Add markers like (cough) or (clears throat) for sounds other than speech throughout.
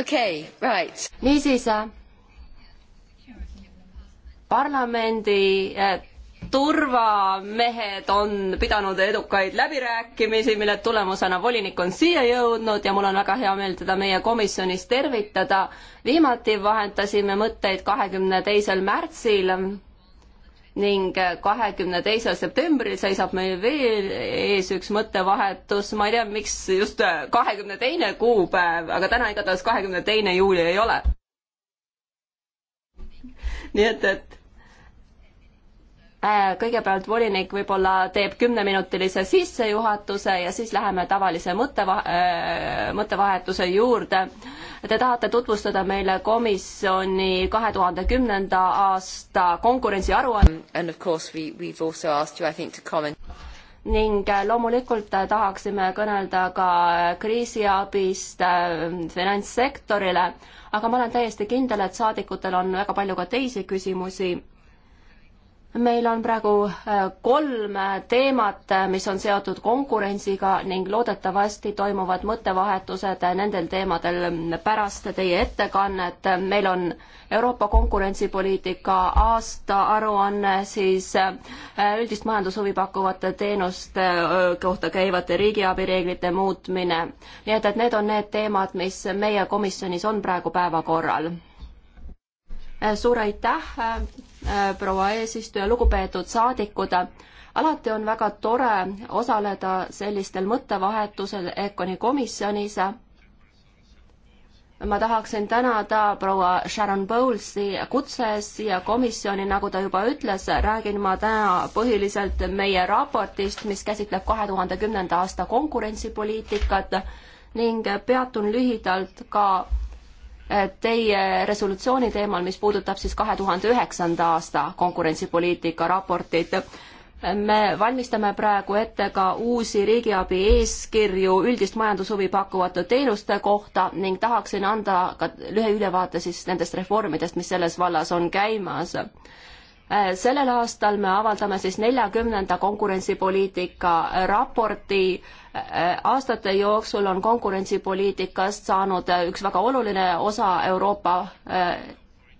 okay, right. niisiis, äh, parlamendi äh, turvamehed on pidanud edukaid läbirääkimisi, mille tulemusena volinik on siia jõudnud ja mul on väga hea meel teda meie komisjonis tervitada. viimati vahetasime mõtteid kahekümne teisel märtsil ning kahekümne teisel septembril seisab meil veel ees üks mõttevahetus, ma ei tea, miks just äh, kahekümne teine kuupäev, aga täna igatahes kahekümne teine juuli ei ole. nii et, et Äh, kõigepealt volinik võib-olla teeb kümneminutilise sissejuhatuse ja siis läheme tavalise mõtteva-, äh, mõttevahetuse juurde. Te tahate tutvustada meile komisjoni kahe tuhande kümnenda aasta konkurentsiaruanne. Um, ning äh, loomulikult tahaksime kõnelda ka kriisiabist finantssektorile, aga ma olen täiesti kindel, et saadikutel on väga palju ka teisi küsimusi meil on praegu äh, kolm teemat, äh, mis on seotud konkurentsiga ning loodetavasti toimuvad mõttevahetused äh, nendel teemadel mm, pärast teie ettekannet. meil on Euroopa konkurentsipoliitika aastaaruanne, siis üldist majandushuvi pakkuvate teenuste kohta käivate riigiabireeglite muutmine. nii et, et need on need teemad, mis meie komisjonis on praegu päevakorral Äh, suur aitäh, äh, äh, proua eesistuja, lugupeetud saadikud. alati on väga tore osaleda sellistel mõttevahetusel EKONi komisjonis. ma tahaksin tänada proua Sharon Bowlesi kutse eest siia komisjoni, nagu ta juba ütles, räägin ma täna põhiliselt meie raportist, mis käsitleb kahe tuhande kümnenda aasta konkurentsipoliitikat ning peatun lühidalt ka teie resolutsiooni teemal, mis puudutab siis kahe tuhande üheksanda aasta konkurentsipoliitika raportit. me valmistame praegu ette ka uusi riigiabi eeskirju üldist majandushuvi pakkuvate teenuste kohta ning tahaksin anda ka lühiülevaate siis nendest reformidest, mis selles vallas on käimas Äh, sellel aastal me avaldame siis neljakümnenda konkurentsipoliitika raporti. Äh, aastate jooksul on konkurentsipoliitikast saanud äh, üks väga oluline osa Euroopa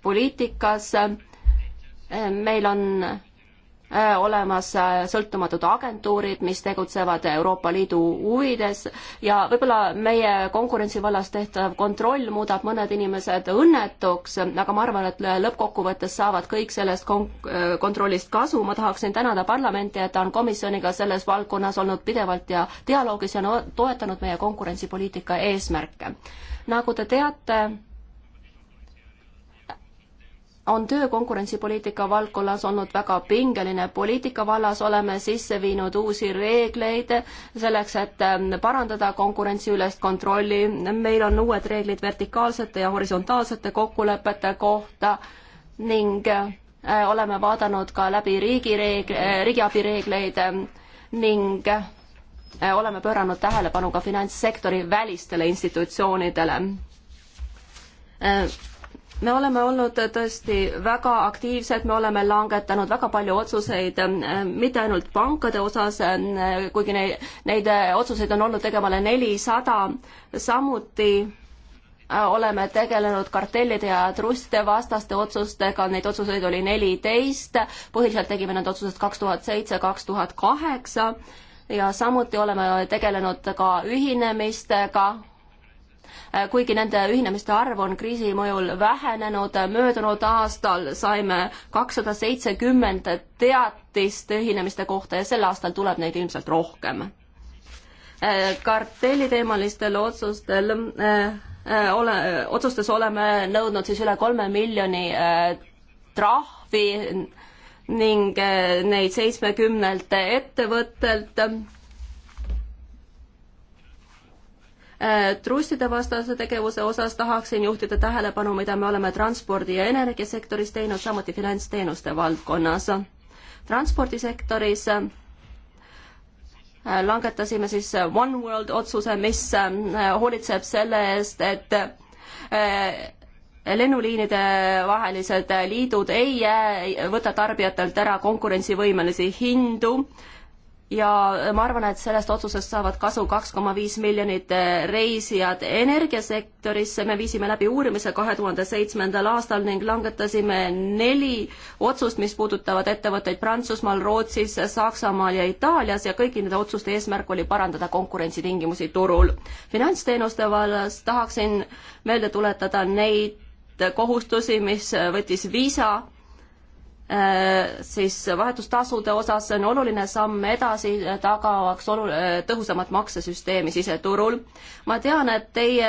poliitikas. meil on Äh, olemas äh, sõltumatud agentuurid, mis tegutsevad Euroopa Liidu huvides ja võib-olla meie konkurentsi vallas tehtav kontroll muudab mõned inimesed õnnetuks, aga ma arvan, et lõppkokkuvõttes saavad kõik sellest kon-, äh, kontrollist kasu, ma tahaksin tänada parlamenti, et ta on komisjoniga selles valdkonnas olnud pidevalt ja dialoogis ja no, toetanud meie konkurentsipoliitika eesmärke. nagu te teate, on töö konkurentsipoliitika valdkonnas olnud väga pingeline. poliitika vallas oleme sisse viinud uusi reegleid selleks, et ähm, parandada konkurentsi ülest kontrolli. meil on uued reeglid vertikaalsete ja horisontaalsete kokkulepete kohta ning äh, oleme vaadanud ka läbi riigireeg-, äh, riigiabireegleid ähm, ning äh, oleme pööranud tähelepanu ka finantssektori välistele institutsioonidele me oleme olnud tõesti väga aktiivsed, me oleme langetanud väga palju otsuseid, ähm, mitte ainult pankade osas, ähm, kuigi neid, neid äh, otsuseid on olnud tegemale nelisada, samuti äh, oleme tegelenud kartellide ja trustide vastaste otsustega, neid otsuseid oli neliteist, põhiliselt tegime need otsused kaks tuhat seitse, kaks tuhat kaheksa ja samuti oleme tegelenud ka ühinemistega Äh, kuigi nende ühinemiste arv on kriisi mõjul vähenenud, möödunud aastal saime kakssada seitsekümmend teatist ühinemiste kohta ja sel aastal tuleb neid ilmselt rohkem. Äh, kartelliteemalistel otsustel äh, ole, otsustes oleme nõudnud siis üle kolme miljoni trahvi ning neid seitsmekümnelt ettevõttelt Äh, trustide vastase tegevuse osas tahaksin juhtida tähelepanu, mida me oleme transpordi ja energiasektoris teinud, samuti finantsteenuste valdkonnas. transpordisektoris äh, langetasime siis One World otsuse, mis äh, hoolitseb selle eest, et lennuliinide vahelised liidud ei jää, võta tarbijatelt ära konkurentsivõimelisi hindu ja ma arvan, et sellest otsusest saavad kasu kaks koma viis miljonit eh, reisijad energiasektorisse, me viisime läbi uurimise kahe tuhande seitsmendal aastal ning langetasime neli otsust, mis puudutavad ettevõtteid Prantsusmaal, Rootsis, Saksamaal ja Itaalias ja kõigi nende otsuste eesmärk oli parandada konkurentsitingimusi turul. finantsteenuste vallas tahaksin meelde tuletada neid kohustusi, mis võttis Visa Äh, siis vahetustasude osas on oluline samm edasi, äh, tagavaks olu-, äh, tõhusamat maksesüsteemi siseturul. ma tean, et teie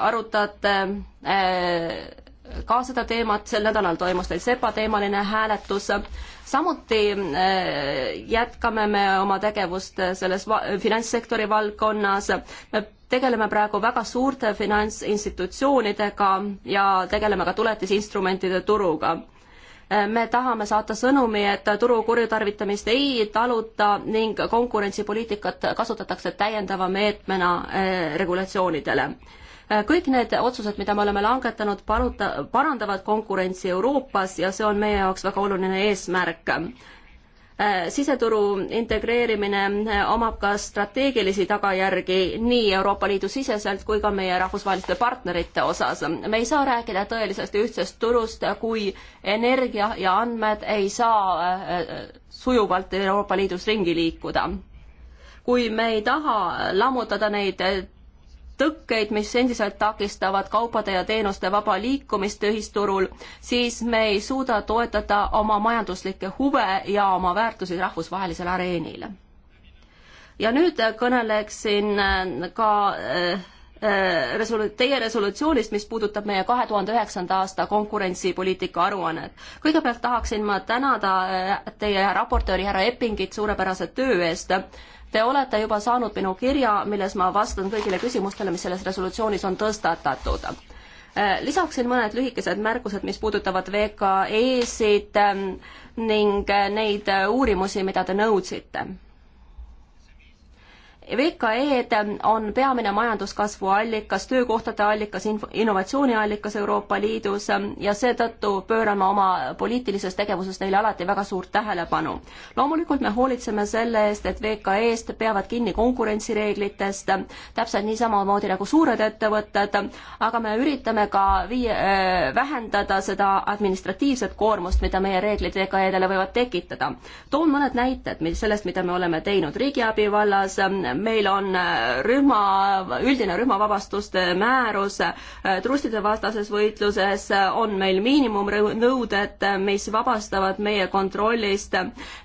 arutate ka seda teemat, sel nädalal toimus teil SEPA teemaline hääletus, samuti jätkame me oma tegevust selles va-, finantssektori valdkonnas, me tegeleme praegu väga suurte finantsinstitutsioonidega ja tegeleme ka tuletisinstrumentide turuga me tahame saata sõnumi, et turu kurjutarvitamist ei taluta ning konkurentsipoliitikat kasutatakse täiendava meetmena eh, regulatsioonidele eh, kõik need otsused, mida me oleme langetanud, paluta, parandavad konkurentsi Euroopas ja see on meie jaoks väga oluline eesmärk Äh, siseturu integreerimine äh, omab ka strateegilisi tagajärgi nii Euroopa Liidu siseselt kui ka meie rahvusvaheliste partnerite osas. me ei saa rääkida tõelisest ühtsest turust, kui energia ja andmed ei saa äh, sujuvalt Euroopa Liidus ringi liikuda. kui me ei taha lammutada neid tõkkeid, mis endiselt takistavad kaupade ja teenuste vaba liikumist ühisturul, siis me ei suuda toetada oma majanduslikke huve ja oma väärtusi rahvusvahelisel areenil. ja nüüd kõneleksin äh, ka äh, äh, resolu-, teie resolutsioonist, mis puudutab meie kahe tuhande üheksanda aasta konkurentsipoliitika aruannet. kõigepealt tahaksin ma tänada teie raportööri härra Eppingit suurepärase töö eest Te olete juba saanud minu kirja, milles ma vastan kõigile küsimustele, mis selles resolutsioonis on tõstatatud äh, lisaksin mõned lühikesed märkused, mis puudutavad VKE-sid ähm, ning äh, neid äh, uurimusi, mida te nõudsite VKE-d on peamine majanduskasvu allikas, töökohtade allikas, innovatsiooni allikas Euroopa Liidus ja seetõttu pöörame oma poliitilises tegevuses neile alati väga suurt tähelepanu. loomulikult me hoolitseme selle eest, et VKE-st peavad kinni konkurentsireeglitest, täpselt niisamamoodi nagu suured ettevõtted, aga me üritame ka viie, vähendada seda administratiivset koormust, mida meie reeglid VKE-dele võivad tekitada. toon mõned näited sellest, mida me oleme teinud riigiabi vallas, meil on äh, rühma, üldine rühmavabastuste määrus, äh, trustide vastases võitluses äh, on meil miinimumnõuded, mis vabastavad meie kontrollist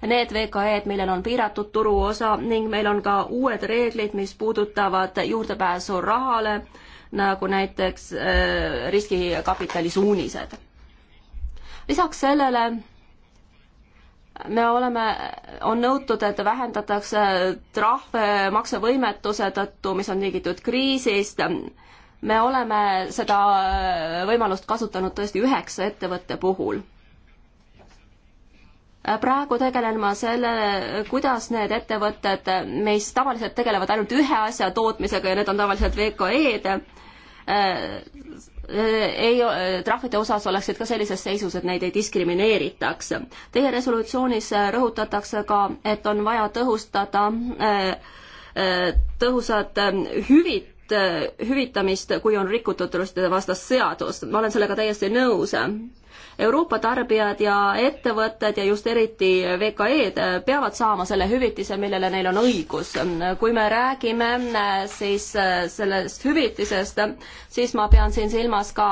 need VKE-d, millel on piiratud turuosa ning meil on ka uued reeglid, mis puudutavad juurdepääsu rahale, nagu näiteks riskikapitali suunised lisaks sellele me oleme, on nõutud, et vähendatakse trahve maksevõimetuse tõttu, mis on tingitud kriisist. me oleme seda võimalust kasutanud tõesti üheksa ettevõtte puhul. praegu tegelen ma selle, kuidas need ettevõtted, mis tavaliselt tegelevad ainult ühe asja tootmisega ja need on tavaliselt VKE-d, Äh, ei, äh, trahvide osas oleksid ka sellises seisus, et neid ei diskrimineeritaks. Teie resolutsioonis äh, rõhutatakse ka, et on vaja tõhustada tõhusat ähm, hüvit-, hüvitamist, kui on rikutud terroristide vastast seadust. ma olen sellega täiesti nõus Euroopa tarbijad ja ettevõtted ja just eriti VKE-d äh, peavad saama selle hüvitise, millele neil on õigus. kui me räägime äh, siis äh, sellest hüvitisest, siis ma pean siin silmas ka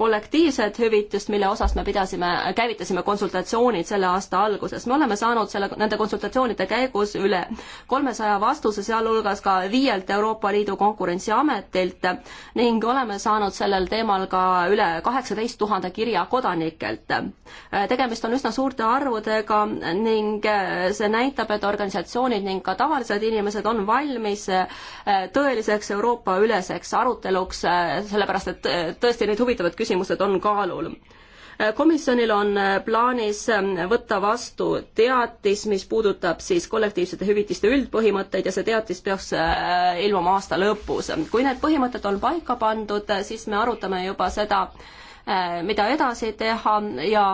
kollektiivset hüvitist, mille osas me pidasime, käivitasime konsultatsioonid selle aasta alguses. me oleme saanud selle, nende konsultatsioonide käigus üle kolmesaja vastuse, sealhulgas ka viielt Euroopa Liidu konkurentsiametilt ning oleme saanud sellel teemal ka üle kaheksateist tuhande kirja kodanikelt kodanikelt. tegemist on üsna suurte arvudega ning see näitab, et organisatsioonid ning ka tavalised inimesed on valmis tõeliseks Euroopa-üleseks aruteluks, sellepärast et tõesti need huvitavad küsimused on kaalul komisjonil on plaanis võtta vastu teatis, mis puudutab siis kollektiivsete hüvitiste üldpõhimõtteid ja see teatis peaks ilmuma aasta lõpus. kui need põhimõtted on paika pandud, siis me arutame juba seda, Äh, mida edasi teha ja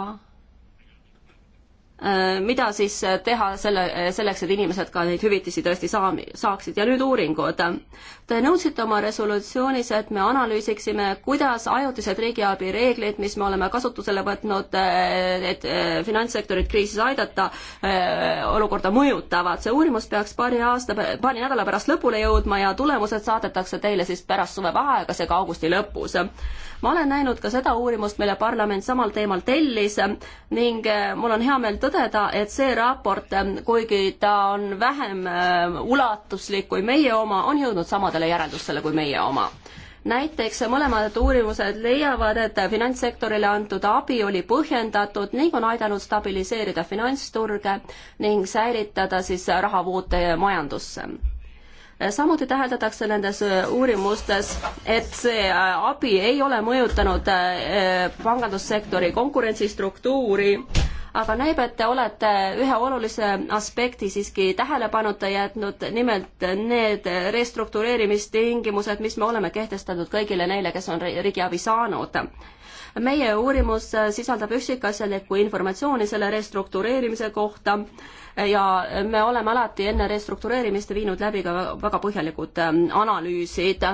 äh, mida siis teha selle, selleks, et inimesed ka neid hüvitisi tõesti saami-, saaksid ja nüüd uuringud. Te nõudsite oma resolutsioonis, et me analüüsiksime, kuidas ajutised riigiabi reeglid, mis me oleme kasutusele võtnud, eh, et eh, finantssektorit kriisis aidata, eh, olukorda mõjutavad. see uurimus peaks paari aasta, paari nädala pärast lõpule jõudma ja tulemused saadetakse teile siis pärast suvevaheaega, seega augusti lõpus ma olen näinud ka seda uurimust, mille parlament samal teemal tellis ning mul on hea meel tõdeda, et see raport, kuigi ta on vähem ulatuslik kui meie oma, on jõudnud sama samadele järeldustele kui meie oma näiteks mõlemad uurimused leiavad, et finantssektorile antud abi oli põhjendatud ning on aidanud stabiliseerida finantsturge ning säilitada siis rahavoote majandusse. samuti täheldatakse nendes uurimustes, et see abi ei ole mõjutanud eh, pangandussektori konkurentsistruktuuri aga näib, et te olete ühe olulise aspekti siiski tähelepanuta jätnud, nimelt need restruktureerimistingimused, mis me oleme kehtestanud kõigile neile, kes on riigiabi saanud meie uurimus sisaldab üksikasjalikku informatsiooni selle restruktureerimise kohta ja me oleme alati enne restruktureerimist viinud läbi ka väga põhjalikud ähm, analüüsid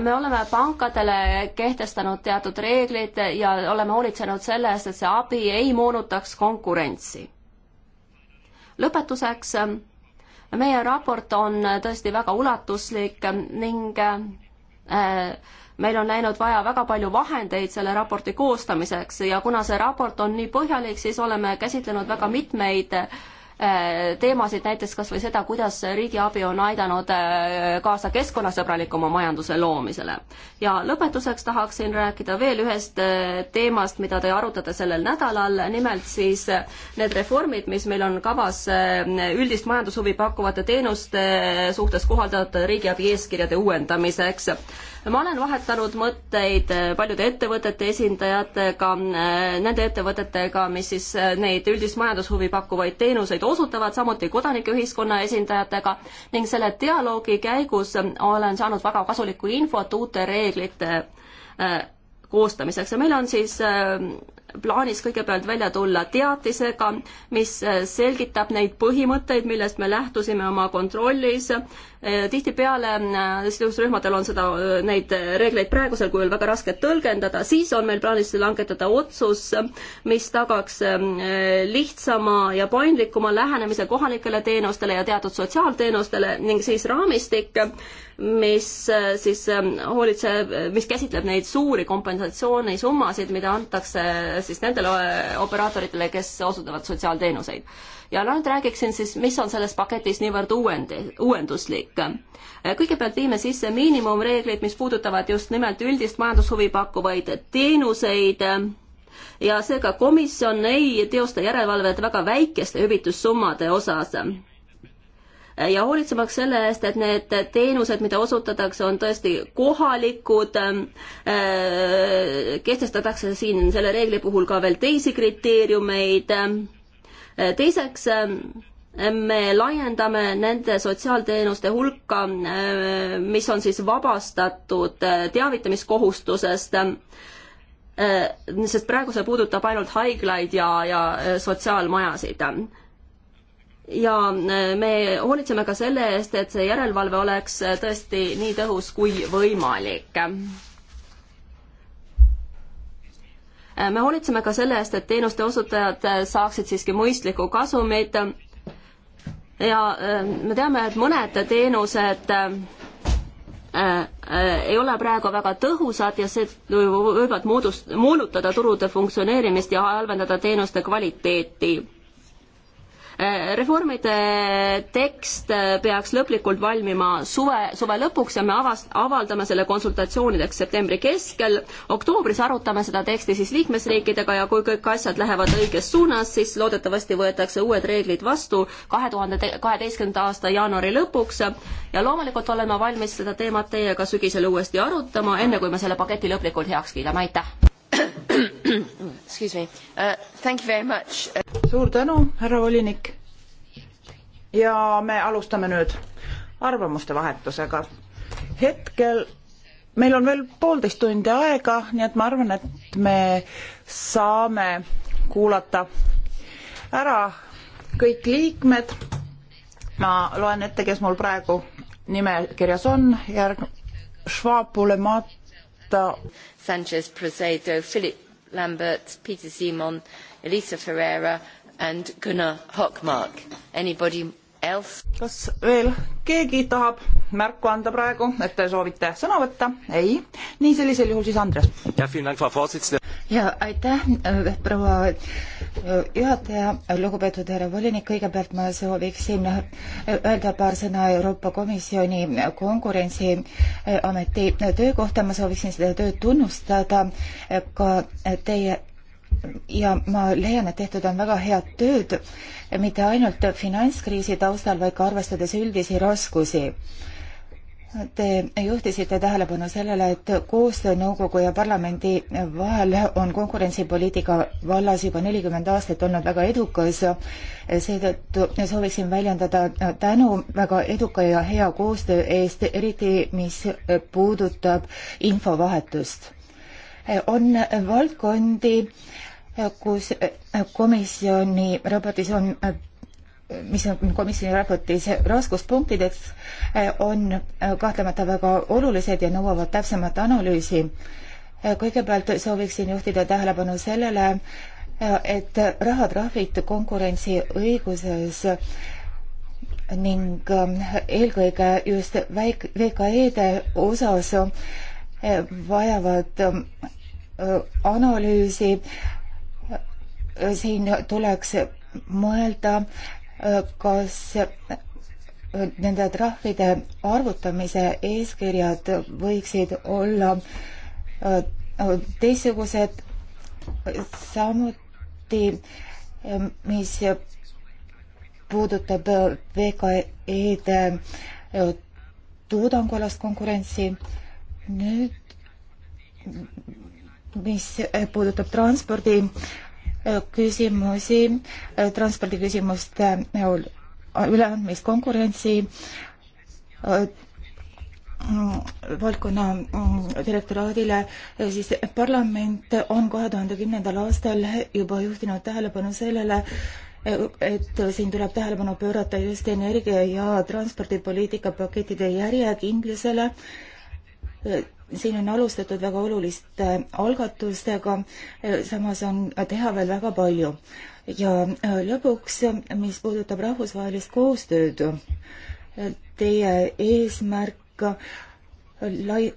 me oleme pankadele kehtestanud teatud reeglid ja oleme hoolitsenud selle eest, et see abi ei moonutaks konkurentsi. lõpetuseks, meie raport on tõesti väga ulatuslik ning äh, meil on läinud vaja väga palju vahendeid selle raporti koostamiseks ja kuna see raport on nii põhjalik, siis oleme käsitlenud väga mitmeid äh, Äh, teemasid, näiteks kas või seda, kuidas riigiabi on aidanud äh, kaasa keskkonnasõbralikuma majanduse loomisele. ja lõpetuseks tahaksin rääkida veel ühest äh, teemast, mida te arutate sellel nädalal, nimelt siis need reformid, mis meil on kavas üldist majandushuvi pakkuvate teenuste suhtes kohaldavate riigiabi eeskirjade uuendamiseks ma olen vahetanud mõtteid äh, paljude ettevõtete esindajatega, äh, nende ettevõtetega, mis siis äh, neid üldist majandushuvi pakkuvaid teenuseid osutavad, samuti kodanikeühiskonna esindajatega ning selle dialoogi käigus olen saanud väga kasulikku infot uute reeglite koostamiseks ja meil on siis plaanis kõigepealt välja tulla teatisega, mis selgitab neid põhimõtteid, millest me lähtusime oma kontrollis Eh, tihtipeale eh, sidusrühmadel on seda, eh, neid reegleid praegusel kujul väga raske tõlgendada, siis on meil plaanis langetada otsus, mis tagaks lihtsama ja paindlikuma lähenemise kohalikele teenustele ja teatud sotsiaalteenustele ning siis raamistik, mis siis hoolitseb, mis käsitleb neid suuri kompensatsioonisummasid, mida antakse siis nendele operaatoritele, kes osutavad sotsiaalteenuseid ja nüüd räägiksin siis, mis on selles paketis niivõrd uuendi, uuenduslik. kõigepealt viime sisse miinimumreeglid, mis puudutavad just nimelt üldist majandushuvi pakkuvaid teenuseid ja seega komisjon ei teosta järelevalvet väga väikeste hüvitussummade osas ja hoolitsemaks selle eest, et need teenused, mida osutatakse, on tõesti kohalikud, eh, kehtestatakse siin selle reegli puhul ka veel teisi kriteeriumeid teiseks, me laiendame nende sotsiaalteenuste hulka, mis on siis vabastatud eh, teavitamiskohustusest, eh, sest praegu see puudutab ainult haiglaid ja, ja eh, sotsiaalmajasid ja me hoolitseme ka selle eest, et see järelevalve oleks tõesti nii tõhus kui võimalik me hoolitseme ka selle eest, et teenuste osutajad äh, saaksid siiski mõistlikku kasumit ja äh, me teame, et mõned teenused äh, ei ole praegu väga tõhusad ja see võivad moodust-, moonutada turude funktsioneerimist ja halvendada teenuste kvaliteeti reformide tekst peaks lõplikult valmima suve, suve lõpuks ja me avast-, avaldame selle konsultatsioonideks septembri keskel. oktoobris arutame seda teksti siis liikmesriikidega ja kui kõik asjad lähevad õiges suunas, siis loodetavasti võetakse uued reeglid vastu kahe tuhande kaheteistkümnenda aasta jaanuari lõpuks ja loomulikult oleme valmis seda teemat teiega sügisel uuesti arutama, enne kui me selle paketi lõplikult heaks kiidame, aitäh! Excuse me uh,. Thank you very much. suur tänu, härra volinik. ja me alustame nüüd arvamuste vahetusega. hetkel meil on veel poolteist tundi aega, nii et ma arvan, et me saame kuulata ära kõik liikmed. ma loen ette, kes mul praegu nimekirjas on, järg-, Schwab, Pulemat, kohta. Sanchez Prosedo, Philip Lambert, Peter Simon, Elisa Ferreira and Gunnar Hockmark. Anybody kas veel keegi tahab märku anda praegu, et te soovite sõna võtta? ei, nii sellisel juhul siis Andres. ja aitäh, äh, proua äh, juhataja, lugupeetud härra volinik, kõigepealt ma sooviksin äh, öelda paar sõna Euroopa Komisjoni konkurentsiameti töö kohta, ma sooviksin seda tööd tunnustada ka teie ja ma leian, et tehtud on väga head tööd, mitte ainult finantskriisi taustal, vaid ka arvestades üldisi raskusi. Te juhtisite tähelepanu sellele, et koostöö nõukogu ja parlamendi vahel on konkurentsipoliitika vallas juba nelikümmend aastat olnud väga edukas. seetõttu sooviksin väljendada tänu väga eduka ja hea koostöö eest, eriti mis puudutab infovahetust on valdkondi, kus komisjoni raportis on mis on komisjoni raportis raskuspunktideks, on kahtlemata väga olulised ja nõuavad täpsemat analüüsi. kõigepealt sooviksin juhtida tähelepanu sellele, et rahatrahvid konkurentsiõiguses ning eelkõige just väik-, VKE-de osas vajavad analüüsi. siin tuleks mõelda, kas nende trahvide arvutamise eeskirjad võiksid olla äh, teistsugused, samuti äh, mis puudutab VKE-de äh, toodangualast konkurentsi, nüüd mis äh, puudutab transpordi äh, küsimusi, äh, transpordiküsimuste näol üleandmist konkurentsi mm, valdkonna mm, direktoraadile, siis parlament on kahe tuhande kümnendal aastal juba juhtinud tähelepanu sellele, et siin tuleb tähelepanu pöörata just energia ja transpordipoliitika pakettide järjekindlusele siin on alustatud väga oluliste äh, algatustega, äh, samas on teha veel väga palju. ja äh, lõpuks, mis puudutab rahvusvahelist koostööd, teie eesmärk lai-,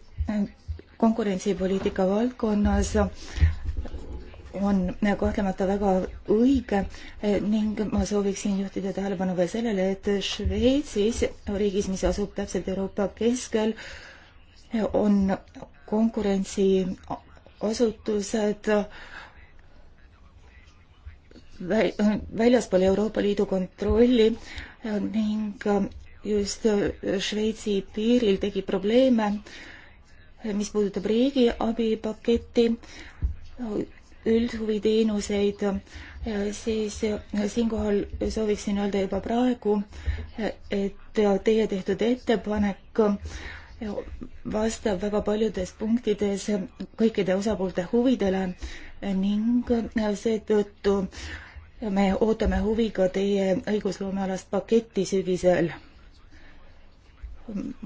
konkurentsipoliitika valdkonnas on kahtlemata väga õige ning ma sooviksin juhtida tähelepanu veel sellele, et Šveitsis, riigis, mis asub täpselt Euroopa keskel, on konkurentsiasutused väljaspool Euroopa Liidu kontrolli ning just Šveitsi piiril tegi probleeme, mis puudutab riigiabi paketti, üldhuviteenuseid, siis siinkohal sooviksin öelda juba praegu, et teie tehtud ettepanek vastab väga paljudes punktides kõikide osapoolte huvidele ning seetõttu me ootame huviga teie õigusloomealast paketti sügisel.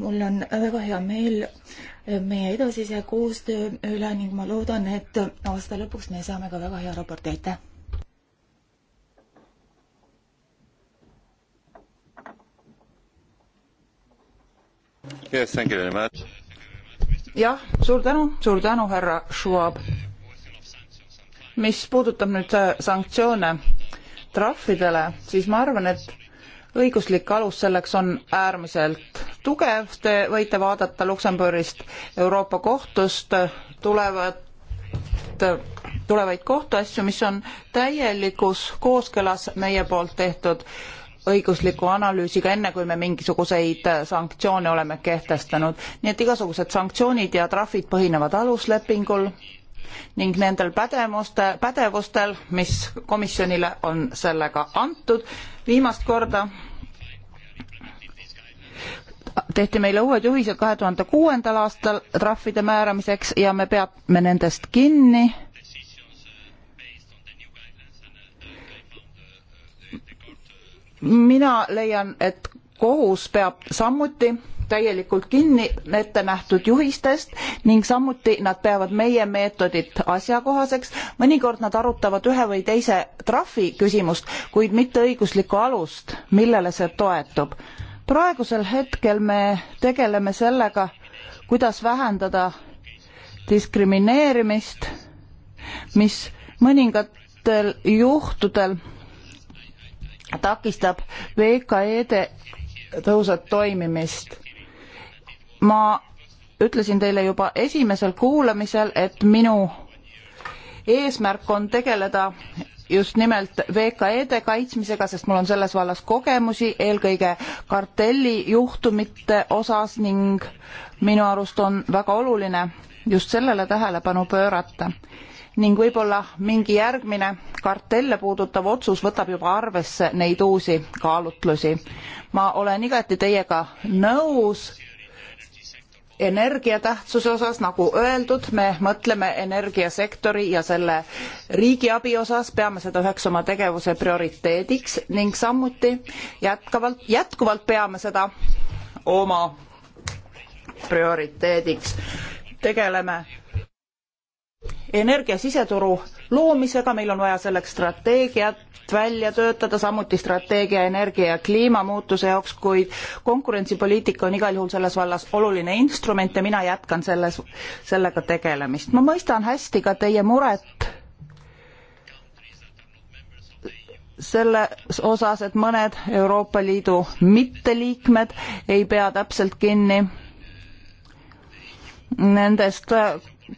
mul on väga hea meel meie edasise koostöö üle ning ma loodan, et aasta lõpuks me saame ka väga hea raporti, aitäh! Yes, jah, suur tänu, suur tänu, härra Schwab. mis puudutab nüüd äh, sanktsioone trahvidele, siis ma arvan, et õiguslik alus selleks on äärmiselt tugev, te võite vaadata Luksemburgist Euroopa Kohtust tulevat, tulevaid kohtuasju, mis on täielikus kooskõlas meie poolt tehtud õigusliku analüüsiga, enne kui me mingisuguseid äh, sanktsioone oleme kehtestanud. nii et igasugused sanktsioonid ja trahvid põhinevad aluslepingul ning nendel pädevuste, pädevustel, mis komisjonile on sellega antud. viimast korda tehti meile uued juhised kahe tuhande kuuendal aastal trahvide määramiseks ja me peame nendest kinni mina leian, et kohus peab samuti täielikult kinni ette nähtud juhistest ning samuti nad peavad meie meetodit asjakohaseks. mõnikord nad arutavad ühe või teise trahvi küsimust, kuid mitte õiguslikku alust, millele see toetub. praegusel hetkel me tegeleme sellega, kuidas vähendada diskrimineerimist, mis mõningatel juhtudel takistab VKE-de tõhusat toimimist. ma ütlesin teile juba esimesel kuulamisel, et minu eesmärk on tegeleda just nimelt VKE-de kaitsmisega, sest mul on selles vallas kogemusi, eelkõige kartellijuhtumite osas ning minu arust on väga oluline just sellele tähelepanu pöörata ning võib-olla mingi järgmine kartelle puudutav otsus võtab juba arvesse neid uusi kaalutlusi. ma olen igati teiega nõus energia tähtsuse osas, nagu öeldud, me mõtleme energiasektori ja selle riigiabi osas, peame seda üheks oma tegevuse prioriteediks ning samuti jätkavalt, jätkuvalt peame seda oma prioriteediks. tegeleme energia siseturu loomisega, meil on vaja selleks strateegiat välja töötada, samuti strateegia energia ja kliimamuutuse jaoks, kuid konkurentsipoliitika on igal juhul selles vallas oluline instrument ja mina jätkan selles, sellega tegelemist. ma mõistan hästi ka teie muret selles osas, et mõned Euroopa Liidu mitteliikmed ei pea täpselt kinni nendest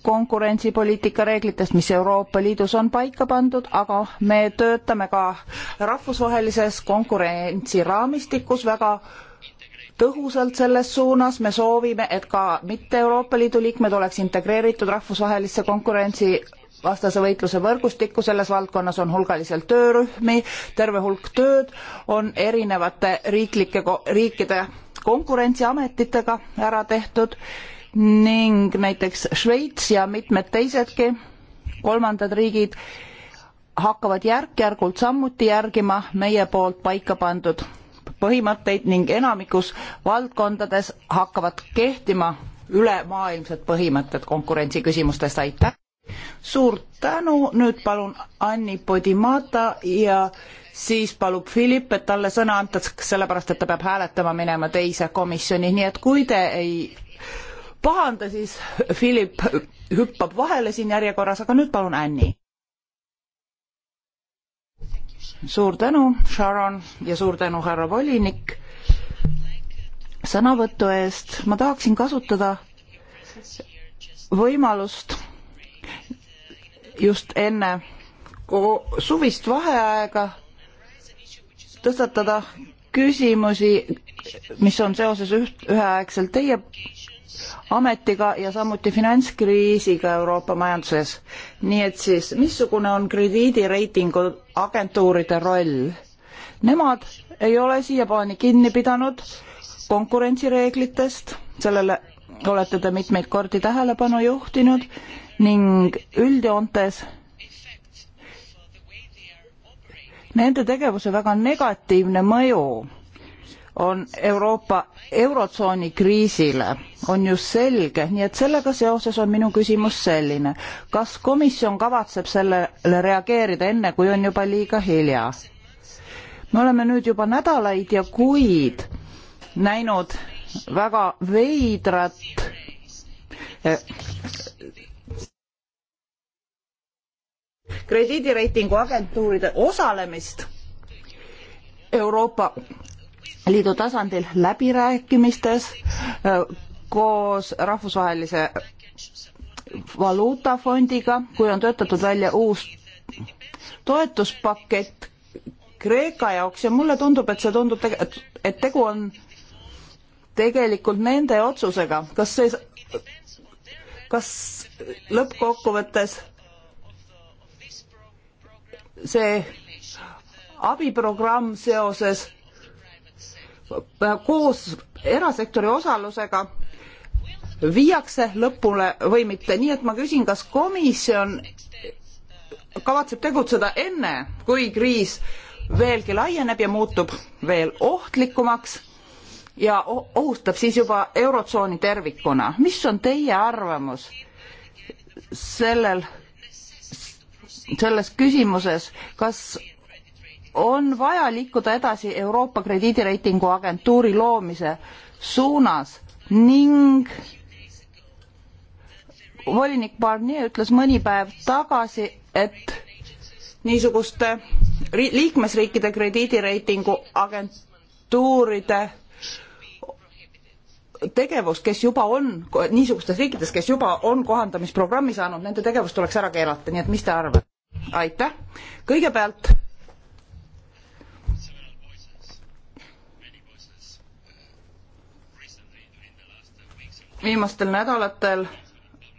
konkurentsipoliitika reeglitest, mis Euroopa Liidus on paika pandud, aga me töötame ka rahvusvahelises konkurentsiraamistikus väga tõhusalt selles suunas, me soovime, et ka mitte Euroopa Liidu liikmed oleks integreeritud rahvusvahelisse konkurentsi vastase võitluse võrgustikku, selles valdkonnas on hulgaliselt töörühmi, terve hulk tööd on erinevate riiklike, riikide konkurentsiametitega ära tehtud ning näiteks Šveits ja mitmed teisedki kolmandad riigid hakkavad järk-järgult samuti järgima meie poolt paika pandud põhimõtteid ning enamikus valdkondades hakkavad kehtima ülemaailmsed põhimõtted konkurentsiküsimustest, aitäh! suur tänu, nüüd palun Anni Podimata ja siis palub Philipp, et talle sõna antaks, sellepärast et ta peab hääletama minema teise komisjoni, nii et kui te ei pahanda, siis Philip hüppab vahele siin järjekorras, aga nüüd palun Anni. suur tänu, Sharon, ja suur tänu, härra volinik, sõnavõtu eest. ma tahaksin kasutada võimalust just enne suvist vaheaega tõstatada küsimusi, mis on seoses üht, üheaegselt teie ametiga ja samuti finantskriisiga Euroopa majanduses. nii et siis, missugune on krediidireitingu agentuuride roll? Nemad ei ole siiapaani kinni pidanud konkurentsireeglitest, sellele olete te mitmeid kordi tähelepanu juhtinud ning üldjoontes nende tegevuse väga negatiivne mõju on Euroopa Eurotsooni kriisile, on ju selge, nii et sellega seoses on minu küsimus selline. kas komisjon kavatseb sellele reageerida enne, kui on juba liiga hilja? me oleme nüüd juba nädalaid ja kuid näinud väga veidrat eh, krediidireitingu agentuuride osalemist Euroopa liidu tasandil läbirääkimistes äh, koos rahvusvahelise valuutafondiga, kui on töötatud välja uus toetuspakett Kreeka jaoks ja mulle tundub, et see tundub, et tegu on tegelikult nende otsusega, kas see, kas lõppkokkuvõttes see abiprogramm seoses koos erasektori osalusega viiakse lõpule või mitte, nii et ma küsin, kas komisjon kavatseb tegutseda enne, kui kriis veelgi laieneb ja muutub veel ohtlikumaks ja ohustab siis juba Eurotsooni tervikuna. mis on teie arvamus sellel, selles küsimuses, kas on vaja liikuda edasi Euroopa krediidireitingu agentuuri loomise suunas ning volinik Barnier ütles mõni päev tagasi, et niisuguste liikmesriikide krediidireitingu agentuuride tegevus, kes juba on, niisugustes riikides, kes juba on kohandamisprogrammi saanud, nende tegevus tuleks ära keelata, nii et mis te arvate? aitäh, kõigepealt viimastel nädalatel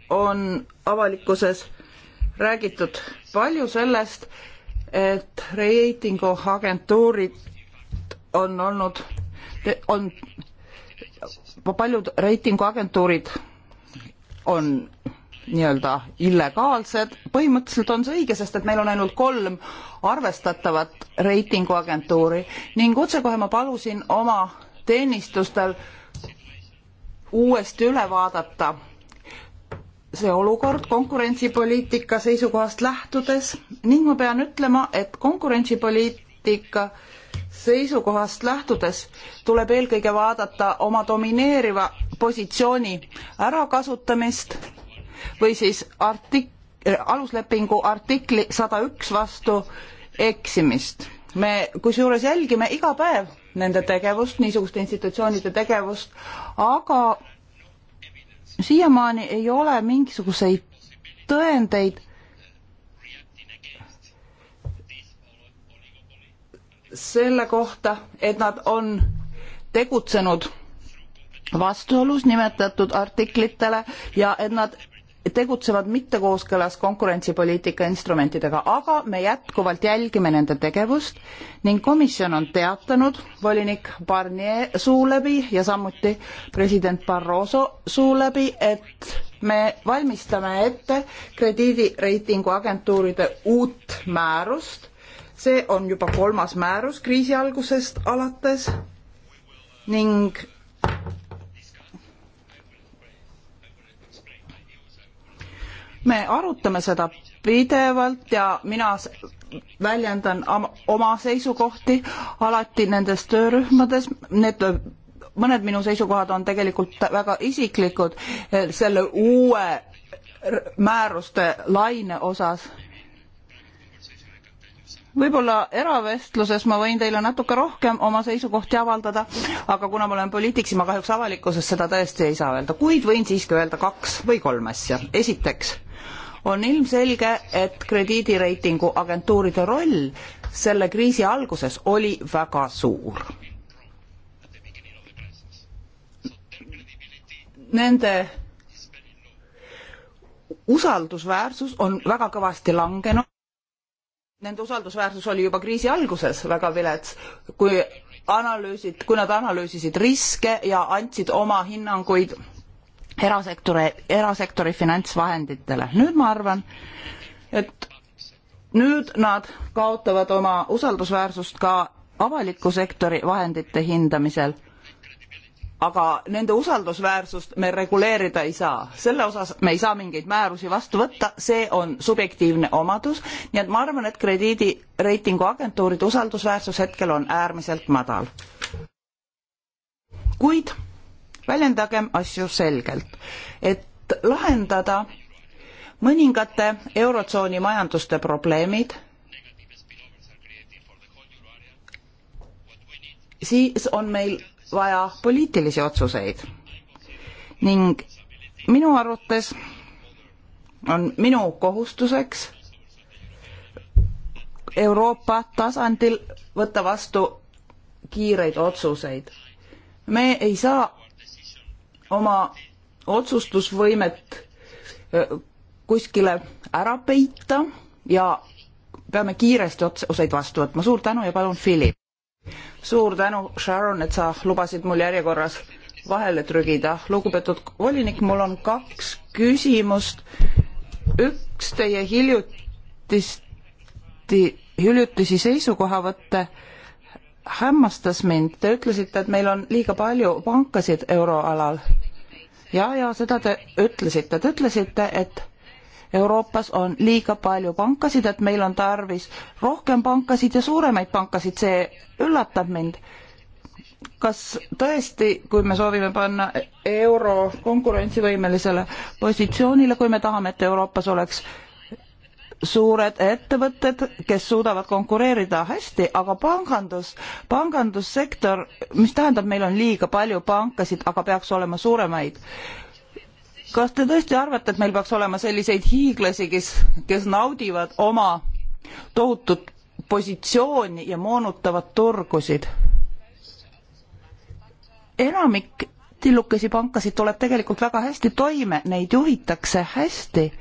on avalikkuses räägitud palju sellest, et reitinguagentuurid on olnud, on, paljud reitinguagentuurid on nii-öelda illegaalsed, põhimõtteliselt on see õige, sest et meil on ainult kolm arvestatavat reitinguagentuuri ning otsekohe ma palusin oma teenistustel äh, uuesti üle vaadata see olukord konkurentsipoliitika seisukohast lähtudes ning ma pean ütlema, et konkurentsipoliitika seisukohast lähtudes tuleb eelkõige vaadata oma domineeriva positsiooni ärakasutamist või siis artik-, aluslepingu artikli sada üks vastu eksimist. me kusjuures jälgime iga päev nende tegevust, niisuguste institutsioonide tegevust, aga siiamaani ei ole mingisuguseid tõendeid selle kohta, et nad on tegutsenud vastuolus nimetatud artiklitele ja et nad tegutsevad mitte kooskõlas konkurentsipoliitika instrumentidega, aga me jätkuvalt jälgime nende tegevust ning komisjon on teatanud volinik Barnier suu läbi ja samuti president Barroso suu läbi, et me valmistame ette krediidireitingu agentuuride uut määrust. see on juba kolmas määrus kriisi algusest alates ning me arutame seda pidevalt ja mina väljendan oma seisukohti alati nendes töörühmades, need mõned minu seisukohad on tegelikult väga isiklikud eh, selle uue määruste laine osas. võib-olla eravestluses ma võin teile natuke rohkem oma seisukohti avaldada, aga kuna ma olen poliitik, siis ma kahjuks avalikkuses seda tõesti ei saa öelda, kuid võin siiski öelda kaks või kolm asja. esiteks on ilmselge, et krediidireitingu agentuuride roll selle kriisi alguses oli väga suur. Nende usaldusväärsus on väga kõvasti langenud. Nende usaldusväärsus oli juba kriisi alguses väga vilets, kui analüüsid, kui nad analüüsisid riske ja andsid oma hinnanguid erasektori, erasektori finantsvahenditele. nüüd ma arvan, et nüüd nad kaotavad oma usaldusväärsust ka avaliku sektori vahendite hindamisel. aga nende usaldusväärsust me reguleerida ei saa, selle osas me ei saa mingeid määrusi vastu võtta, see on subjektiivne omadus, nii et ma arvan, et krediidireitinguagentuuride usaldusväärsus hetkel on äärmiselt madal. kuid väljendagem asju selgelt, et lahendada mõningate Eurotsooni majanduste probleemid, siis on meil vaja poliitilisi otsuseid ning minu arvates on minu kohustuseks Euroopa tasandil võtta vastu kiireid otsuseid. me ei saa oma otsustusvõimet kuskile ära peita ja peame kiiresti otsuseid vastu võtma. suur tänu ja palun, Philip. suur tänu, Sharon, et sa lubasid mul järjekorras vahele trügida. lugupeetud volinik, mul on kaks küsimust. üks teie hiljutist, hiljutisi seisukohavõtte hämmastas mind, te ütlesite, et meil on liiga palju pankasid euroalal. ja, ja seda te ütlesite, te ütlesite, et Euroopas on liiga palju pankasid, et meil on tarvis rohkem pankasid ja suuremaid pankasid, see üllatab mind. kas tõesti, kui me soovime panna euro konkurentsivõimelisele positsioonile, kui me tahame, et Euroopas oleks suured ettevõtted, kes suudavad konkureerida hästi, aga pangandus, pangandussektor, mis tähendab, meil on liiga palju pankasid, aga peaks olema suuremaid. kas te tõesti arvate, et meil peaks olema selliseid hiiglasi, kes, kes naudivad oma tohutut positsiooni ja moonutavad turgusid? enamik tillukesi pankasid tuleb tegelikult väga hästi toime, neid juhitakse hästi.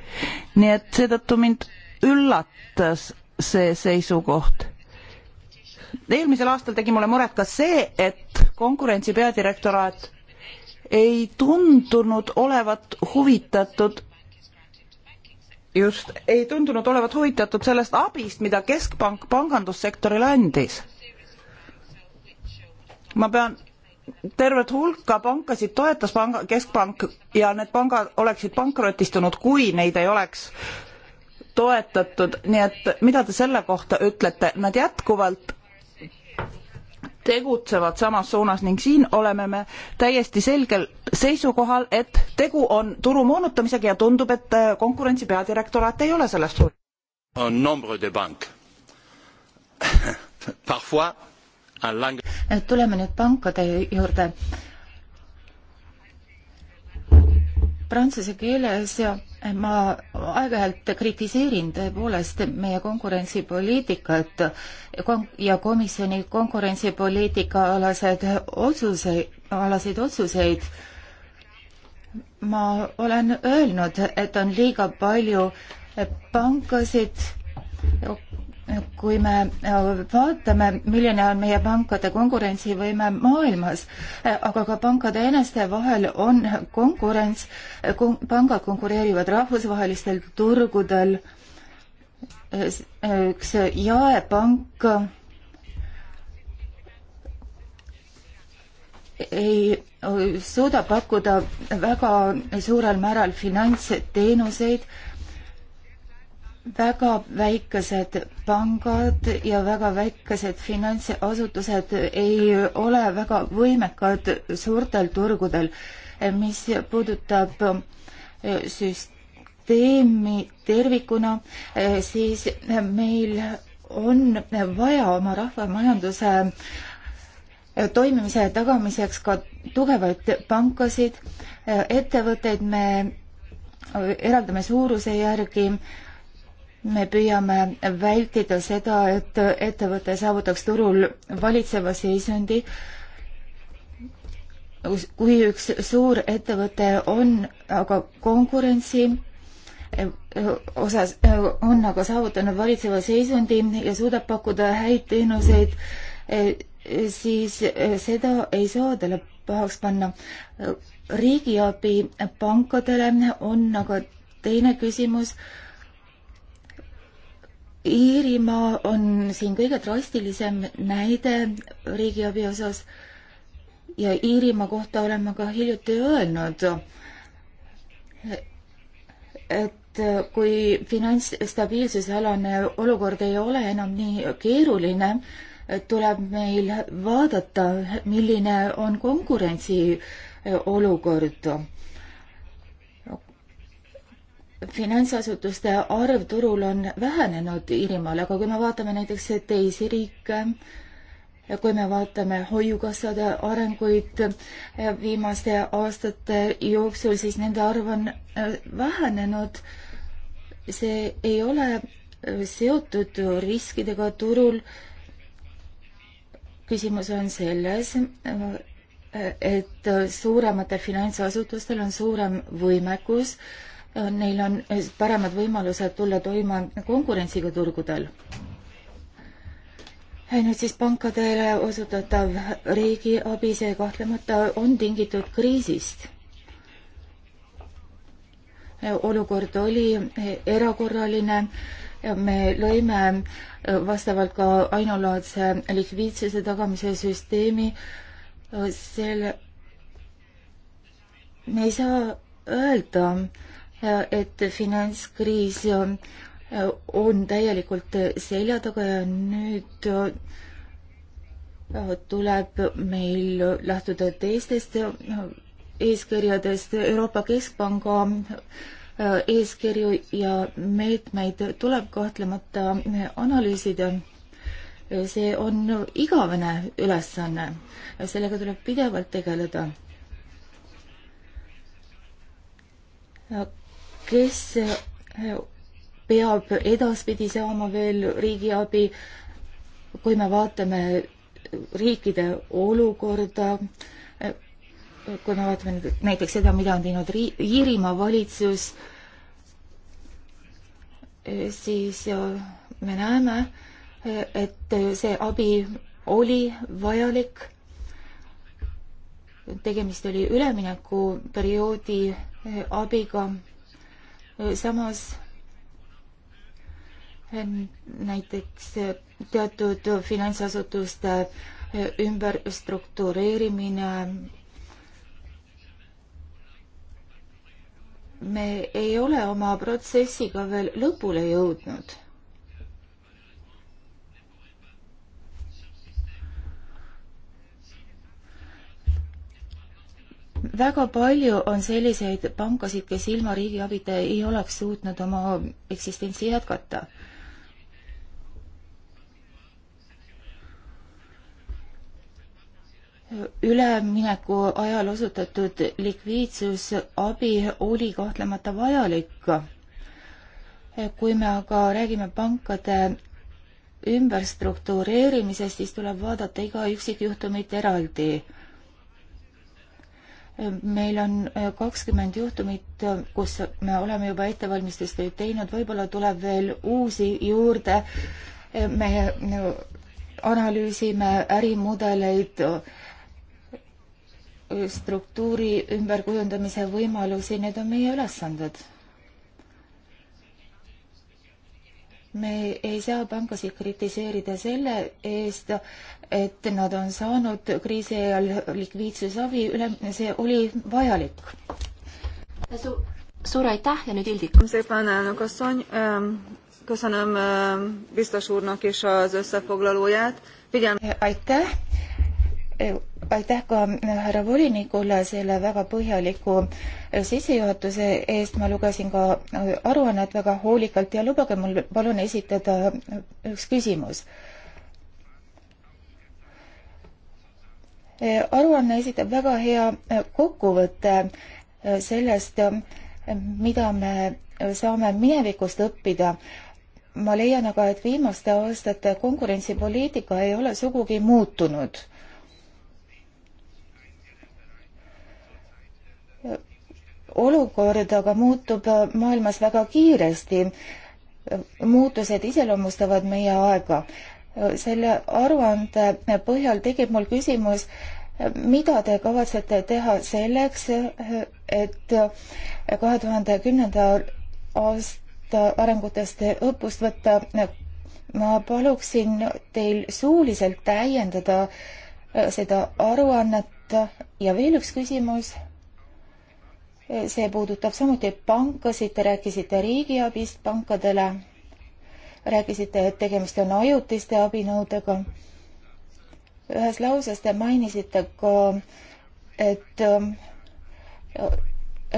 nii et seetõttu mind üllatas see seisukoht. eelmisel aastal tegi mulle muret ka see, et konkurentsi peadirektoraat ei tundunud olevat huvitatud just ei tundunud olevat huvitatud sellest abist, mida Keskpank pangandussektorile andis. ma pean tervet hulka pankasid toetas panga, keskpank ja need pangad oleksid pankrotistunud, kui neid ei oleks toetatud, nii et mida te selle kohta ütlete, nad jätkuvalt tegutsevad samas suunas ning siin oleme me täiesti selgel seisukohal, et tegu on turu moonutamisega ja tundub, et äh, konkurentsi peadirektoraat ei ole sellest huvitatud. on nombre de banque (laughs) Parfois en langue tuleme nüüd pankade juurde. Prantsuse keeles ja ma aeg-ajalt kritiseerin tõepoolest meie konkurentsipoliitikat ja komisjoni konkurentsipoliitika alased otsuse, alaseid otsuseid. ma olen öelnud, et on liiga palju pankasid, kui me äh, vaatame, milline on meie pankade konkurentsivõime maailmas, äh, aga ka pankade eneste vahel on konkurents, äh, pangad konkureerivad rahvusvahelistel turgudel, üks jaepank ei suuda pakkuda väga suurel määral finantsteenuseid väga väikesed pangad ja väga väikesed finantsasutused ei ole väga võimekad suurtel turgudel, mis puudutab eh, süsteemi tervikuna, eh, siis meil on vaja oma rahvamajanduse eh, toimimise tagamiseks ka tugevaid pankasid, ettevõtteid me eraldame suuruse järgi me püüame vältida seda, et ettevõte saavutaks turul valitseva seisundi. kui üks suur ettevõte on aga konkurentsi osas, on aga saavutanud valitseva seisundi ja suudab pakkuda häid teenuseid, siis seda ei saa talle pahaks panna. riigiabi pankadele on aga teine küsimus Iirimaa on siin kõige drastilisem näide riigiabi osas ja Iirimaa kohta olen ma ka hiljuti öelnud, et kui finantsstabiilsusalane olukord ei ole enam nii keeruline, tuleb meil vaadata, milline on konkurentsi olukord finantsasutuste arv turul on vähenenud Iirimaal, aga kui me vaatame näiteks teisi riike, ja kui me vaatame hoiukassade arenguid eh, viimaste aastate jooksul, siis nende arv on eh, vähenenud. see ei ole eh, seotud riskidega turul. küsimus on selles, et suurematel finantsasutustel on suurem võimekus äh, neil on paremad võimalused tulla toime konkurentsiga turgudel. nüüd siis pankadele osutatav riigiabi, see kahtlemata on tingitud kriisist. olukord oli erakorraline me lõime vastavalt ka ainulaadse likviidsuse tagamise süsteemi. selle, me ei saa öelda, et finantskriis on täielikult selja taga ja nüüd tuleb meil lähtuda teistest eeskirjadest, Euroopa Keskpanga eeskirju ja meetmeid tuleb kahtlemata analüüsida. see on igavene ülesanne, sellega tuleb pidevalt tegeleda kes äh, peab edaspidi saama veel riigiabi, kui me vaatame riikide olukorda, äh, kui me vaatame näiteks seda, mida on teinud Iirimaa valitsus, äh, siis me näeme, et see abi oli vajalik. tegemist oli üleminekuperioodi abiga samas näiteks teatud finantsasutuste ümberstruktureerimine. me ei ole oma protsessiga veel lõpule jõudnud väga palju on selliseid pankasid, kes ilma riigi abita ei oleks suutnud oma eksistentsi jätkata. ülemineku ajal osutatud likviidsusabi oli kahtlemata vajalik. kui me aga räägime pankade ümberstruktureerimisest, siis tuleb vaadata iga üksikjuhtumit eraldi meil on äh, kakskümmend juhtumit, äh, kus me oleme juba ettevalmistusi teinud, võib-olla tuleb veel uusi juurde. Äh, me analüüsime ärimudeleid, struktuuri ümberkujundamise võimalusi, need on meie ülesanded me ei saa pankasid kritiseerida selle eest, et nad on saanud kriisi ajal likviidsusabi üle, see oli vajalik Su,. suur aitäh ja nüüd Ildik. Köszönöm biztos úrnak is az összefoglalóját. Figyelm... Aitäh! aitäh ka äh, härra volinikule selle väga põhjaliku äh, sissejuhatuse eest, ma lugesin ka äh, aruannet väga hoolikalt ja lubage mul palun esitada üks küsimus. aruanne esitab väga hea kokkuvõtte sellest, mida me saame minevikust õppida. ma leian aga, et viimaste aastate konkurentsipoliitika ei ole sugugi muutunud olukord aga muutub äh, maailmas väga kiiresti. muutused iseloomustavad meie aega. Äh, selle aruande põhjal tekib mul küsimus, äh, mida te kavatsete teha selleks, et kahe tuhande kümnenda aasta arengutest õppust võtta? ma paluksin teil suuliselt täiendada seda aruannet ja veel üks küsimus see puudutab samuti pankasid, te rääkisite riigiabist pankadele, rääkisite, et tegemist on ajutiste abinõudega. ühes lauses te mainisite ka, et äh,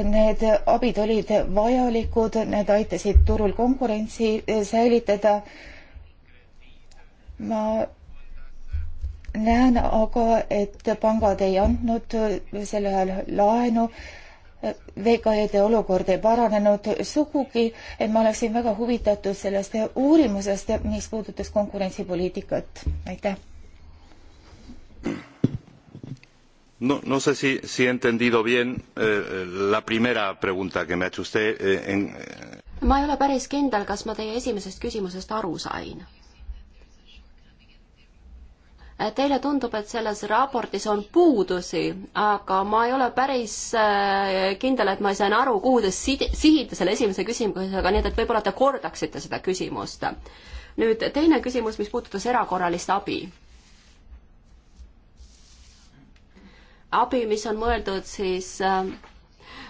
need abid olid vajalikud, need aitasid turul konkurentsi säilitada. ma näen aga, et pangad ei andnud sel ajal laenu VKE-de olukord ei paranenud sugugi, et ma oleksin väga huvitatud sellest uurimusest, mis puudutas konkurentsipoliitikat, aitäh. No, no sé si, si he entendido bien eh, la primera pregunta que me ha hecho usted eh, en... Eh, ma ei ole päris kindel, kas ma teie esimesest küsimusest aru sain Teile tundub, et selles raportis on puudusi, aga ma ei ole päris äh, kindel, et ma sain aru, kuhu te sihite selle esimese küsimusega, nii et, et võib-olla te kordaksite seda küsimust. nüüd teine küsimus, mis puudutas erakorralist abi. abi, mis on mõeldud siis äh,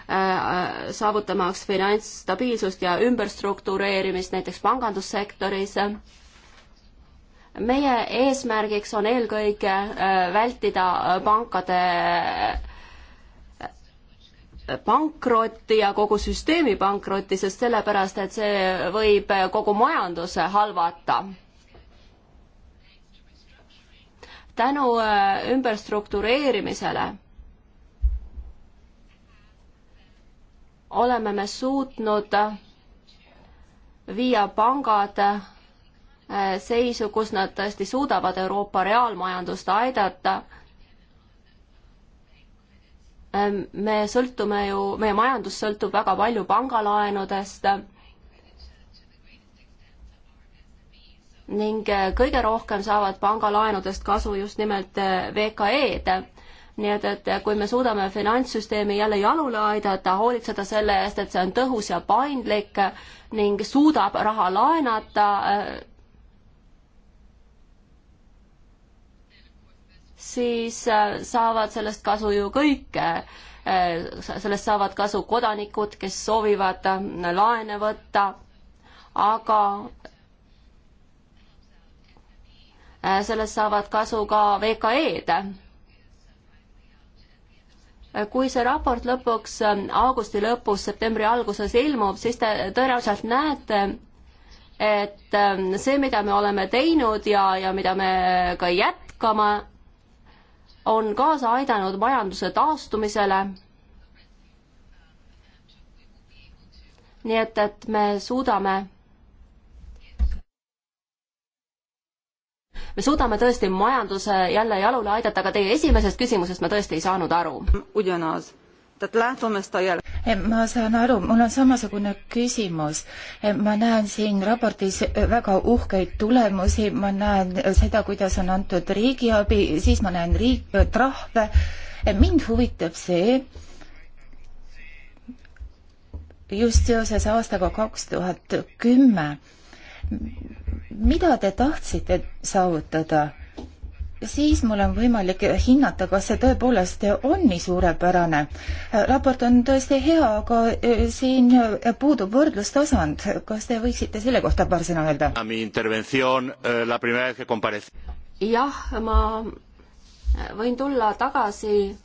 äh, saavutamaks finantsstabiilsust ja ümberstruktureerimist näiteks pangandussektoris meie eesmärgiks on eelkõige äh, vältida äh, pankade äh, pankrotti ja kogu süsteemi pankrotti, sest sellepärast, et see võib kogu majanduse halvata tänu ümberstruktureerimisele oleme me suutnud viia pangad Äh, seisu, kus nad tõesti suudavad Euroopa reaalmajandust aidata. Äh, me sõltume ju, meie majandus sõltub väga palju pangalaenudest ning äh, kõige rohkem saavad pangalaenudest kasu just nimelt VKE-d. nii et, et kui me suudame finantssüsteemi jälle jalule aidata, hoolitseda selle eest, et see on tõhus ja paindlik ning suudab raha laenata, siis äh, saavad sellest kasu ju kõik. Äh, äh, sellest saavad kasu kodanikud, kes soovivad laene võtta, aga sellest saavad kasu ka VKE-d kui see raport lõpuks augusti lõpus, septembri alguses ilmub, siis te tõenäoliselt näete, et see, mida me oleme teinud ja, ja mida me ka jätkame, on kaasa aidanud majanduse taastumisele. nii et, et me suudame me suudame tõesti majanduse jälle jalule aidata, aga teie esimesest küsimusest ma tõesti ei saanud aru. ugyanaz Eh, ma saan aru, mul on samasugune küsimus. Eh, ma näen siin raportis eh, väga uhkeid tulemusi, ma näen seda, kuidas on antud riigiabi, siis ma näen riik, trahve. mind huvitab see, just seoses aastaga kaks tuhat kümme, mida te tahtsite saavutada? siis mul on võimalik hinnata, kas see tõepoolest on nii suurepärane. raport on tõesti hea, aga eh, siin puudub võrdlustasand. kas te võiksite selle kohta paar sõna öelda? Eh, jah, ma eh, võin tulla tagasi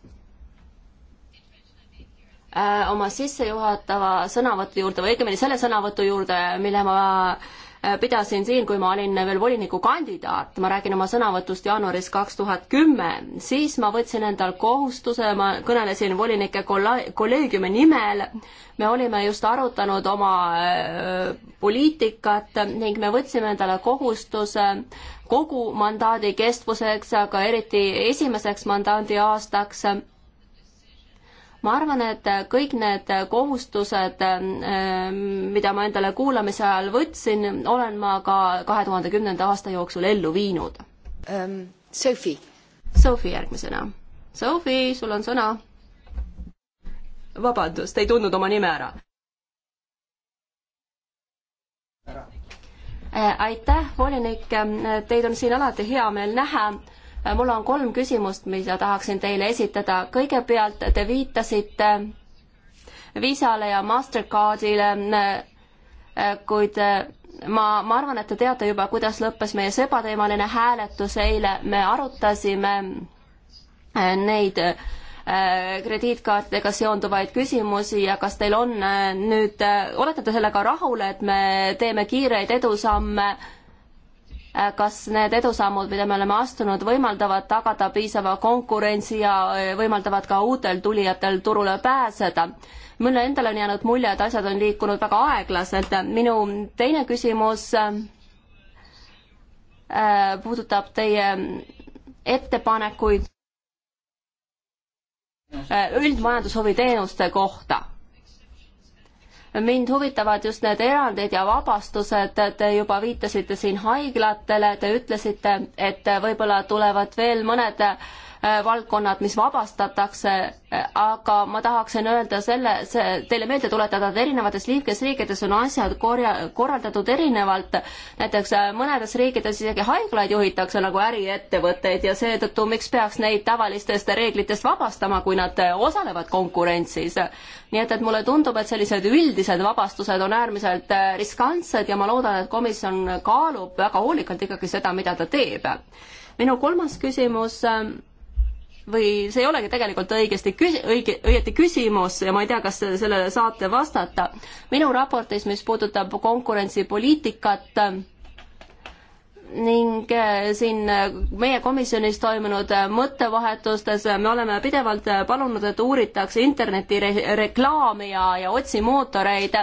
oma sissejuhatava sõnavõtu juurde või õigemini selle sõnavõtu juurde, mille ma Äh, pidasin siin, kui ma olin veel volinikukandidaat, ma räägin oma sõnavõtust jaanuaris kaks tuhat kümme, siis ma võtsin endal kohustuse, ma kõnelesin volinike kolleegiumi nimel, me olime just arutanud oma äh, poliitikat ning me võtsime endale kohustuse kogu mandaadi kestvuseks, aga eriti esimeseks mandaadi aastaks ma arvan, et kõik need kohustused, ähm, mida ma endale kuulamise ajal võtsin, olen ma ka kahe tuhande kümnenda aasta jooksul ellu viinud um,. Sophie. Sophie järgmisena. Sophie, sul on sõna. vabandust, ei tundnud oma nime ära. Äh, aitäh, volinik, teid on siin alati hea meel näha Äh, mul on kolm küsimust, mida tahaksin teile esitada. kõigepealt te viitasite Visale ja Mastercardile, äh, kuid äh, ma, ma arvan, et te teate juba, kuidas lõppes meie sebateemaline hääletus eile, me arutasime neid krediitkaartidega seonduvaid küsimusi ja kas teil on nüüd, olete te sellega rahul, et me teeme kiireid edusamme Äh, kas need edusammud, mida me oleme astunud, võimaldavad tagada piisava konkurentsi ja äh, võimaldavad ka uutel tulijatel turule pääseda? mulle endale on jäänud mulje, et asjad on liikunud väga aeglaselt. minu teine küsimus äh, puudutab teie ettepanekuid üldmajandushuvi teenuste kohta mind huvitavad just need erandid ja vabastused, te juba viitasite siin haiglatele, te ütlesite, et võib-olla tulevad veel mõned äh, Äh, valdkonnad, mis vabastatakse, äh, aga ma tahaksin öelda selle, see, teile meelde tuletada, et erinevates liikmesriikides on asjad korja, korraldatud erinevalt. näiteks äh, mõnedes riikides isegi haiglaid juhitakse nagu äriettevõtteid ja seetõttu miks peaks neid tavalistest reeglitest vabastama, kui nad osalevad konkurentsis. nii et, et mulle tundub, et sellised üldised vabastused on äärmiselt riskantsed ja ma loodan, et komisjon kaalub väga hoolikalt ikkagi seda, mida ta teeb. minu kolmas küsimus ähm, või see ei olegi tegelikult õigesti küs-, õige, õieti küsimus ja ma ei tea, kas sellele saate vastata. minu raportis, mis puudutab konkurentsipoliitikat ning äh, siin äh, meie komisjonis toimunud äh, mõttevahetustes me oleme pidevalt palunud, et uuritaks internetireklaami ja, ja otsimootoreid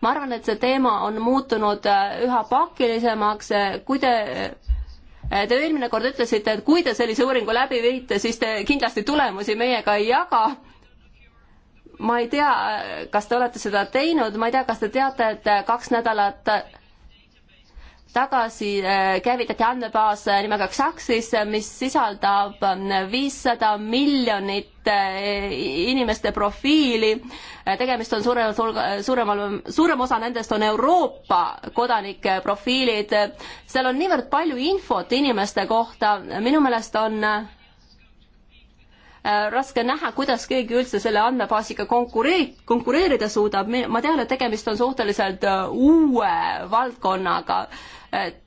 ma arvan, et see teema on muutunud üha pakilisemaks, kui te Äh, te eelmine kord ütlesite, et kui te sellise uuringu läbi viite, siis te kindlasti tulemusi meiega ei jaga. ma ei tea, äh, kas te olete seda teinud, ma ei tea, kas te teate, et äh, kaks nädalat tagasi äh, käivitati andmebaas äh, nimega Xaxis, äh, mis sisaldab viissada miljonit inimeste profiili. tegemist on suuremal, suuremal, suurem osa nendest on Euroopa kodanike profiilid. seal on niivõrd palju infot inimeste kohta, minu meelest on raske näha, kuidas keegi üldse selle andmebaasiga konkureer-, konkureerida suudab, ma tean, et tegemist on suhteliselt uue valdkonnaga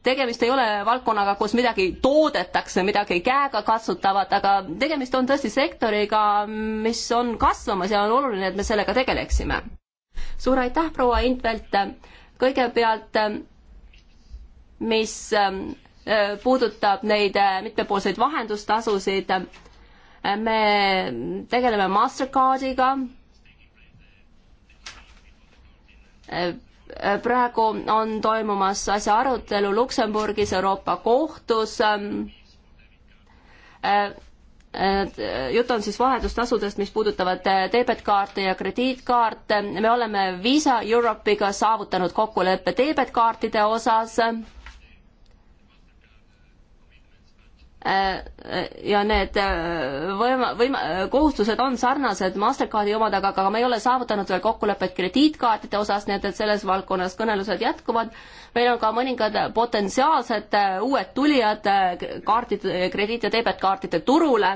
tegemist ei ole valdkonnaga, kus midagi toodetakse, midagi käegakatsutavat, aga tegemist on tõesti sektoriga, mis on kasvamas ja on oluline, et me sellega tegeleksime. suur aitäh, proua Intvelt, kõigepealt mis ähm, äh, puudutab neid äh, mitmepoolseid vahendustasusid, äh, me tegeleme Mastercardiga praegu on toimumas asja arutelu Luksemburgis Euroopa Kohtus. Ähm, äh, äh, jutt on siis vahetustasudest, mis puudutavad debetkaarte äh, ja krediitkaarte. me oleme Visa Europe'iga saavutanud kokkuleppe debetkaartide osas Äh, äh, ja need äh, võima-, võima-, kohustused on sarnased Mastercardi omadega, aga me ei ole saavutanud veel kokkulepet krediitkaartide osas, nii et, et selles valdkonnas kõnelused jätkuvad. meil on ka mõningad potentsiaalsed uued tulijad kaardid, krediit- ja debetkaartide turule.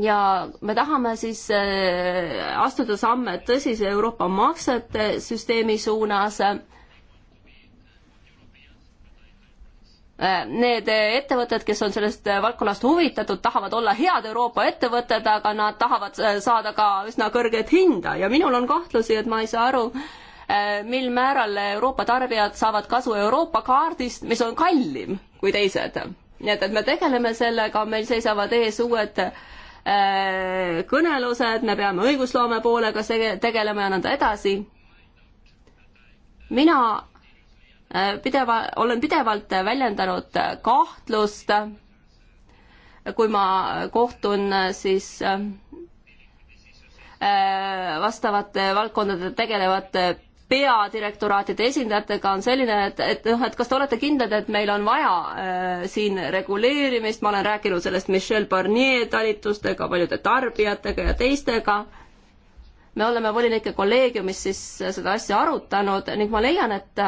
ja me tahame siis astuda samme tõsise Euroopa maksete süsteemi suunas Need ettevõtted, kes on sellest valdkonnast huvitatud, tahavad olla head Euroopa ettevõtted, aga nad tahavad äh, saada ka üsna kõrget hinda ja minul on kahtlusi, et ma ei saa aru, äh, mil määral Euroopa tarbijad saavad kasu Euroopa kaardist, mis on kallim kui teised. nii et, et me tegeleme sellega, meil seisavad ees uued äh, kõnelused, me peame õigusloome poolega tegelema ja nõnda edasi. mina pideva, olen pidevalt väljendanud kahtlust, kui ma kohtun siis äh, vastavate valdkondade tegelevate peadirektoraatide esindajatega on selline, et, et noh, et kas te olete kindlad, et meil on vaja äh, siin reguleerimist, ma olen rääkinud sellest Michel Barnier talitustega, paljude tarbijatega ja teistega. me oleme volinike kolleegiumis siis äh, seda asja arutanud ning ma leian, et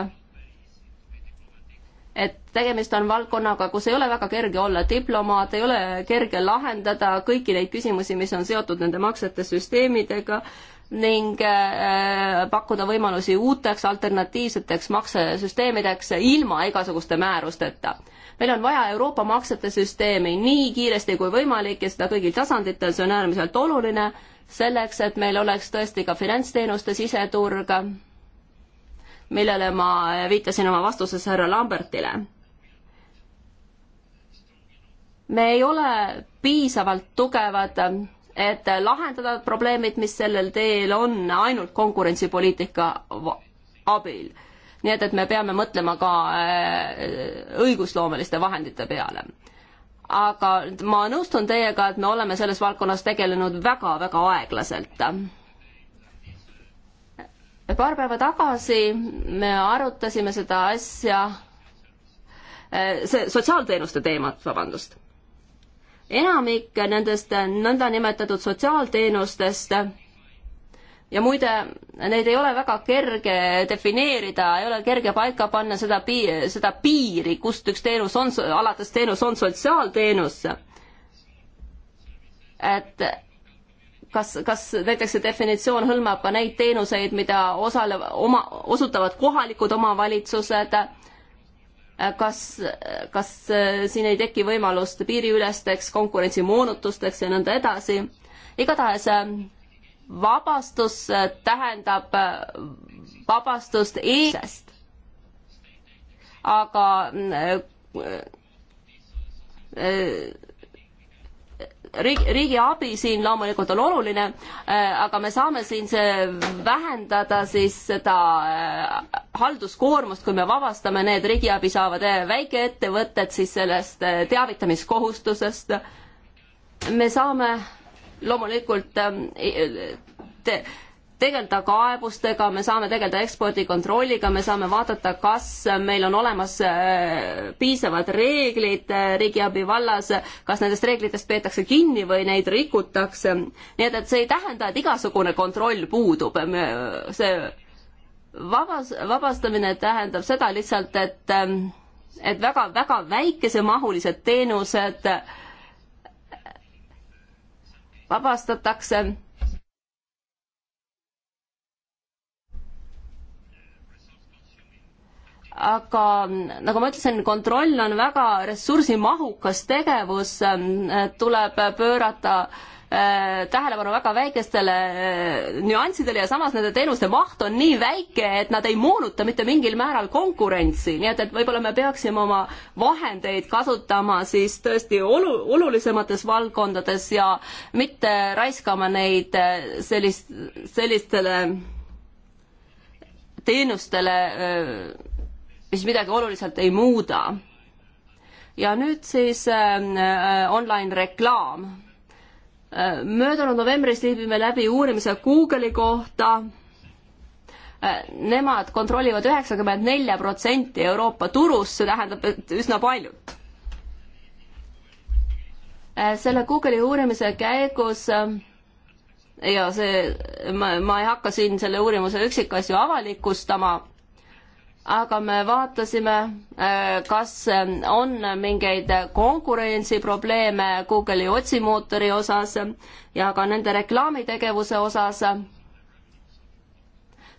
et tegemist on valdkonnaga, kus ei ole väga kerge olla diplomaat, ei ole kerge lahendada kõiki neid küsimusi, mis on seotud nende maksete süsteemidega ning äh, pakkuda võimalusi uuteks alternatiivseteks maksesüsteemideks ilma igasuguste määrusteta. meil on vaja Euroopa maksete süsteemi nii kiiresti kui võimalik ja seda kõigil tasanditel, see on äärmiselt oluline selleks, et meil oleks tõesti ka finantsteenuste siseturg millele ma viitasin oma vastuses härra Lambertile. me ei ole piisavalt tugevad, et lahendada probleemid, mis sellel teel on, ainult konkurentsipoliitika abil. nii et, et me peame mõtlema ka äh, õigusloomeliste vahendite peale aga ma nõustun teiega, et me oleme selles valdkonnas tegelenud väga-väga aeglaselt paar päeva tagasi me arutasime seda asja, eh, see sotsiaalteenuste teemat, vabandust. enamik nendest nõndanimetatud sotsiaalteenustest ja muide, neid ei ole väga kerge defineerida, ei ole kerge paika panna seda pii-, seda piiri, kust üks teenus on, alates teenus on sotsiaalteenus. et kas, kas näiteks see definitsioon hõlmab ka neid teenuseid, mida osale-, oma, osutavad kohalikud omavalitsused, kas, kas äh, siin ei teki võimalust piiriülesteks konkurentsimoonutusteks ja nõnda edasi, igatahes äh, vabastus äh, tähendab vabastust eesest. aga mm, äh, äh, riigi, riigi abi siin loomulikult on oluline, äh, aga me saame siin see, vähendada siis seda äh, halduskoormust, kui me vabastame need riigiabi saavad äh, väikeettevõtted siis sellest teavitamiskohustusest. me saame loomulikult ähm, te, tegeleda kaebustega, me saame tegeleda ekspordikontrolliga, me saame vaadata, kas meil on olemas äh, piisavad reeglid äh, riigiabi vallas, kas nendest reeglitest peetakse kinni või neid rikutakse. nii et, et see ei tähenda, et igasugune kontroll puudub, see vabas, vabastamine tähendab seda lihtsalt, et ähm, et väga-väga väikesemahulised teenused äh, vabastatakse aga nagu ma ütlesin, kontroll on väga ressursimahukas tegevus, tuleb pöörata äh, tähelepanu väga väikestele äh, nüanssidele ja samas nende teenuste maht on nii väike, et nad ei moonuta mitte mingil määral konkurentsi, nii et, et võib-olla me peaksime oma vahendeid kasutama siis tõesti olu-, olulisemates valdkondades ja mitte raiskama neid äh, sellist, sellistele teenustele öö, mis midagi oluliselt ei muuda. ja nüüd siis ähm, äh, online reklaam äh,. möödunud novembris viibime läbi uurimise Google'i kohta äh,. Nemad kontrollivad üheksakümmend nelja protsenti Euroopa turust, see tähendab, et üsna paljut äh,. selle Google'i uurimise käigus äh, ja see, ma, ma ei hakka siin selle uurimuse üksikasju avalikustama aga me vaatasime, äh, kas äh, on mingeid konkurentsiprobleeme Google'i otsimootori osas ja ka nende reklaamitegevuse osas.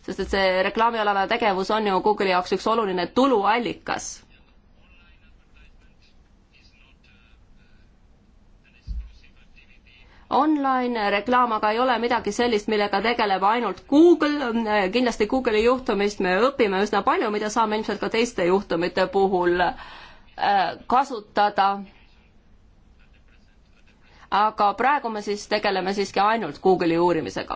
sest et see reklaamialane tegevus on ju Google'i jaoks üks oluline tuluallikas online reklaam aga ei ole midagi sellist, millega tegeleb ainult Google, kindlasti Google'i juhtumist me õpime üsna palju, mida saame ilmselt ka teiste juhtumite puhul äh, kasutada. aga praegu me siis tegeleme siiski ainult Google'i uurimisega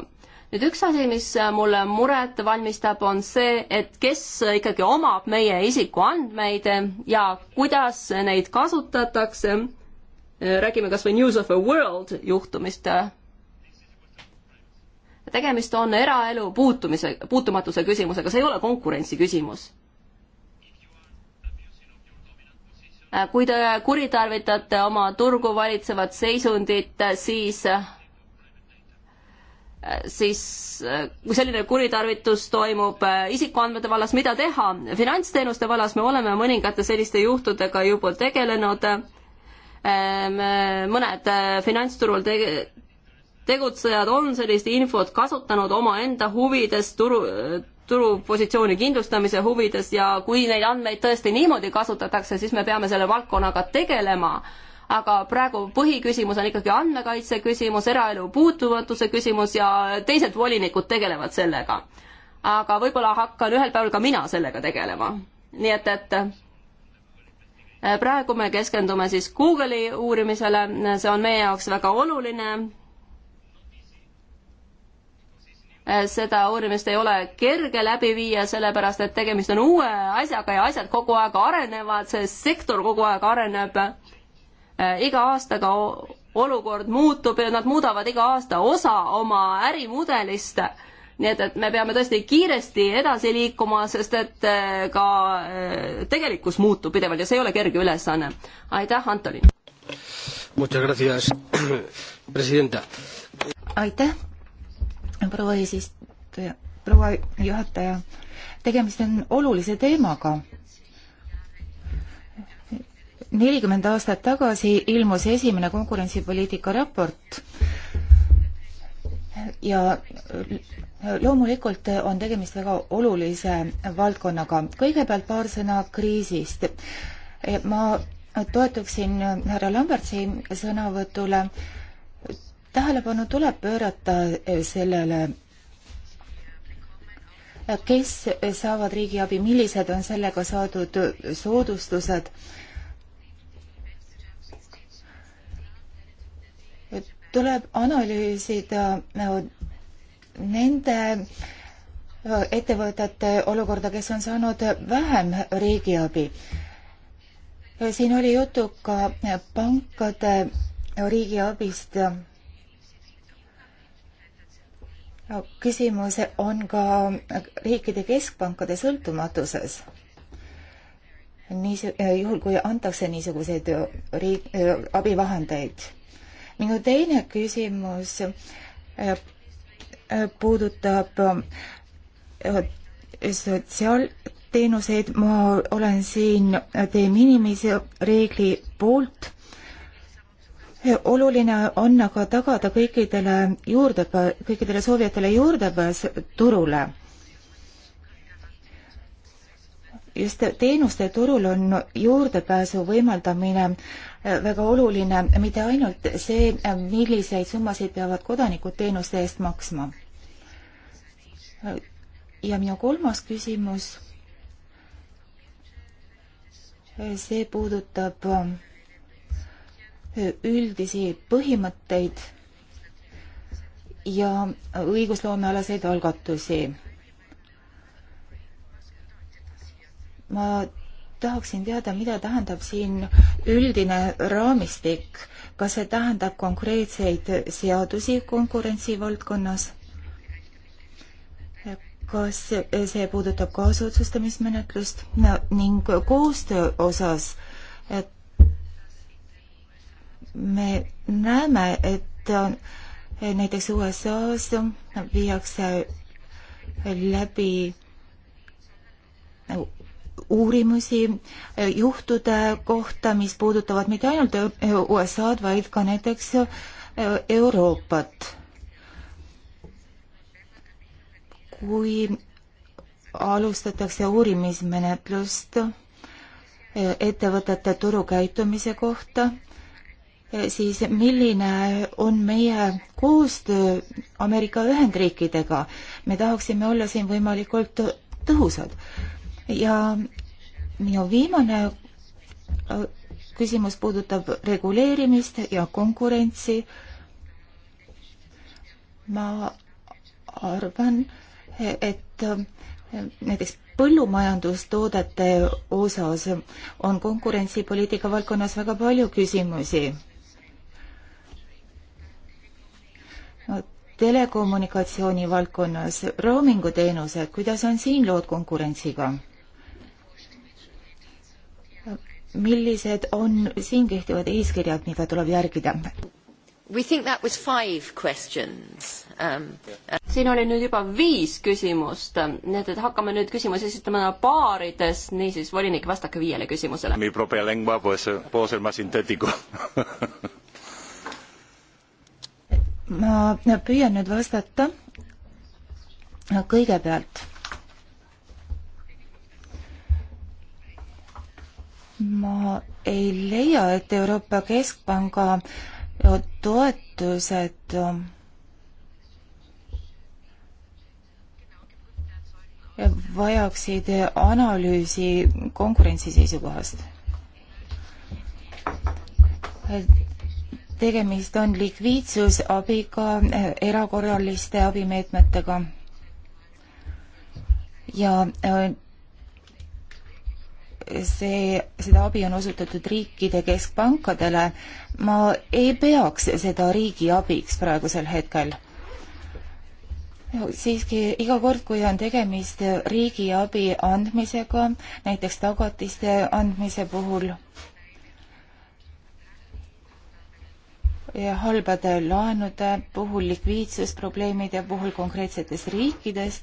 nüüd üks asi, mis mulle muret valmistab, on see, et kes ikkagi omab meie isikuandmeid ja kuidas neid kasutatakse Eh, räägime kas või News of a World juhtumist, tegemist on eraelu puutumise, puutumatuse küsimusega, see ei ole konkurentsi küsimus. Eh, kui te kuritarvitate oma turgu valitsevat seisundit, eh, siis siis kui selline kuritarvitus toimub isikuandmete vallas, mida teha? finantsteenuste vallas me oleme mõningate selliste juhtudega juba tegelenud Ehm, mõned äh, finantsturul tege-, tegutsejad on sellist infot kasutanud omaenda huvides, turu, turupositsiooni kindlustamise huvides ja kui neid andmeid tõesti niimoodi kasutatakse, siis me peame selle valdkonnaga tegelema aga praegu põhiküsimus on ikkagi andmekaitse küsimus, eraelu puutumatuse küsimus ja teised volinikud tegelevad sellega. aga võib-olla hakkan ühel päeval ka mina sellega tegelema. nii et, et praegu me keskendume siis Google'i uurimisele, see on meie jaoks väga oluline. seda uurimist ei ole kerge läbi viia, sellepärast et tegemist on uue asjaga ja asjad kogu aeg arenevad, see sektor kogu aeg areneb. iga aastaga olukord muutub ja nad muudavad iga aasta osa oma ärimudelist nii et, et me peame tõesti kiiresti edasi liikuma, sest et äh, ka äh, tegelikkus muutub pidevalt ja see ei ole kerge ülesanne. aitäh, Antolin! (clears throat) aitäh, proua eesistuja, proua juhataja. tegemist on olulise teemaga nelikümmend aastat tagasi ilmus esimene konkurentsipoliitika raport ja loomulikult on tegemist väga olulise valdkonnaga. kõigepealt paar sõna kriisist. ma toetuksin härra Lambertsi sõnavõtule. tähelepanu tuleb pöörata sellele, kes saavad riigiabi, millised on sellega saadud soodustused tuleb analüüsida nende ettevõtete olukorda, kes on saanud vähem riigiabi. siin oli juttu ka pankade riigiabist. küsimus on ka riikide keskpankade sõltumatuses niis-, juhul kui antakse niisuguseid riik, abivahendeid. minu teine küsimus puudutab äh, sotsiaalteenuseid, ma olen siin de minimis reegli poolt. oluline on aga tagada kõikidele juurdepääs, kõikidele soovijatele juurdepääs turule just teenuste turul on juurdepääsu võimaldamine äh, väga oluline, mitte ainult see, äh, milliseid summasid peavad kodanikud teenuste eest maksma. Äh, ja minu kolmas küsimus, see puudutab üldisi põhimõtteid ja õigusloomealaseid algatusi ma tahaksin teada, mida tähendab siin üldine raamistik, kas see tähendab konkreetseid seadusi konkurentsivaldkonnas? kas see puudutab kaasotsustamismenetlust no, ning koostöö osas, et me näeme, et eh, näiteks USA-s viiakse läbi uurimusi eh, juhtude kohta, mis puudutavad mitte ainult eh, USA-d, vaid ka näiteks eh, Euroopat. kui alustatakse uurimismenetlust ettevõtete turukäitumise kohta, siis milline on meie koostöö Ameerika Ühendriikidega? me tahaksime olla siin võimalikult tõhusad ja minu viimane äh, küsimus puudutab reguleerimist ja konkurentsi. ma arvan, et äh, näiteks põllumajandustoodete osas on konkurentsipoliitika valdkonnas väga palju küsimusi. telekommunikatsiooni valdkonnas, roomingu teenused, kuidas on siin lood konkurentsiga? millised on siin kehtivad eeskirjad, mida tuleb järgida? We think that was five questions um,. Uh, siin oli nüüd juba viis küsimust, nii et, et hakkame nüüd küsimusi esitama paarides, niisiis volinik, vastake viiele küsimusele. Mi propia lengua pues puedo ser más sintetico ma püüan nüüd vastata. kõigepealt ma ei leia, et Euroopa Keskpanga toetused äh, vajaksid analüüsi konkurentsi seisukohast. tegemist on likviidsusabiga, äh, erakorraliste abimeetmetega ja äh, see, seda abi on osutatud riikide keskpankadele, ma ei peaks seda riigi abiks praegusel hetkel no,. siiski iga kord, kui on tegemist riigiabi andmisega, näiteks tagatiste andmise puhul ja halbade laenude puhul, likviidsusprobleemide puhul konkreetsetes riikides,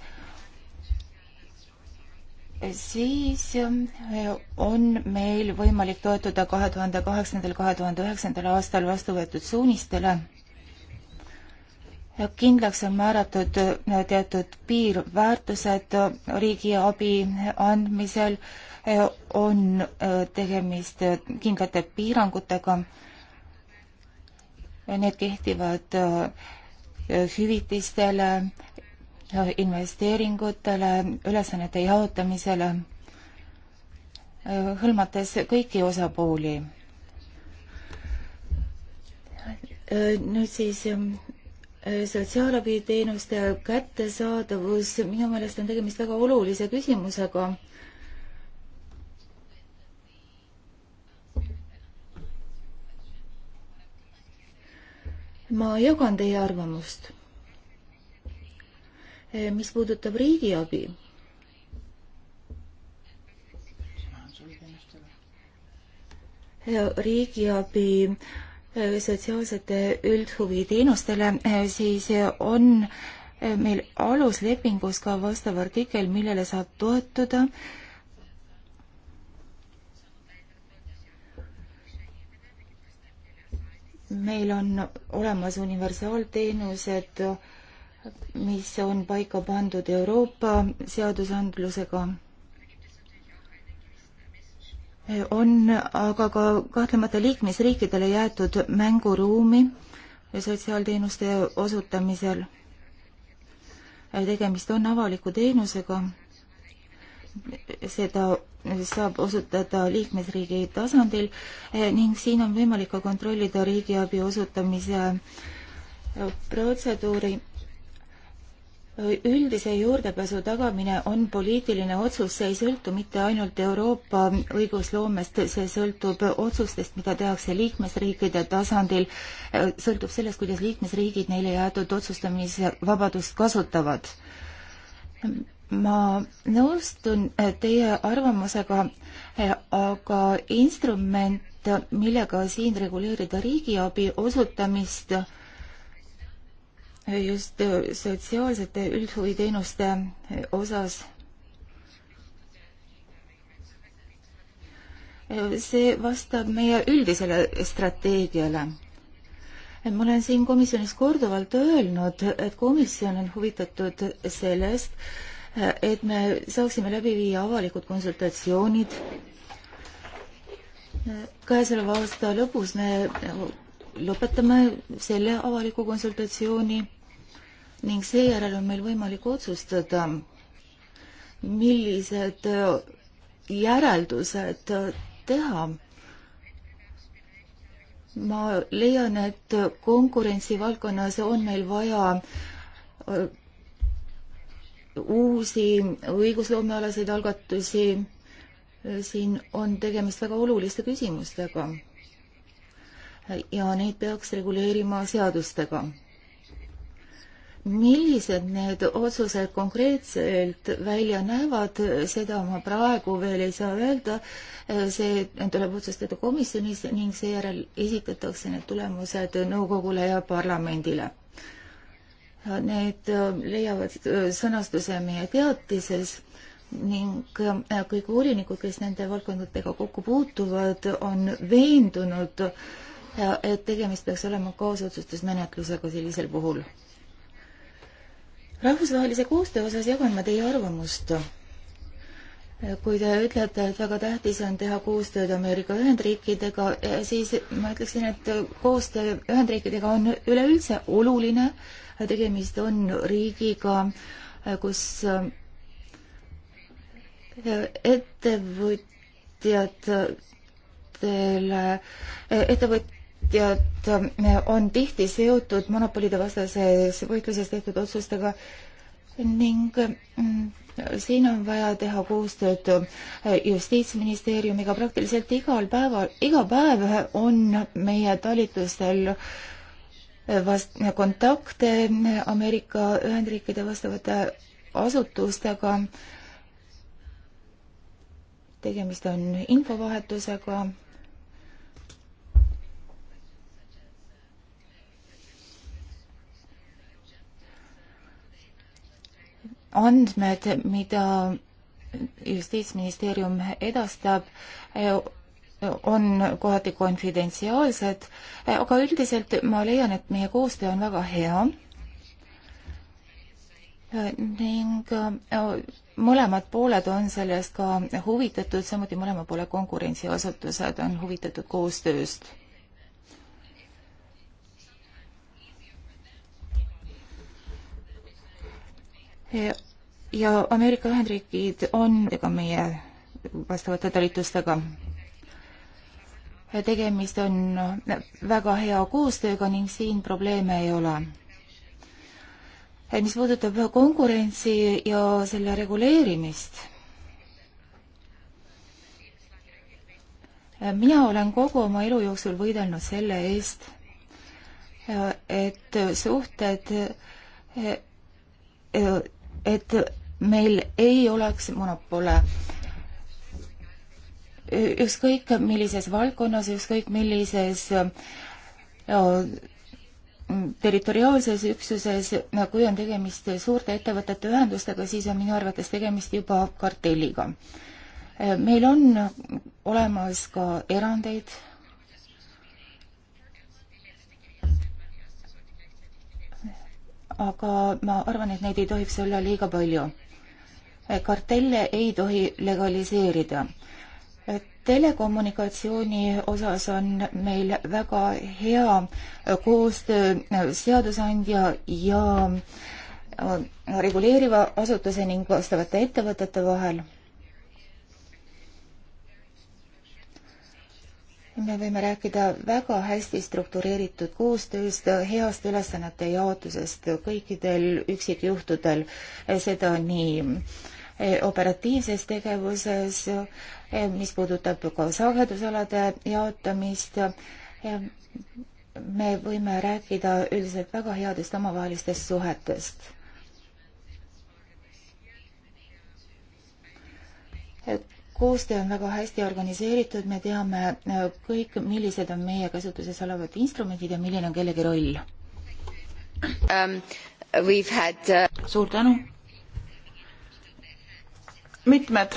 siis ähm, on meil võimalik toetuda kahe tuhande kaheksandal, kahe tuhande üheksandal aastal vastu võetud suunistele. kindlaks on määratud äh, teatud piirväärtused äh, riigiabi andmisel, äh, on tegemist kindlate piirangutega. Need kehtivad hüvitistele investeeringutele, ülesannete jaotamisele, äh, hõlmates kõiki osapooli. Äh, nüüd siis ähm, äh, sotsiaalabiteenuste kättesaadavus, minu meelest on tegemist väga olulise küsimusega. ma jagan teie arvamust Eh, mis puudutab riigiabi, eh, riigiabi eh, sotsiaalsete üldhuviteenustele, siis on meil aluslepingus ka vastav artikkel, millele saab toetuda. meil on olemas universaalteenused, mis on paika pandud Euroopa seadusandlusega, on aga ka kahtlemata liikmesriikidele jäetud mänguruumi sotsiaalteenuste osutamisel. tegemist on avaliku teenusega, seda saab osutada liikmesriigi tasandil ning siin on võimalik ka kontrollida riigiabi osutamise protseduuri üldise juurdepääsu tagamine on poliitiline otsus, see ei sõltu mitte ainult Euroopa õigusloomest, see sõltub otsustest, mida tehakse liikmesriikide tasandil, sõltub sellest, kuidas liikmesriigid neile jäetud otsustamise vabadust kasutavad. ma nõustun teie arvamusega, aga instrument, millega siin reguleerida riigiabi osutamist, just äh, sotsiaalsete üldhuviteenuste äh, osas. Äh, see vastab meie üldisele strateegiale. ma olen siin komisjonis korduvalt öelnud, et komisjon on huvitatud sellest, et me saaksime läbi viia avalikud konsultatsioonid. käesoleva aasta lõpus me lõpetame selle avaliku konsultatsiooni ning seejärel on meil võimalik otsustada, millised äh, järeldused äh, teha. ma leian, et konkurentsivaldkonnas on meil vaja äh, uusi õigusloomealaseid algatusi, siin on tegemist väga oluliste küsimustega ja neid peaks reguleerima seadustega millised need otsused konkreetselt välja näevad, seda ma praegu veel ei saa öelda. see tuleb otsustada komisjonis ning seejärel esitatakse need tulemused nõukogule ja parlamendile. Need leiavad sõnastuse meie teatises ning kõik uurinikud, kes nende valdkondadega kokku puutuvad, on veendunud, et tegemist peaks olema kaasotsustusmenetlusega sellisel puhul rahvusvahelise koostöö osas jagan ma teie arvamust. kui te ütlete, et väga tähtis on teha koostööd Ameerika Ühendriikidega, siis ma ütleksin, et koostöö Ühendriikidega on üleüldse oluline. tegemist on riigiga, kus ettevõtjad ettevõtjatele, ettevõt-, ettevõtjad äh, on tihti seotud monopolide vastases võitluses tehtud otsustega ning mm, siin on vaja teha koostööd äh, Justiitsministeeriumiga praktiliselt igal päeval, iga päev on meie talitustel äh, vast-, kontakte Ameerika Ühendriikide vastavate asutustega, tegemist on infovahetusega andmed, mida justiitsministeerium edastab, on kohati konfidentsiaalsed, aga üldiselt ma leian, et meie koostöö on väga hea ning äh, mõlemad pooled on sellest ka huvitatud, samuti mõlema poole konkurentsiasutused on huvitatud koostööst ja Ameerika Ühendriigid on ka meie vastavate talitustega. tegemist on väga hea koostööga ning siin probleeme ei ole. mis puudutab konkurentsi ja selle reguleerimist, mina olen kogu oma elu jooksul võidelnud selle eest, et suhted et meil ei oleks monopole ükskõik millises valdkonnas, ükskõik millises no, territoriaalses üksuses, kui on tegemist suurte ettevõtete ühendustega, siis on minu arvates tegemist juba kartelliga. meil on olemas ka erandeid aga ma arvan, et neid ei tohiks olla liiga palju. kartelle ei tohi legaliseerida. telekommunikatsiooni osas on meil väga hea koostöö seadusandja ja reguleeriva asutuse ning vastavate ettevõtete vahel me võime rääkida väga hästi struktureeritud koostööst, heast ülesannete jaotusest kõikidel üksikjuhtudel, seda nii eh, operatiivses tegevuses, eh, mis puudutab ka sagedusalade jaotamist. Eh, me võime rääkida üldiselt väga headest omavahelistest suhetest. et koostöö on väga hästi organiseeritud, me teame äh, kõik, millised on meie käsutuses olevad instrumendid ja milline on kellegi roll um,. Had... Uh, suur tänu. mitmed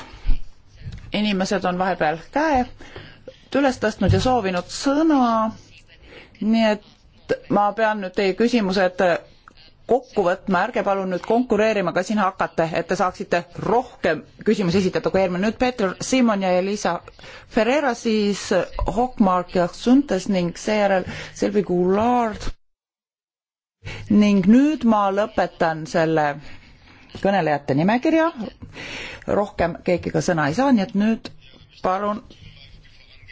inimesed on vahepeal käe üles tõstnud ja soovinud sõna, nii et ma pean nüüd teie küsimused kokku võtma, ärge palun nüüd konkureerima ka siin hakata, et te saaksite rohkem küsimusi esitada kui eelmine. nüüd Peeter Simon ja Elisa Ferreira, siis Hockmark ja Suntes ning seejärel Selvi Goulart. ning nüüd ma lõpetan selle kõnelejate nimekirja. rohkem keegi ka sõna ei saa, nii et nüüd palun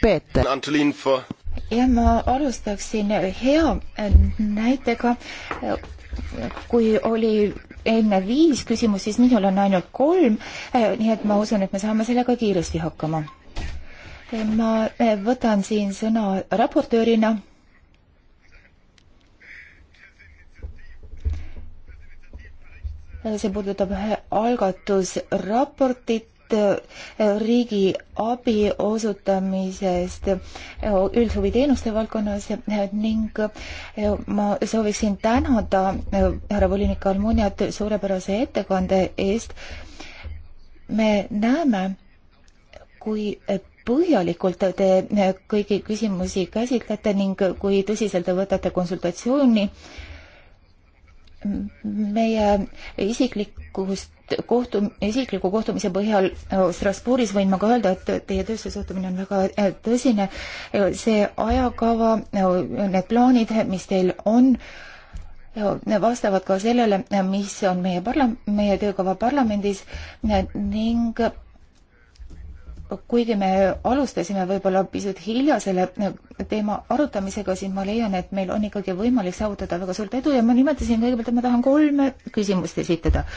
Peeter. Antolin for ja ma alustaksin hea näitega kui oli enne viis küsimust, siis minul on ainult kolm, eh, nii et ma usun, et me saame sellega kiiresti hakkama. Eh, ma eh, võtan siin sõna raportöörina. see puudutab algatusraportit E, riigi abi osutamisest e, üldhuviteenuste valdkonnas ning e, ma sooviksin tänada härra volinik Almuniat suurepärase ettekande eest. me näeme, kui põhjalikult te kõigi küsimusi käsitlete ning kui tõsiselt te võtate konsultatsiooni meie isiklikust kohtu, isikliku kohtumise põhjal äh, Strasbourgis võin ma ka öelda, et teie töösse suhtumine on väga äh, tõsine. Äh, see ajakava, need plaanid, mis teil on, vastavad ka sellele, mis on meie parla-, meie töökava parlamendis ning kuigi me alustasime võib-olla pisut hilja selle teema arutamisega, siis ma leian, et meil on ikkagi võimalik saavutada väga suurt edu ja ma nimetasin kõigepealt, et ma tahan kolme küsimust esitada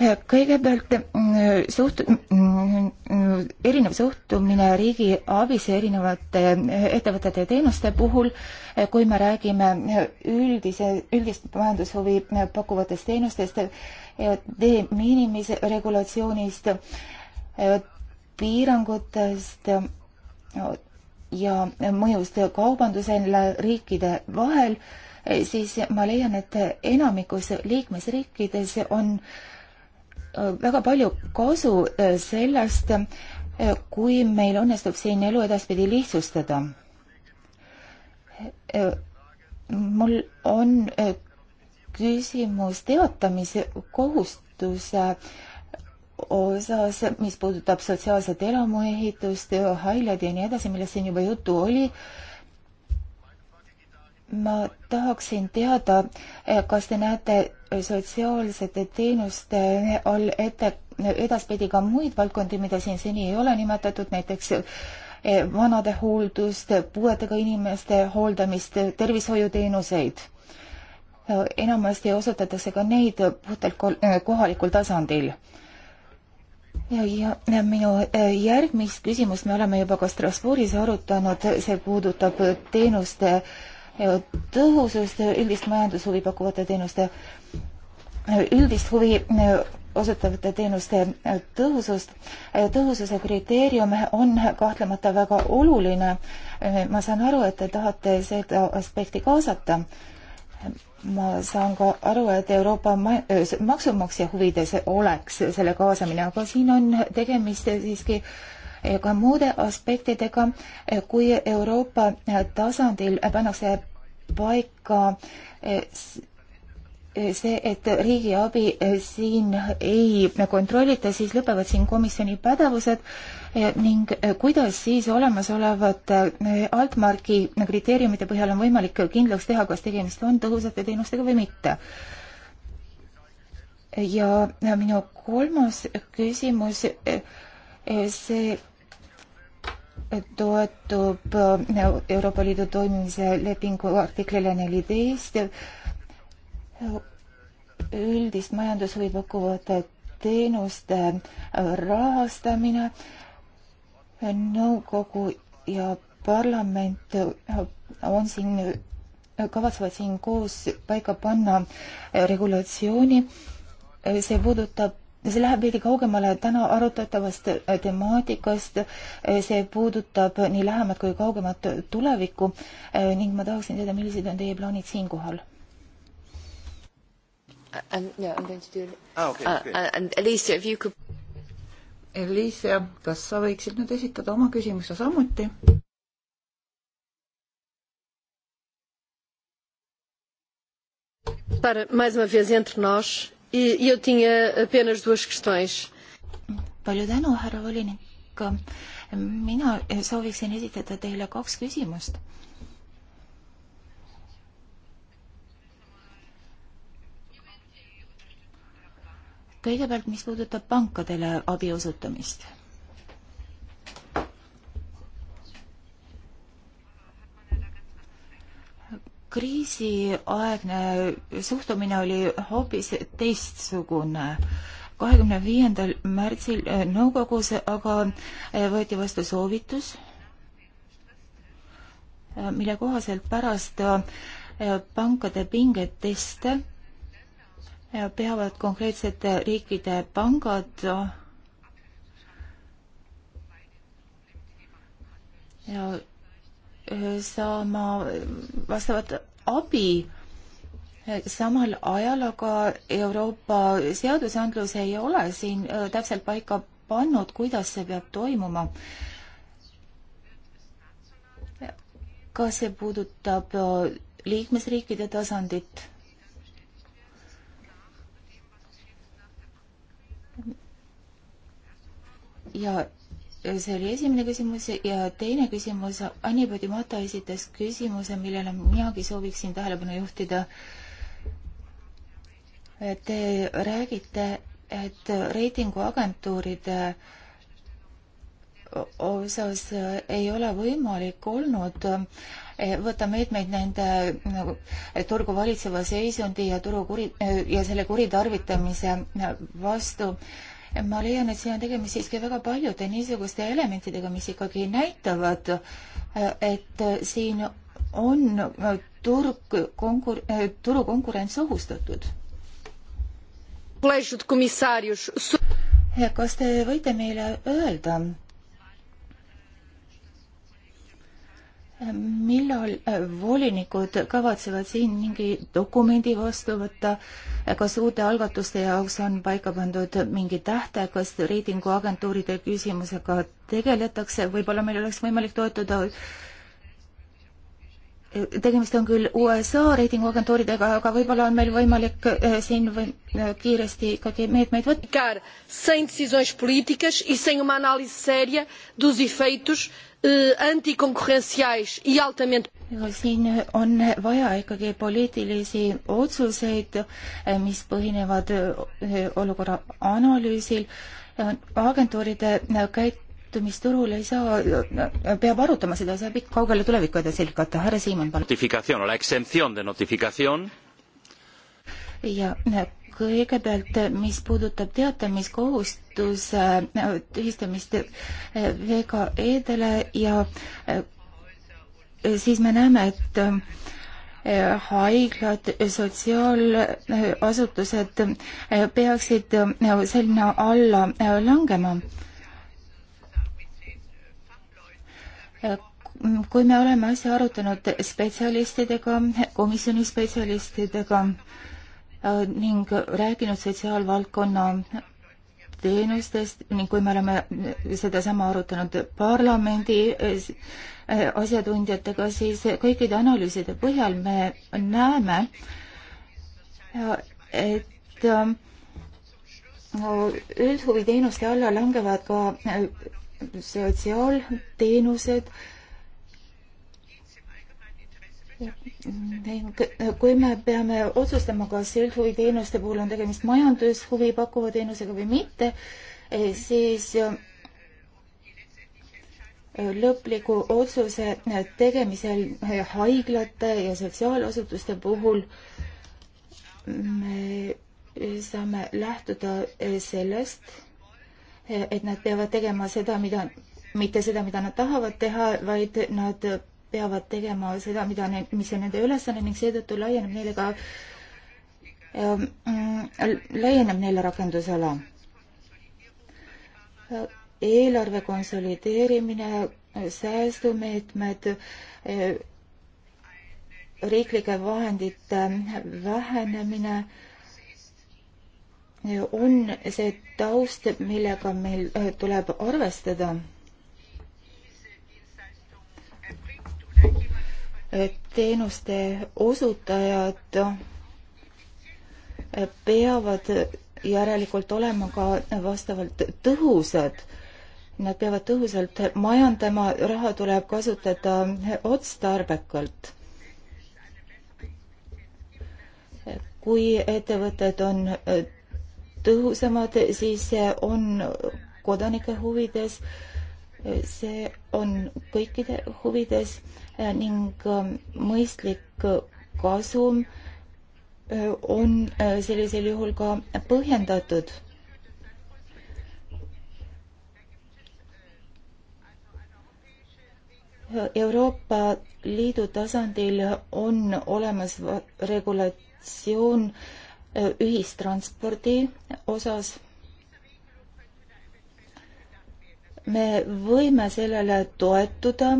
kõigepealt mm, suht-, mm, erinev suhtumine riigi abis erinevate eh, ettevõtete ja teenuste puhul, eh, kui me räägime eh, üldise, üldist majandushuvi pakkuvatest teenustest, de minimis regulatsioonist, piirangutest ja mõjust kaubandusele riikide vahel, siis ma leian, et enamikus liikmesriikides on äh, Äh, väga palju kasu äh, sellest, äh, kui meil õnnestub siin elu edaspidi lihtsustada. mul on küsimus teatamise kohustuse osas, mis puudutab sotsiaalset elamuehitust, haiglad ja nii edasi, millest siin juba juttu oli ma tahaksin teada, eh, kas te näete sotsiaalsete teenuste all ette, eh, edaspidi ka muid valdkondi, mida siin seni ei ole nimetatud, näiteks eh, vanade hooldust, puuetega inimeste hooldamist, tervishoiuteenuseid. enamasti osutatakse ka neid puhtalt kohalikul tasandil. ja, ja minu järgmist küsimust me oleme juba ka Strasbourgis arutanud, see puudutab teenuste äh, tõhusust, üldist majandushuvi pakkuvate teenuste, üldist huvi e, osutavate teenuste e, tõhusust. E, tõhususe kriteerium on kahtlemata väga oluline. ma saan aru, et te tahate seda aspekti kaasata. ma saan ka aru, et Euroopa maksumaksja huvides oleks selle kaasamine, aga siin on tegemist siiski äh, ka muude aspektidega, eh, kui Euroopa eh, tasandil pannakse paika eh, see, et riigiabi siin ei kontrollita, siis lõpevad siin komisjoni pädevused ning kuidas siis olemasolevate altmarki kriteeriumite põhjal on võimalik kindlaks teha, kas tegemist on tõhusate teenustega või mitte. ja minu kolmas küsimus, see toetub äh, Euroopa Liidu toimimise lepingu artiklile neliteist üldist majandushuvi pakkuvate teenuste äh, rahastamine, nõukogu ja parlament äh, on siin, kavatsevad siin koos paika panna regulatsiooni. see puudutab see läheb veidi kaugemale täna arutatavast äh, temaatikast, äh, see puudutab äh, nii lähemat kui kaugemat tulevikku ning ma tahaksin teada, millised on teie plaanid siinkohal? Uh, um, ah, uh, uh, Eliise, kas sa võiksid nüüd esitada oma küsimuse samuti? Para mais uma vez entre nós E eu tinha apenas duas questões. palju tänu, härra volinik. mina sooviksin esitada teile kaks küsimust. kõigepealt, mis puudutab pankadele abi osutamist kriisiaegne suhtumine oli hoopis teistsugune. kahekümne viiendal märtsil nõukogus aga eh, võeti vastu soovitus, eh, mille kohaselt pärast eh, pankade pingeteste peavad konkreetsete riikide pangad ja saama vastavat abi. samal ajal aga Euroopa seadusandlus ei ole siin äh, täpselt paika pannud, kuidas see peab toimuma. kas see puudutab äh, liikmesriikide tasandit? ja see oli esimene küsimus ja teine küsimus, Anni Padimata esitas küsimuse, millele minagi sooviksin tähelepanu juhtida. Te räägite, et reitinguagentuuride osas ei ole võimalik olnud eh, võtta meetmeid nende nagu, eh, turgu valitseva seisundi ja turu kuri- eh, ja selle kuritarvitamise vastu ma leian, et siin on tegemist siiski väga paljude niisuguste elementidega, mis ikkagi näitavad, äh, et äh, siin on äh, turg, konkur-, turukonkurents ohustatud. kas te võite meile öelda, millal äh, volinikud kavatsevad siin mingi dokumendi vastu võtta, kas uute algatuste jaoks on paika pandud mingi tähte, kas reitinguagentuuride küsimusega tegeletakse, võib-olla meil oleks võimalik toetuda tegemist on küll USA reitinguagentuuridega, aga võib-olla on meil võimalik äh, siin või äh, kiiresti ikkagi meetmeid võtta. Eh, antikonkurentsiais ja altamente siin on vaja ikkagi poliitilisi otsuseid, eh, mis põhinevad eh, olukorra analüüsil. agentuuride käitumisturul ei saa, peab arutama seda, saab ikka kaugele tulevikku edasi lükata. härra Siimann, palun. ja kõigepealt, mis puudutab teatamiskohustuse äh, tühistamist äh, VKE-dele ja äh, siis me näeme, et haiglad, sotsiaalasutused peaksid sinna alla langema. kui me oleme asja arutanud spetsialistidega, komisjoni spetsialistidega, Äh, ning rääkinud sotsiaalvaldkonna teenustest ning kui me oleme sedasama arutanud parlamendi äh, asjatundjatega, siis kõikide analüüside põhjal me näeme, äh, et üldhuviteenuste alla langevad ka sotsiaalteenused kui me peame otsustama, kas üldhuviteenuste puhul on tegemist majandushuvi pakkuva teenusega või mitte, eh, siis eh, lõpliku otsuse eh, tegemisel haiglate ja sotsiaalasutuste puhul me saame lähtuda sellest, et nad peavad tegema seda, mida, mitte seda, mida nad tahavad teha, vaid nad peavad tegema seda, mida need, mis on nende ülesanne ning seetõttu laieneb neile ka äh,, laieneb neile rakendusala. eelarve konsolideerimine, säästumeetmed äh,, riiklike vahendite vähenemine äh, on see taust, millega meil äh, tuleb arvestada teenuste osutajad peavad järelikult olema ka vastavalt tõhusad. Nad peavad tõhusalt majandama, raha tuleb kasutada otstarbekalt. kui ettevõtted on tõhusamad, siis see on kodanike huvides, see on kõikide huvides Äh, ning äh, mõistlik äh, kasum on sellisel juhul ka põhjendatud. Euroopa Liidu tasandil on olemas regulatsioon ühistranspordi osas me võime sellele toetuda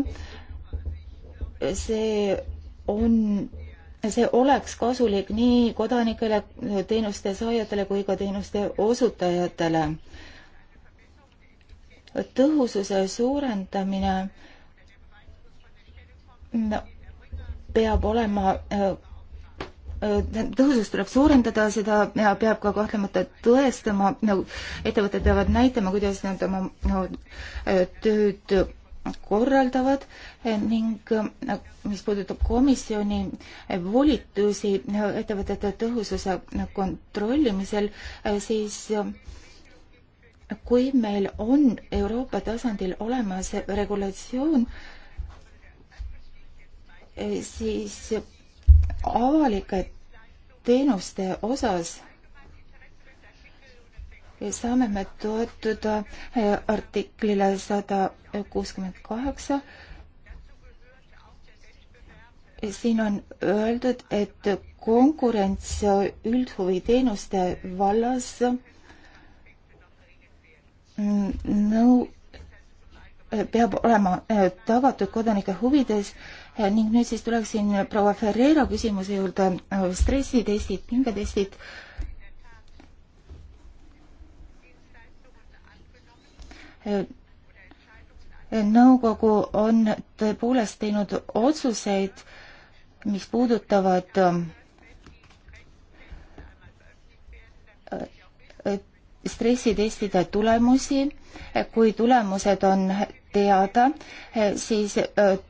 see on, see oleks kasulik nii kodanikele, teenuste saajatele kui ka teenuste osutajatele. tõhususe suurendamine peab olema tõhusust tuleb suurendada, seda peab ka kahtlemata tõestama, nagu ettevõtted peavad näitama, kuidas nad oma no, tööd korraldavad eh, ning eh, mis puudutab komisjoni eh, volitusi ettevõtete tõhususe kontrollimisel, siis kui meil on Euroopa tasandil olemas regulatsioon, siis avalike teenuste osas saame me toetuda äh, artiklile sada kuuskümmend kaheksa. siin on öeldud, et konkurents üldhuviteenuste vallas mm, nõu peab olema äh, tagatud kodanike huvides ning nüüd siis tuleksin proua Ferreira küsimuse juurde, stressitestid, pingetestid nõukogu on tõepoolest teinud otsuseid, mis puudutavad äh, äh, stressitestide tulemusi. kui tulemused on teada, äh, siis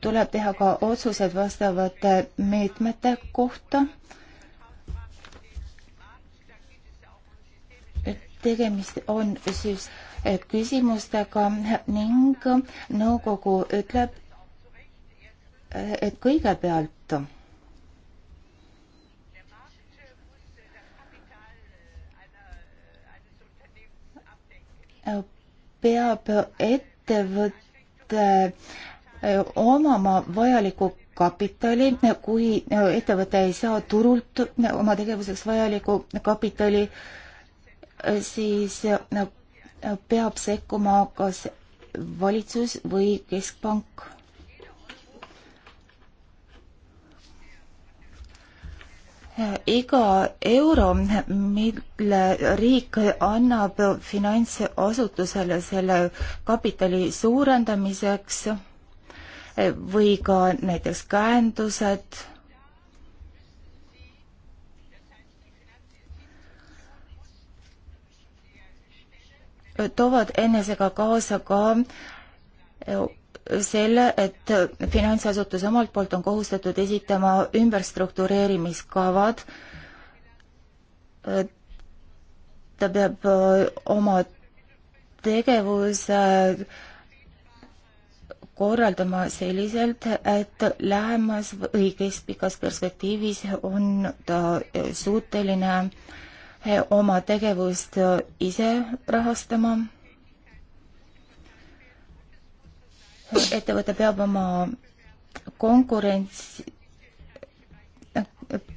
tuleb teha ka otsused vastavate meetmete kohta. tegemist on siis küsimustega ning nõukogu ütleb, et kõigepealt peab ettevõte omama vajalikku kapitali, kui ettevõte ei saa turult oma tegevuseks vajalikku kapitali, siis peab sekkuma kas valitsus või keskpank. iga euro, mille riik annab finantsasutusele selle kapitali suurendamiseks või ka näiteks käendused toovad enesega kaasa ka äh, selle, et finantsasutus omalt poolt on kohustatud esitama ümberstruktureerimiskavad. Äh, ta peab äh, oma tegevuse korraldama selliselt, et lähemas või keskpikas perspektiivis on ta suuteline äh, oma tegevust ise rahastama. ettevõte peab oma konkurents,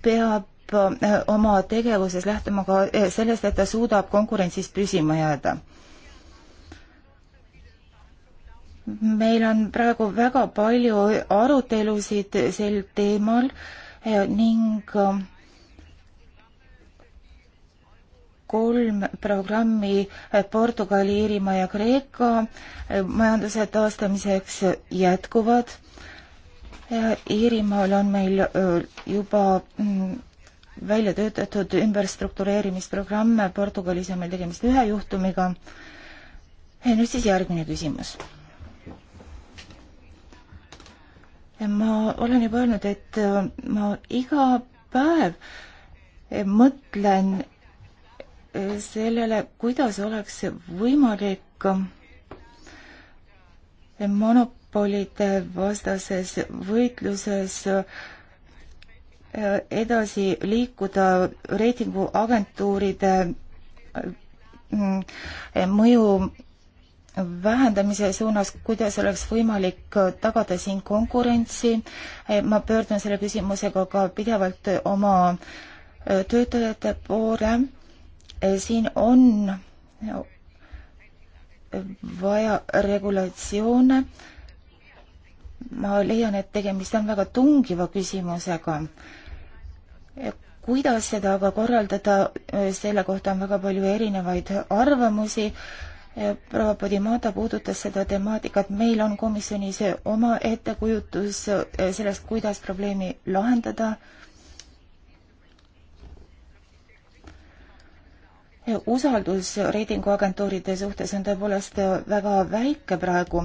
peab eh, oma tegevuses lähtuma ka eh, sellest, et ta suudab konkurentsis püsima jääda. meil on praegu väga palju arutelusid sel teemal eh, ning kolm programmi eh, Portugali, Iirimaa ja Kreeka eh, majanduse taastamiseks jätkuvad. Eh, Iirimaal on meil juba mm, välja töötatud ümberstruktureerimisprogramme, Portugalis on meil tegemist ühe juhtumiga. nüüd siis järgmine küsimus. ma olen juba öelnud, et ma iga päev mõtlen sellele, kuidas oleks võimalik monopolide vastases võitluses äh, edasi liikuda reitinguagentuuride mm, mõju vähendamise suunas, kuidas oleks võimalik tagada siin konkurentsi. Äh, ma pöördun selle küsimusega ka pidevalt oma äh, töötajate poole Äh, siin on äh, vaja regulatsioone. ma leian, et tegemist on väga tungiva küsimusega. Äh, kuidas seda aga korraldada, selle kohta on väga palju erinevaid arvamusi. proua Podimata puudutas seda temaatikat, meil on komisjonis oma ettekujutus sellest, kuidas probleemi lahendada usaldus reitinguagentuuride suhtes on tõepoolest väga väike praegu.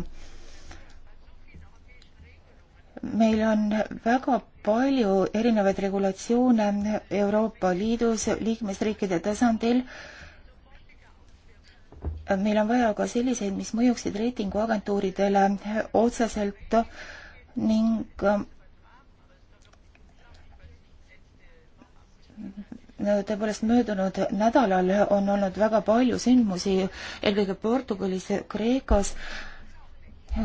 meil on väga palju erinevaid regulatsioone Euroopa Liidus liikmesriikide tasandil. meil on vaja ka selliseid, mis mõjuksid reitinguagentuuridele otseselt ning tõepoolest möödunud nädalal on olnud väga palju sündmusi, eelkõige Portugalis, Kreekas.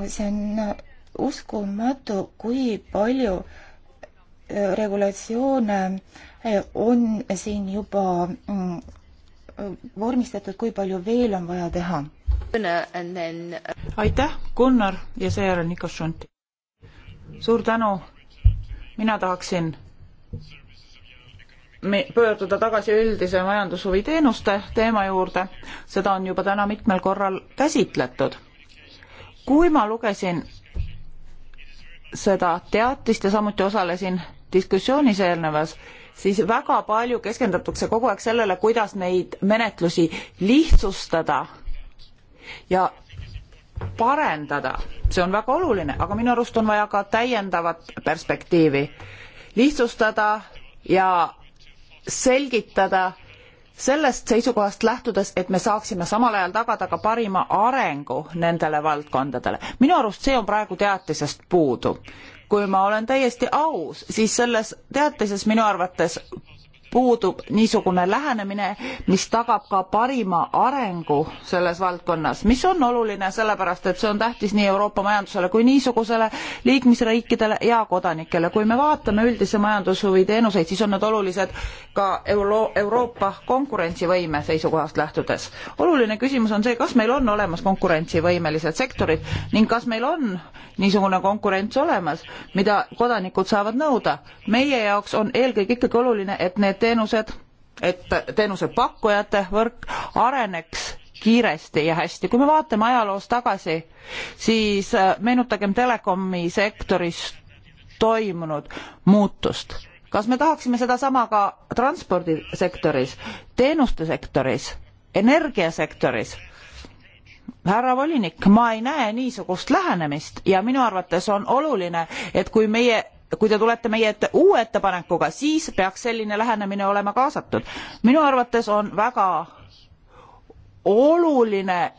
see on uskumatu, kui palju äh, regulatsioone äh, on siin juba mm, vormistatud, kui palju veel on vaja teha? aitäh, Gunnar ja seejärel Nikos Šunti. suur tänu. mina tahaksin pöörduda tagasi üldise majandushuvi teenuste teema juurde, seda on juba täna mitmel korral käsitletud. kui ma lugesin seda teatist ja samuti osalesin diskussioonis eelnevas, siis väga palju keskendutakse kogu aeg sellele, kuidas neid menetlusi lihtsustada ja parendada, see on väga oluline, aga minu arust on vaja ka täiendavat perspektiivi. lihtsustada ja selgitada sellest seisukohast lähtudes, et me saaksime samal ajal tagada ka parima arengu nendele valdkondadele. minu arust see on praegu teatisest puudu. kui ma olen täiesti aus, siis selles teatises minu arvates puudub niisugune lähenemine, mis tagab ka parima arengu selles valdkonnas, mis on oluline, sellepärast et see on tähtis nii Euroopa majandusele kui niisugusele liikmesriikidele ja kodanikele. kui me vaatame üldise majandushuvi teenuseid, siis on need olulised ka Euro Euroopa konkurentsivõime seisukohast lähtudes. oluline küsimus on see, kas meil on olemas konkurentsivõimelised sektorid ning kas meil on niisugune konkurents olemas, mida kodanikud saavad nõuda. meie jaoks on eelkõige ikkagi oluline, et need need teenused, et teenusepakkujate võrk areneks kiiresti ja hästi. kui me vaatame ajaloos tagasi, siis äh, meenutagem telekomi sektoris toimunud muutust. kas me tahaksime sedasama ka transpordisektoris, teenuste sektoris, energiasektoris? härra volinik, ma ei näe niisugust lähenemist ja minu arvates on oluline, et kui meie kui te tulete meie ette uue ettepanekuga, siis peaks selline lähenemine olema kaasatud. minu arvates on väga oluline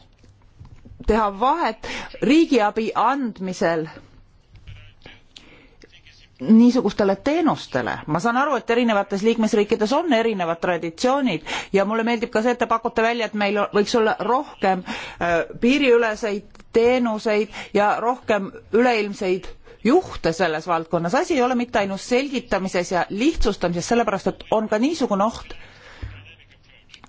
teha vahet riigiabi andmisel niisugustele teenustele ma saan aru et erinevates liikmesriikides on erinevad traditsioonid ja mulle meeldib ka see et te pakute välja et meil võiks olla rohkem äh, piiriüleseid teenuseid ja rohkem üleilmseid juhte selles valdkonnas. asi ei ole mitte ainult selgitamises ja lihtsustamises, sellepärast et on ka niisugune oht,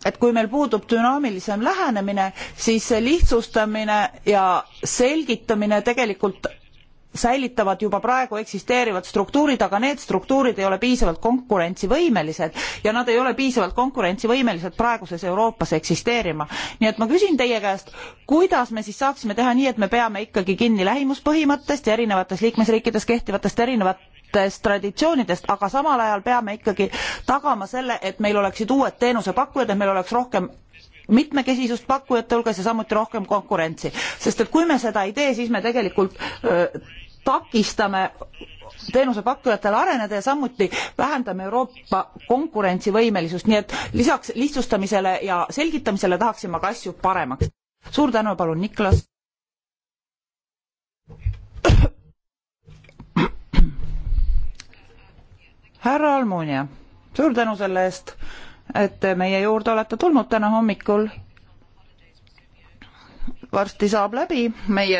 et kui meil puudub dünaamilisem lähenemine, siis see lihtsustamine ja selgitamine tegelikult säilitavad juba praegu eksisteerivad struktuurid aga need struktuurid ei ole piisavalt konkurentsivõimelised ja nad ei ole piisavalt konkurentsivõimelised praeguses euroopas eksisteerima nii et ma küsin teie käest kuidas me siis saaksime teha nii et me peame ikkagi kinni lähimuspõhimõttest ja erinevates liikmesriikides kehtivatest erinevatest traditsioonidest aga samal ajal peame ikkagi tagama selle et meil oleksid uued teenusepakkujad et meil oleks rohkem mitmekesisust pakkujate hulgas ja samuti rohkem konkurentsi sest et kui me seda ei tee siis me tegelikult öö, takistame teenusepakkujatel areneda ja samuti vähendame Euroopa konkurentsivõimelisust, nii et lisaks lihtsustamisele ja selgitamisele tahaksime ka asju paremaks. suur tänu, palun, Niklas. härra Almunia, suur tänu selle eest, et te meie juurde olete tulnud täna hommikul varsti saab läbi meie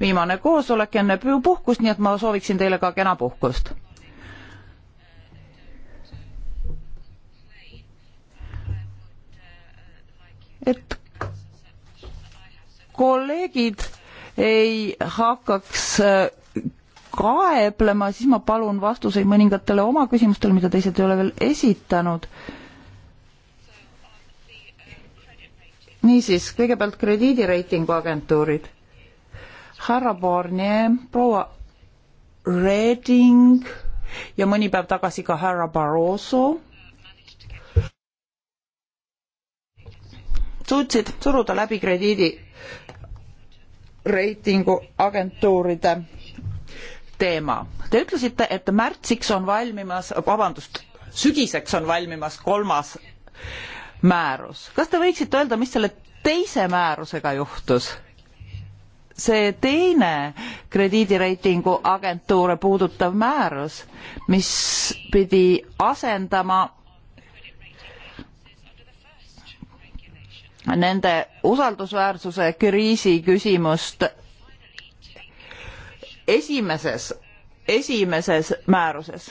viimane koosolek enne puhkust, nii et ma sooviksin teile ka kena puhkust. et kolleegid ei hakkaks äh, kaeblema, siis ma palun vastuseid mõningatele oma küsimustele, mida teised ei ole veel esitanud niisiis, kõigepealt krediidireitingu agentuurid. härra Barnier, proua Reding ja mõni päev tagasi ka härra Barroso suutsid suruda läbi krediidi reitingu agentuuride teema. Te ütlesite, et märtsiks on valmimas, vabandust, sügiseks on valmimas kolmas määrus. kas te võiksite öelda, mis selle teise määrusega juhtus? see teine krediidireitingu agentuure puudutav määrus, mis pidi asendama nende usaldusväärsuse kriisi küsimust esimeses esimeses määruses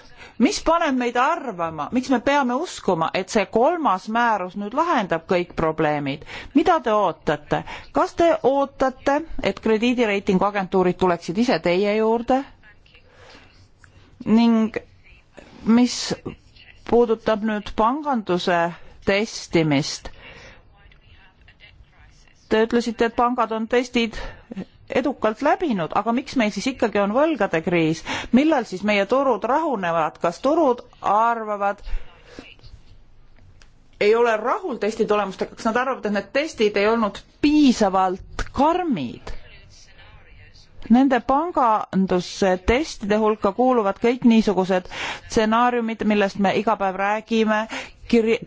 mis paneb meid arvama miks me peame uskuma et see kolmas määrus nüüd lahendab kõik probleemid mida te ootate kas te ootate et krediidireitingu agentuurid tuleksid ise teie juurde ning mis puudutab nüüd panganduse testimist te ütlesite et pangad on testid edukalt läbinud, aga miks meil siis ikkagi on võlgade kriis, millal siis meie turud rahunevad, kas turud arvavad, ei ole rahul testi tulemustega, kas nad arvavad, et need testid ei olnud piisavalt karmid? Nende pangandustestide hulka kuuluvad kõik niisugused stsenaariumid, millest me iga päev räägime,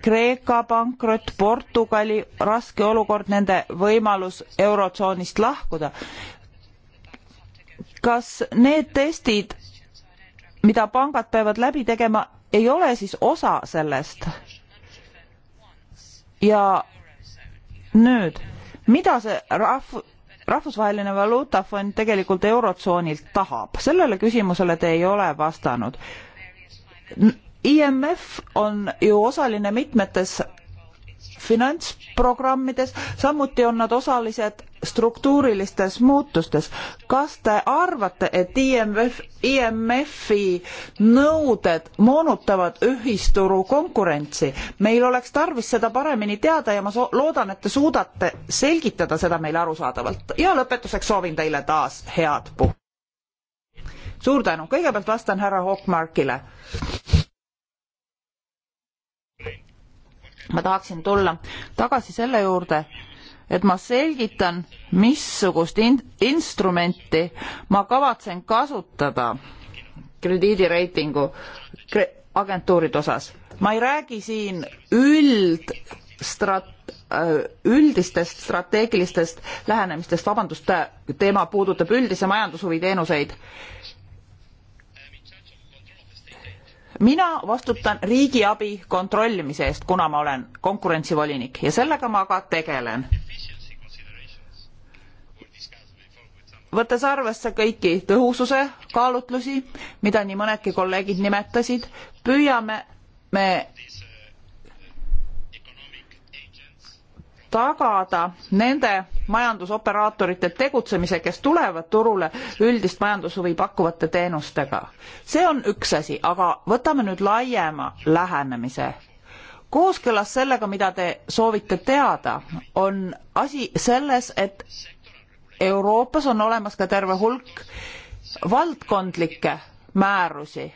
Kreeka pankrot, Portugali raske olukord, nende võimalus eurotsoonist lahkuda. kas need testid, mida pangad peavad läbi tegema, ei ole siis osa sellest? ja nüüd, mida see rahv-, rahvusvaheline valuutafond tegelikult eurotsoonilt tahab, sellele küsimusele te ei ole vastanud N IMF on ju osaline mitmetes finantsprogrammides, samuti on nad osalised struktuurilistes muutustes. kas te arvate, et IMF, IMF-i nõuded moonutavad ühisturu konkurentsi? meil oleks tarvis seda paremini teada ja ma so loodan, et te suudate selgitada seda meile arusaadavalt. ja lõpetuseks soovin teile taas head puhkust. suur tänu, kõigepealt vastan härra Hawkmarkile ma tahaksin tulla tagasi selle juurde, et ma selgitan, missugust in-, instrumenti ma kavatsen kasutada krediidireitingu kre agentuuride osas. ma ei räägi siin üldstrat-, äh, üldistest strateegilistest lähenemistest, vabandust, äh, teema puudutab üldise majandushuvi teenuseid mina vastutan riigiabi kontrollimise eest, kuna ma olen konkurentsivolinik ja sellega ma ka tegelen. võttes arvesse kõiki tõhususe kaalutlusi, mida nii mõnedki kolleegid nimetasid, püüame me tagada nende majandusoperaatorite tegutsemise, kes tulevad turule üldist majandushuvi pakkuvate teenustega. see on üks asi, aga võtame nüüd laiema lähenemise. kooskõlas sellega, mida te soovite teada, on asi selles, et Euroopas on olemas ka terve hulk valdkondlikke määrusi,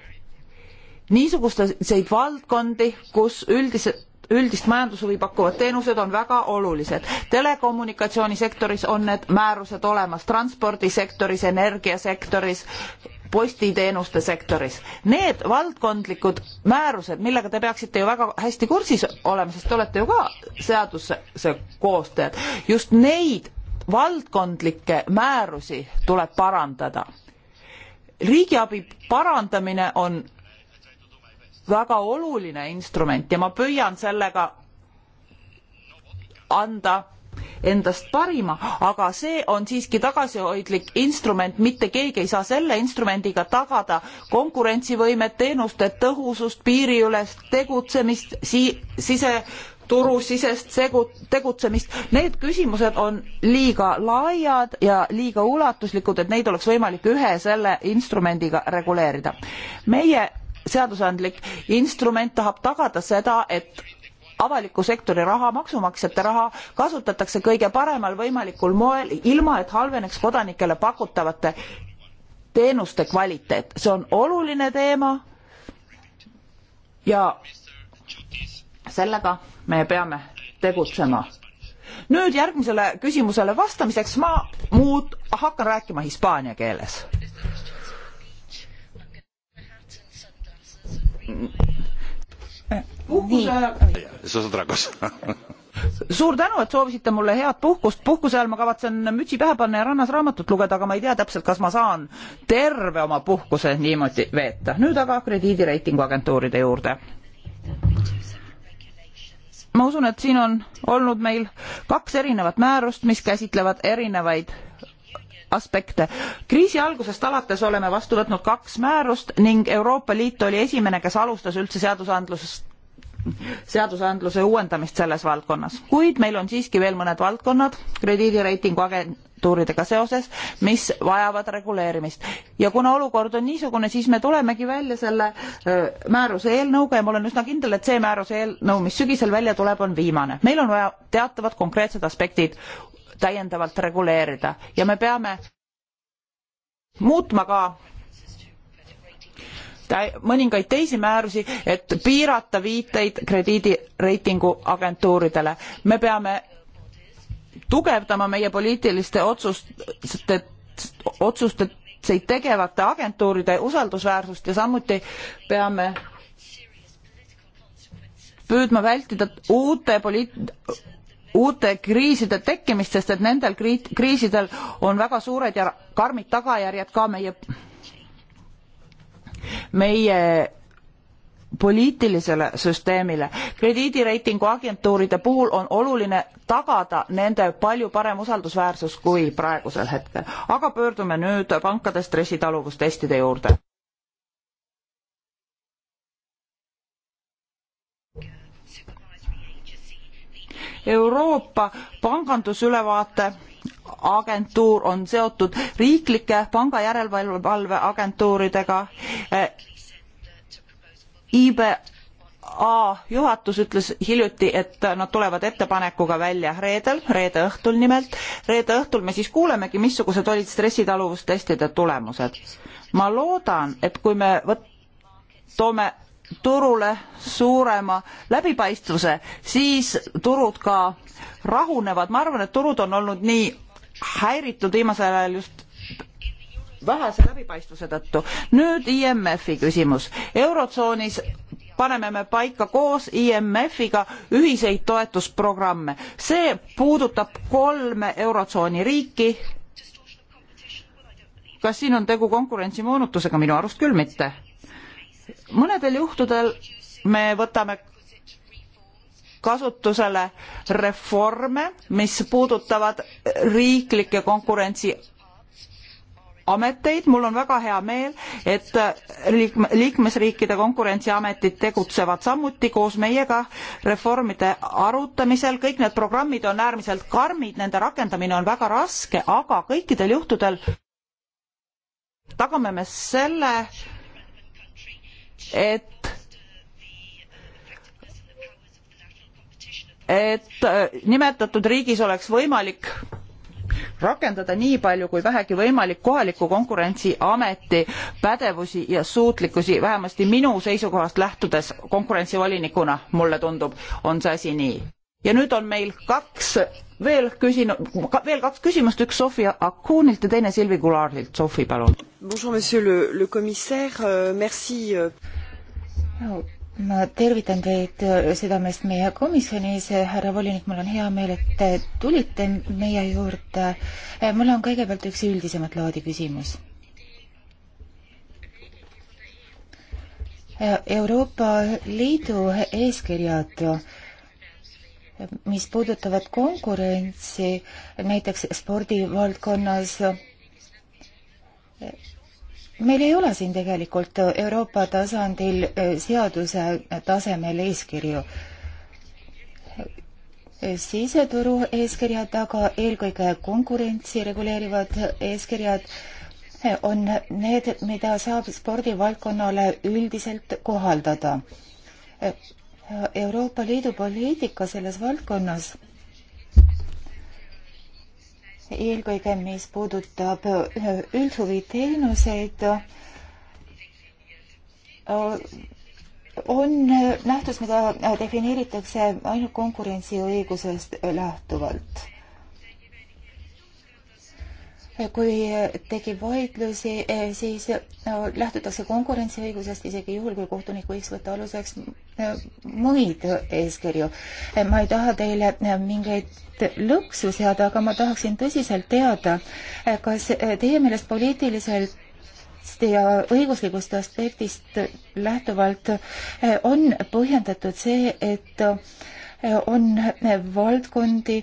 niisuguseid valdkondi, kus üldiselt üldist majandushuvi pakkuvad teenused on väga olulised. telekommunikatsioonisektoris on need määrused olemas, transpordisektoris, energiasektoris, postiteenuste sektoris. Need valdkondlikud määrused, millega te peaksite ju väga hästi kursis olema, sest te olete ju ka seaduse koostajad, just neid valdkondlikke määrusi tuleb parandada riigiabi parandamine on väga oluline instrument ja ma püüan sellega anda endast parima, aga see on siiski tagasihoidlik instrument, mitte keegi ei saa selle instrumendiga tagada konkurentsivõimet, teenuste tõhusust, piiriülest tegutsemist, si-, siseturusisest segu-, tegutsemist, need küsimused on liiga laiad ja liiga ulatuslikud, et neid oleks võimalik ühe selle instrumendiga reguleerida. meie seadusandlik instrument tahab tagada seda, et avaliku sektori raha, maksumaksjate raha kasutatakse kõige paremal võimalikul moel, ilma et halveneks kodanikele pakutavate teenuste kvaliteet. see on oluline teema ja sellega me peame tegutsema. nüüd järgmisele küsimusele vastamiseks ma muud hakkan rääkima hispaania keeles (laughs) suur tänu, et soovisite mulle head puhkust. puhkuse ajal ma kavatsen mütsi pähe panna ja rannas raamatut lugeda, aga ma ei tea täpselt, kas ma saan terve oma puhkuse niimoodi veeta. nüüd aga krediidireitingu agentuuride juurde ma usun, et siin on olnud meil kaks erinevat määrust, mis käsitlevad erinevaid aspekte. kriisi algusest alates oleme vastu võtnud kaks määrust ning Euroopa Liit oli esimene, kes alustas üldse seadusandlusest seadusandluse uuendamist selles valdkonnas, kuid meil on siiski veel mõned valdkonnad krediidireitingu agentuuridega seoses, mis vajavad reguleerimist. ja kuna olukord on niisugune, siis me tulemegi välja selle määruse eelnõuga ja ma olen üsna kindel, et see määruse eelnõu, mis sügisel välja tuleb, on viimane. meil on vaja teatavad konkreetsed aspektid täiendavalt reguleerida ja me peame muutma ka mõningaid teisi määrusi, et piirata viiteid krediidireitingu agentuuridele. me peame tugevdama meie poliitiliste otsuste, otsusteid tegevate agentuuride usaldusväärsust ja samuti peame püüdma vältida uute poliit-, uute kriiside tekkimist, sest et nendel kriisidel on väga suured ja karmid tagajärjed ka meie, meie poliitilisele süsteemile. krediidireitingu agentuuride puhul on oluline tagada nende palju parem usaldusväärsus kui praegusel hetkel. aga pöördume nüüd pankade stressitaluvustestide juurde. Euroopa pangandusülevaate agentuur on seotud riiklike pangajärelevalve agentuuridega. IBA juhatus ütles hiljuti, et nad tulevad ettepanekuga välja reedel, reede õhtul nimelt. reede õhtul me siis kuulemegi, missugused olid stressitaluvustestide tulemused. ma loodan, et kui me võt-, toome turule suurema läbipaistvuse, siis turud ka rahunevad, ma arvan, et turud on olnud nii häiritud viimasel ajal just vähese läbipaistvuse tõttu. nüüd IMF-i küsimus. Eurotsoonis paneme me paika koos IMF-iga ühiseid toetusprogramme. see puudutab kolme Eurotsooni riiki. kas siin on tegu konkurentsimoonutusega, minu arust küll mitte mõnedel juhtudel me võtame kasutusele reforme mis puudutavad riiklikke konkurentsiameteid mul on väga hea meel et liikme, liikmesriikide konkurentsiametid tegutsevad samuti koos meiega reformide arutamisel kõik need programmid on äärmiselt karmid nende rakendamine on väga raske aga kõikidel juhtudel tagame me selle et et äh, nimetatud riigis oleks võimalik rakendada nii palju kui vähegi võimalik kohaliku konkurentsiameti pädevusi ja suutlikkusi vähemasti minu seisukohast lähtudes konkurentsivolinikuna mulle tundub on see asi nii ja nüüd on meil kaks veel küsin, veel kaks küsimust, üks Sofia Akunilt ja teine Silvi Kularilt. Sofi, palun. Euh, euh. ma tervitan teid äh, südamest meie komisjonis, äh, härra volinik, mul on hea meel, et te tulite meie juurde. Äh, mul on kõigepealt üks üldisemat laadi küsimus. Euroopa Liidu eeskirjad mis puudutavad konkurentsi näiteks spordivaldkonnas. meil ei ole siin tegelikult Euroopa tasandil eh, seaduse tasemel eeskirju. siseturu eeskirjad, aga eelkõige konkurentsi reguleerivad eeskirjad eh, on need, mida saab spordivaldkonnale üldiselt kohaldada eh, Euroopa Liidu poliitika selles valdkonnas, eelkõige mis puudutab üldhuviteenuseid, on nähtus, mida defineeritakse ainult konkurentsiõigusest lähtuvalt kui tekib vaidlusi, eh, siis eh, lähtutakse konkurentsiõigusest isegi juhul, kui kohtunik võiks võtta aluseks eh, muid eeskirju. ma ei taha teile mingeid lõksu seada, aga ma tahaksin tõsiselt teada, kas teie meelest poliitiliselt ja õiguslikust aspektist lähtuvalt on põhjendatud see, et on valdkondi,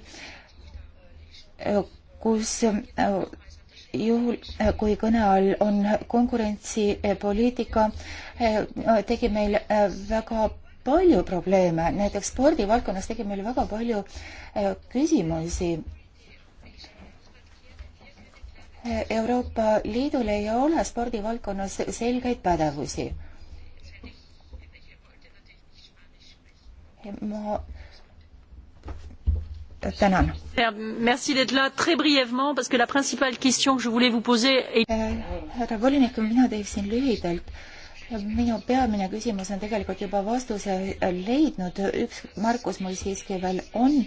kus juhul, kui kõne all on konkurentsipoliitika, eh, tegi meil eh, väga palju probleeme, näiteks spordivaldkonnas tegi meil väga palju eh, küsimusi. Euroopa Liidul ei ole spordivaldkonnas selgeid pädevusi. ma tänan. Äh, härra volinik, mina teeksin lühidalt minu peamine küsimus on tegelikult juba vastuse leidnud, üks märkus mul siiski veel on.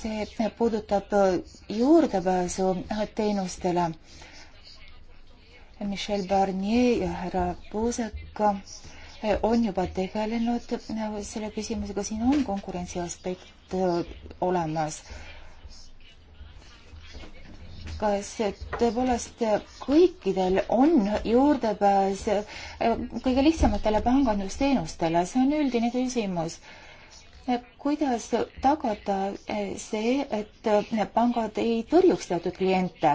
see puudutab juurdepääsu teenustele. Michel Barnier ja härra Puusek on juba tegelenud äh, selle küsimusega, siin on konkurentsi aspekt äh, olemas. kas tõepoolest kõikidel on juurdepääs äh, kõige lihtsamatele pangandusteenustele, see on üldine küsimus kuidas tagada see, et pangad ei tõrjuks teatud kliente?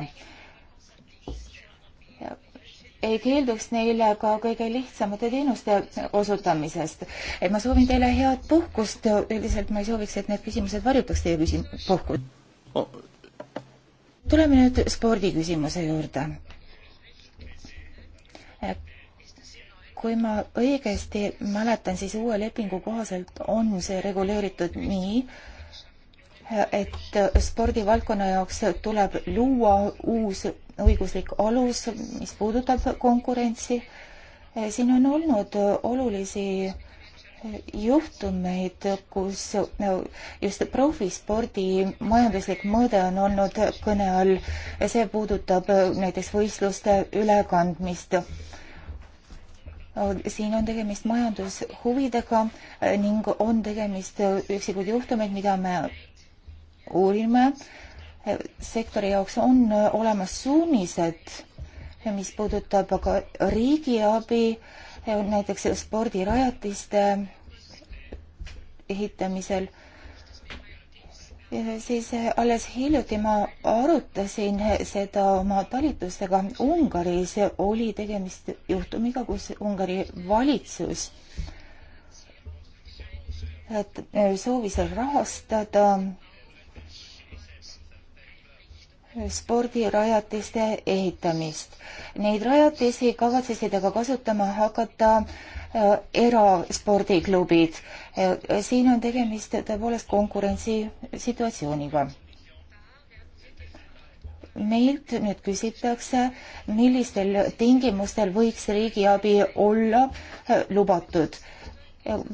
ei keelduks neile ka kõige lihtsamate teenuste osutamisest. et ma soovin teile head puhkust, üldiselt ma ei sooviks, et need küsimused varjutaks teie küsim-, puhku- oh.. tuleme nüüd spordiküsimuse juurde. kui ma õigesti mäletan, siis uue lepingu kohaselt on see reguleeritud nii, et spordivaldkonna jaoks tuleb luua uus õiguslik alus, mis puudutab konkurentsi. siin on olnud olulisi juhtumeid, kus just profispordi majanduslik mõõde on olnud kõne all. see puudutab näiteks võistluste ülekandmist siin on tegemist majandushuvidega ning on tegemist üksikud juhtumid, mida me uurime. Eh, sektori jaoks on eh, olemas suunised, eh, mis puudutab aga riigiabi, näiteks spordirajatiste ehitamisel. siis alles hiljuti ma arutasin seda oma talitustega Ungaris, oli tegemist juhtumiga, kus Ungari valitsus soovis rahastada spordirajatiste ehitamist. Neid rajatisi kavatsesid aga kasutama hakata äh, eraspordiklubid. Äh, siin on tegemist tõepoolest konkurentsisituatsiooniga. meilt nüüd küsitakse, millistel tingimustel võiks riigiabi olla äh, lubatud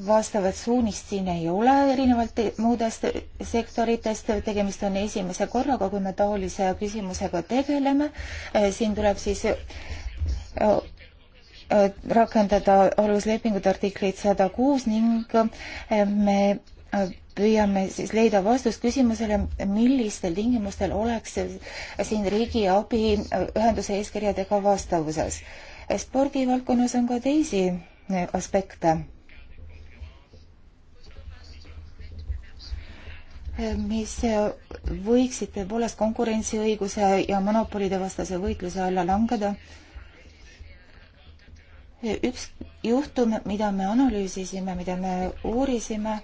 vastavat suunist siin ei ole, erinevalt muudest sektoritest, tegemist on esimese korraga, kui me taolise küsimusega tegeleme. Äh, siin tuleb siis äh, äh, rakendada aluslepingute artiklit sada kuus ning me püüame siis leida vastust küsimusele, millistel tingimustel oleks siin riigiabi ühenduse eeskirjadega vastavuses. spordivaldkonnas on ka teisi aspekte mis võiksid tõepoolest konkurentsiõiguse ja monopolide vastase võitluse alla langeda. üks juhtum, mida me analüüsisime, mida me uurisime,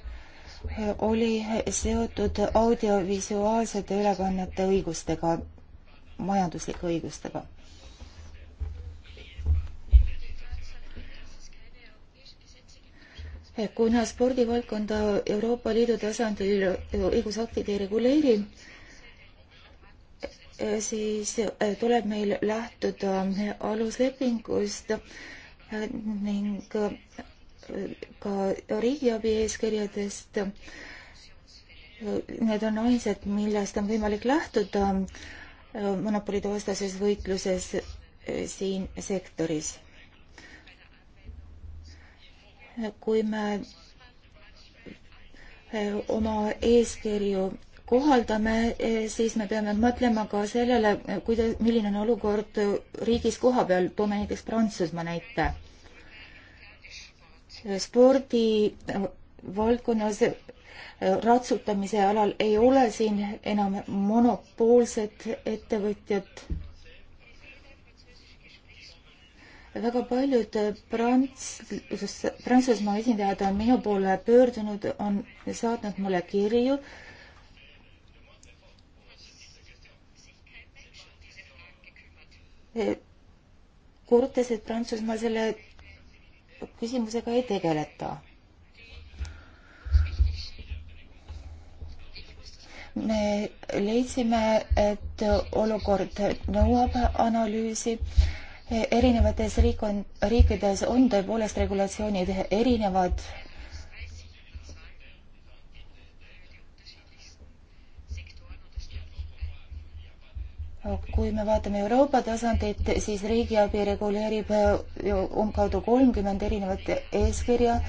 oli seotud audiovisuaalsete ülekannete õigustega, majanduslike õigustega. kuna spordivaldkonda Euroopa Liidu tasandil õigusaktid ei reguleeri, siis äh, tuleb meil lähtuda äh, aluslepingust äh, ning ka riigiabi eeskirjadest. Need on ainsad, millest on võimalik lähtuda monopolide vastases võitluses siin sektoris kui me eh, oma eeskirju kohaldame, eh, siis me peame mõtlema ka sellele, kuidas, milline on olukord riigis kohapeal, toome näiteks Prantsusmaa näite. spordi valdkonnas eh, ratsutamise alal ei ole siin enam monopoolsed ettevõtjad väga paljud Prants-, Prantsusmaa esindajad on minu poole pöördunud, on saatnud mulle kirju. kurtes, et Prantsusmaal selle küsimusega ei tegeleta. me leidsime, et olukord nõuab analüüsi erinevates riik on, riikides on tõepoolest regulatsioonid erinevad. kui me vaatame Euroopa tasandit, siis riigiabi reguleerib umbkaudu kolmkümmend erinevat eeskirja.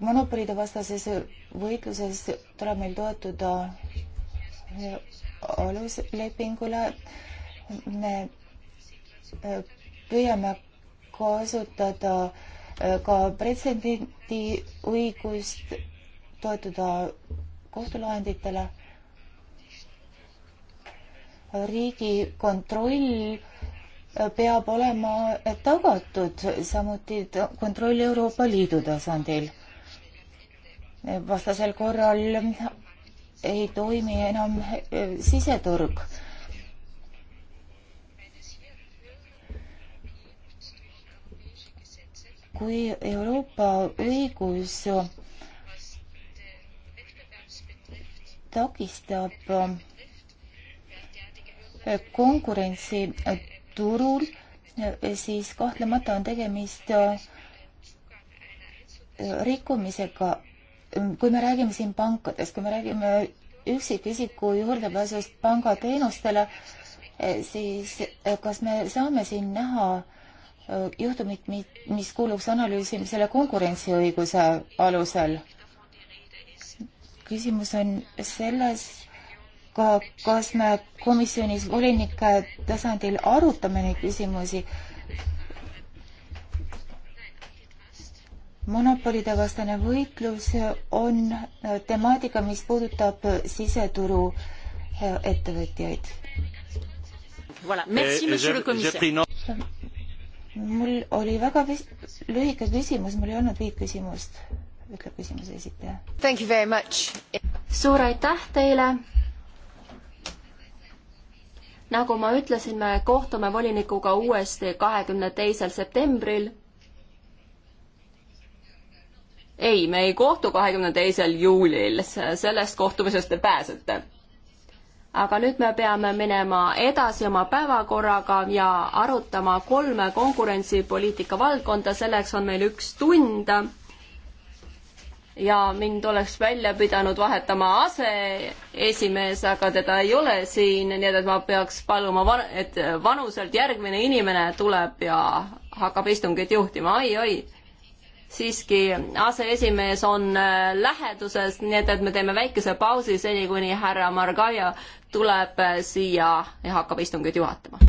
monopolide vastases võitluses tuleb meil toetuda aluslepingule. me Äh, püüame kasutada äh, ka pretsedendi õigust toetuda kohtulahenditele. riigikontroll äh, peab olema tagatud, samuti kontroll Euroopa Liidu tasandil. vastasel korral ei toimi enam siseturg kui Euroopa õigus takistab äh, konkurentsi äh, turul, äh, siis kahtlemata on tegemist rikkumisega. kui me räägime siin pankadest, kui me räägime üksikisiku juurdepääsust pangateenustele, siis kas me saame siin näha juhtumit, mis kuuluks analüüsimisele konkurentsiõiguse alusel. küsimus on selles ka, kas me komisjonis volinike tasandil arutame neid küsimusi. monopolide vastane võitlus on temaatika, mis puudutab siseturu ettevõtjaid. Voilà. Merci, monsieur le commissaire mul oli väga vis-, lühike küsimus, mul ei olnud viit küsimust, ütleb küsimuse esitaja. Thank you very much! suur aitäh teile! nagu ma ütlesin, me kohtume volinikuga uuesti kahekümne teisel septembril. ei, me ei kohtu kahekümne teisel juulil, sellest kohtumisest te pääsete aga nüüd me peame minema edasi oma päevakorraga ja arutama kolme konkurentsipoliitika valdkonda, selleks on meil üks tund. ja mind oleks välja pidanud vahetama aseesimees, aga teda ei ole siin, nii et ma peaks paluma, et vanuselt järgmine inimene tuleb ja hakkab istungit juhtima oi,, oi-oi siiski aseesimees on äh, läheduses, nii et, et me teeme väikese pausi seni, kuni härra Margaia tuleb äh, siia ja hakkab istungit juhatama.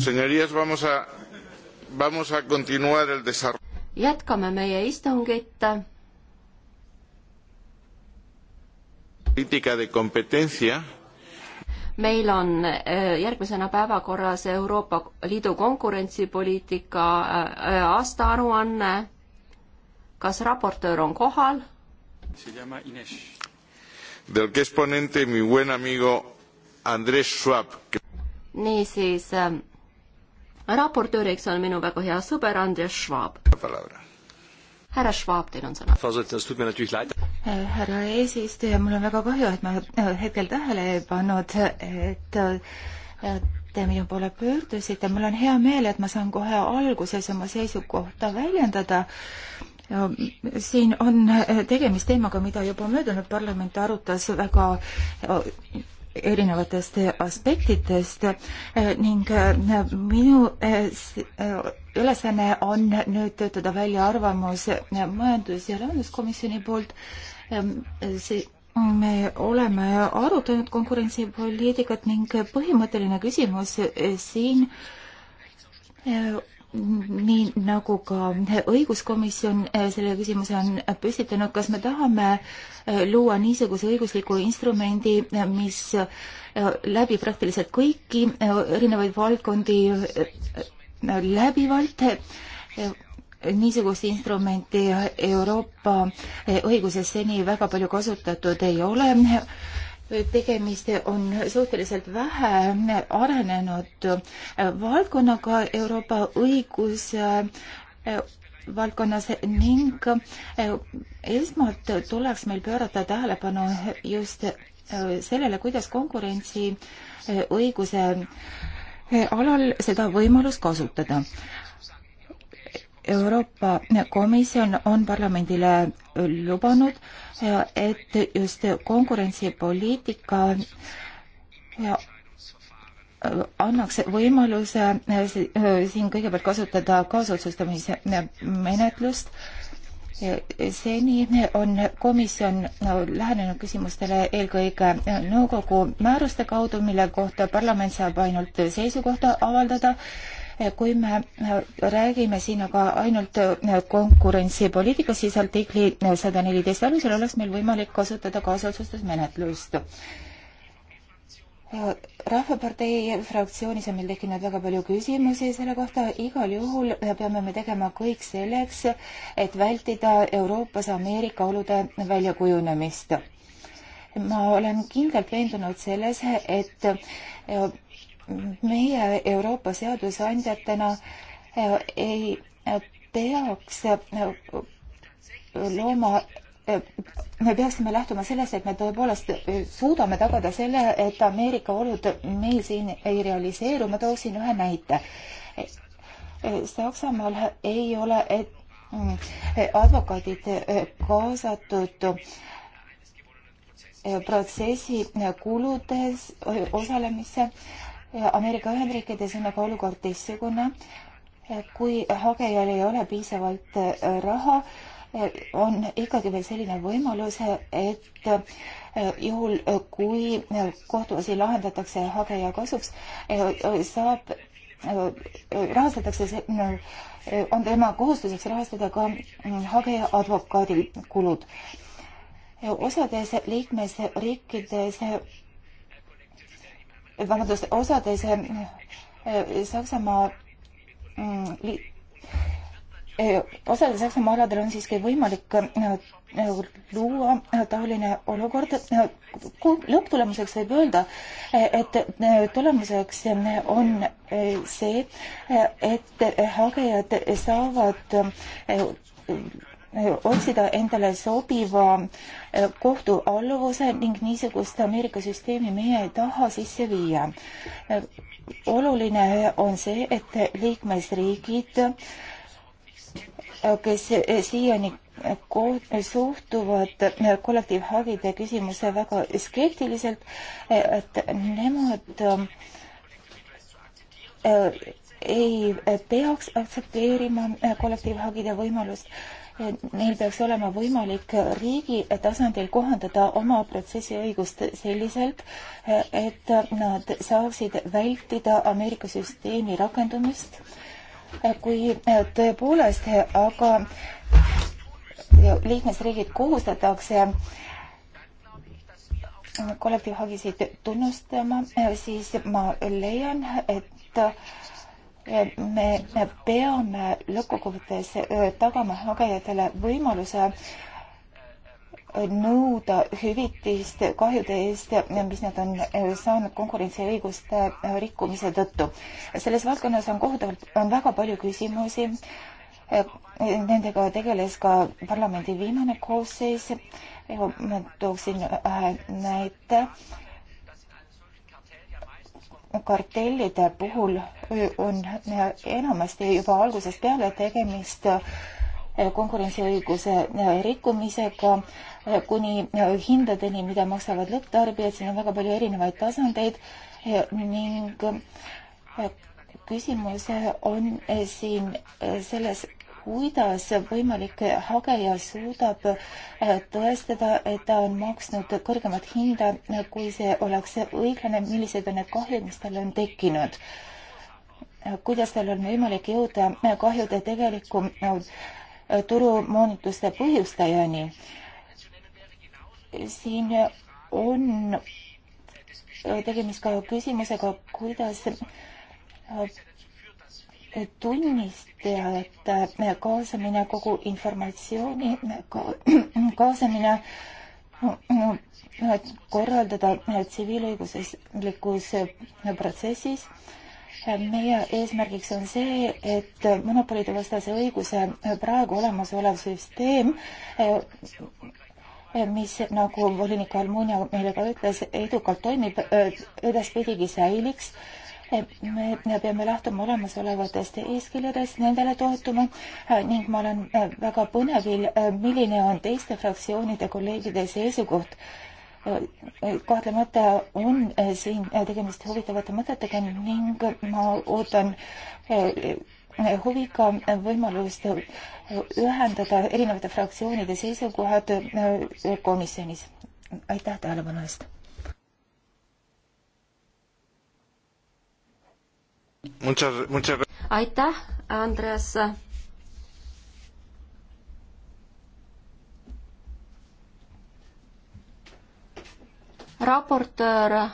Señorías, vamos a, vamos a continuar el desarrollo. jätkame meie istungit. poliitika de competencia meil on äh, järgmisena päevakorras Euroopa Liidu konkurentsipoliitika äh, äh, aastaaruanne. kas raportöör on kohal? del que es ponente mi buen amigo Andrés Schwab. niisiis raportööriks on minu väga hea sõber Andres Schwab. härra Schwab, teil on sõna. härra eesistuja, mul on väga kahju, et ma hetkel tähele ei pannud, et te minu poole pöördusite, mul on hea meel, et ma saan kohe alguses oma seisukohta väljendada ja siin on tegemist teemaga, mida juba möödunud parlament arutas väga erinevatest aspektidest eh, ning eh, minu eh, ülesanne on nüüd töötada välja arvamus majandus- ja rahanduskomisjoni poolt. Ehm, me oleme arutanud konkurentsipoliitikat ning põhimõtteline küsimus siin nii nagu ka õiguskomisjon äh, selle küsimuse on püstitanud, kas me tahame äh, luua niisuguse õigusliku instrumendi, äh, mis läbib praktiliselt kõiki erinevaid valdkondi läbivalt, niisugust instrumenti Euroopa õiguses seni väga palju kasutatud ei ole tegemist on suhteliselt vähe arenenud valdkonnaga Euroopa õiguse eh, valdkonnas ning eh, esmalt tuleks meil pöörata tähelepanu just eh, sellele, kuidas konkurentsi õiguse alal seda võimalust kasutada. Euroopa Komisjon on parlamendile lubanud äh, et just konkurentsipoliitika äh, annaks võimaluse äh, äh, siin kõigepealt kasutada kaasotsustamise menetlust. seni on komisjon lähenenud küsimustele eelkõige nõukogu määruste kaudu, mille kohta parlament saab ainult seisukohta avaldada kui me äh, räägime siin aga ainult äh, konkurentsipoliitikast, siis artikli äh, sada neliteist alusel oleks meil võimalik kasutada kaasotsustusmenetlust Rahvapartei fraktsioonis on meil tekkinud väga palju küsimusi selle kohta. igal juhul peame me tegema kõik selleks, et vältida Euroopas Ameerika olude väljakujunemist. ma olen kindlalt veendunud selles, et meie Euroopa seadusandjatena eh, ei eh, peaks eh, looma me peaksime lähtuma sellest, et me tõepoolest suudame tagada selle, et Ameerika olud meil siin ei realiseeru, ma tooksin ühe näite. Saksamaal ei ole mm, advokaadid kaasatud protsessi kuludes osalemisse Ameerika Ühendriikides on aga olukord teistsugune. kui hagejal ei ole piisavalt äh, raha, äh, on ikkagi veel selline võimalus, et äh, juhul, kui kohtuasi lahendatakse hageja kasuks, saab, rahastatakse, on tema kohustuseks rahastada ka mm, hageja advokaadi kulud. osades liikmesriikides vabandust, osades eh, eh, Saksamaa mm, eh, osadel Saksamaa aladel on siiski võimalik luua taoline olukord. lõpptulemuseks võib öelda, et tulemuseks on see, et hagejad saavad otsida endale sobiva äh, Äh, kohtu alluvuse ning niisugust Ameerika süsteemi meie ei taha sisse viia. Äh, oluline on see, et liikmesriigid, äh, kes siiani koht-, suhtuvad kollektiivhagide küsimuse väga skeptiliselt, et nemad ei peaks aktsepteerima kollektiivhagide võimalust neil peaks olema võimalik riigi tasandil kohandada oma protsessi õigust selliselt, et nad saaksid vältida Ameerika süsteemi rakendumist, kui tõepoolest aga liikmesriigid kohustatakse kollektiivhagisid tunnustama, siis ma leian, et me peame lõppkokkuvõttes tagama hagejatele võimaluse nõuda hüvitist kahjude eest, mis nad on saanud konkurentsiõiguste rikkumise tõttu. selles valdkonnas on kohutavalt, on väga palju küsimusi. Nendega tegeles ka parlamendi viimane koosseis. ma tooksin ühe äh, näite kartellide puhul on äh, enamasti juba algusest peale tegemist äh, konkurentsiõiguse äh, rikkumisega kuni hindadeni, mida maksavad lõpptarbijad, siin on väga palju erinevaid tasandeid ning küsimus on siin selles, kuidas võimalik hageja suudab äh, tõestada, et ta on maksnud kõrgemat hinda, kui see oleks õiglane, millised on need kahjud, mis talle on tekkinud? kuidas tal on võimalik jõuda äh, kahjude tegeliku no, äh, turumoonutuste põhjustajani? siin on tegemist ka küsimusega, kuidas tunnistajate kaasamine, kogu informatsiooni ka, (clears throat) kaasamine no, korraldada tsiviilõiguslikus protsessis. meie eesmärgiks on see, et monopolide vastase õiguse praegu olemasolev süsteem mis nagu volinik Almunia meile ka ütles, edukalt toimib, edaspidigi säiliks me peame lähtuma olemasolevatest eeskirjadest, nendele toetuma äh, ning ma olen äh, väga põnevil, äh, milline on teiste fraktsioonide kolleegide seisukoht. kahtlemata on siin tegemist huvitavate mõtetega ning ma ootan huviga võimalust ühendada erinevate fraktsioonide seisukohad komisjonis. aitäh tähelepanu eest! aitäh, Andres. raportöör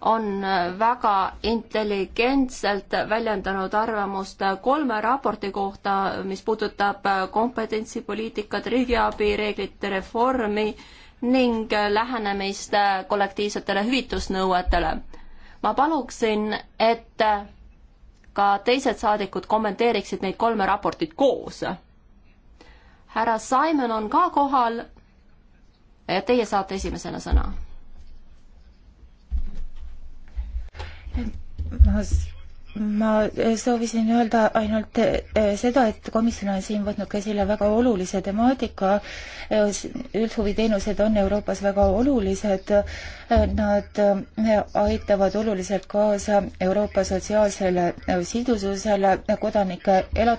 on väga intelligentselt väljendanud arvamust kolme raporti kohta, mis puudutab kompetentsipoliitikat, riigiabi reeglite reformi ning lähenemist kollektiivsetele hüvitusnõuetele ma paluksin, et ka teised saadikud kommenteeriksid neid kolme raportit koos. härra Simon on ka kohal. Teie saate esimesena sõna. ma ma eh, soovisin öelda ainult eh, seda, et komisjon on siin võtnud käsile väga olulise temaatika. Eh, üldhuviteenused on Euroopas väga olulised. Nad aitavad oluliselt kaasa Euroopa sotsiaalsele sidususele, kodanike elu,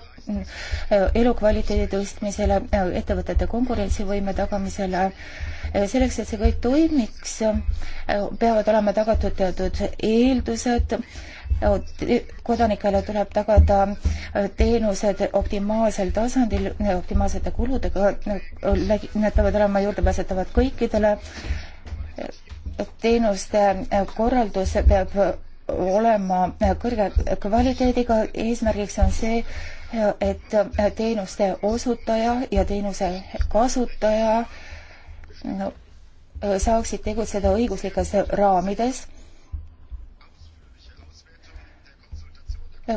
elukvaliteedi tõstmisele, ettevõtete konkurentsivõime tagamisele. selleks, et see kõik toimiks, peavad olema tagatud teatud eeldused kodanikele tuleb tagada äh, teenused optimaalsel tasandil, äh, optimaalsete kuludega, äh, need peavad olema juurdepääsetavad kõikidele. teenuste korraldus peab olema kõrge kvaliteediga, eesmärgiks on see, et teenuste osutaja ja teenuse kasutaja no, saaksid tegutseda õiguslikes raamides Äh,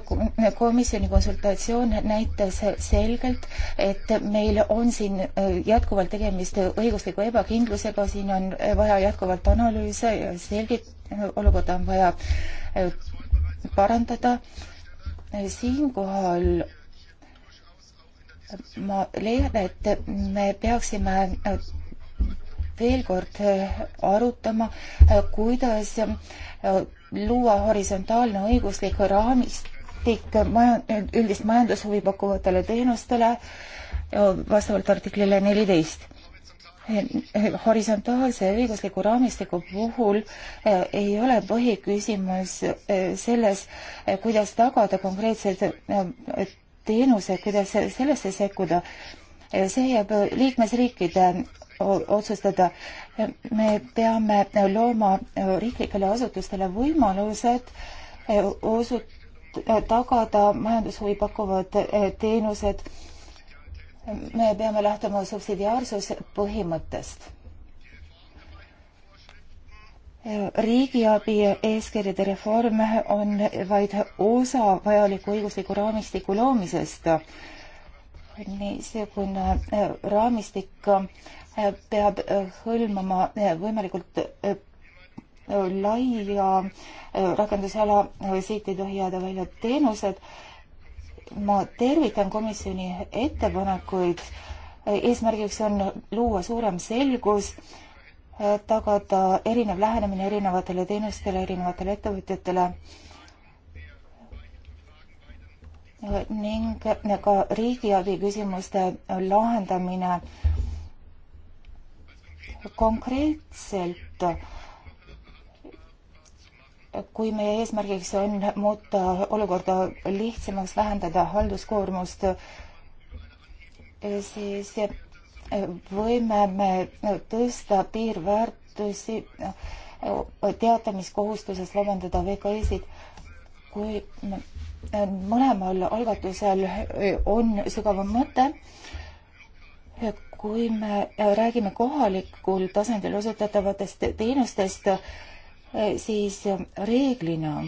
komisjoni konsultatsioon näitas selgelt, et meil on siin äh, jätkuvalt tegemist õigusliku ebakindlusega, siin on äh, vaja jätkuvalt analüüse ja selgit-, olukorda on vaja parandada. siinkohal ma leian, et me peaksime veel kord arutama, kuidas luua horisontaalne õiguslik raamist, praktik maja, üldist majandushuvi pakkuvatele teenustele vastavalt artiklile neliteist. horisontaalse õigusliku raamistiku puhul ei ole põhiküsimus selles, kuidas tagada konkreetsed teenused, kuidas sellesse sekkuda. see jääb liikmesriikide otsustada. me peame looma riiklikele asutustele võimalused osut-, tagada majandushuvi pakuvad eh, teenused. me peame lähtuma subsidiaarsuse põhimõttest. Eh, riigiabi eeskirjade reform on vaid osa vajaliku õigusliku raamistiku loomisest. niisugune eh, raamistik peab hõlmama võimalikult laia äh, rakendusala, äh, siit ei tohi jääda välja teenused. ma tervitan komisjoni ettepanekuid. Äh, eesmärgiks on luua suurem selgus, tagada erinev lähenemine erinevatele teenustele, erinevatele ettevõtjatele ning ka riigiabi küsimuste lahendamine konkreetselt kui meie eesmärgiks on muuta olukorda lihtsamaks, vähendada halduskoormust, siis võime me tõsta piirväärtusi, teatamiskohustusest vabandada VKE-sid, kui mõlemal algatusel on sügavam mõte, kui me räägime kohalikul tasandil osutatavatest teenustest, Eh, siis eh, reeglina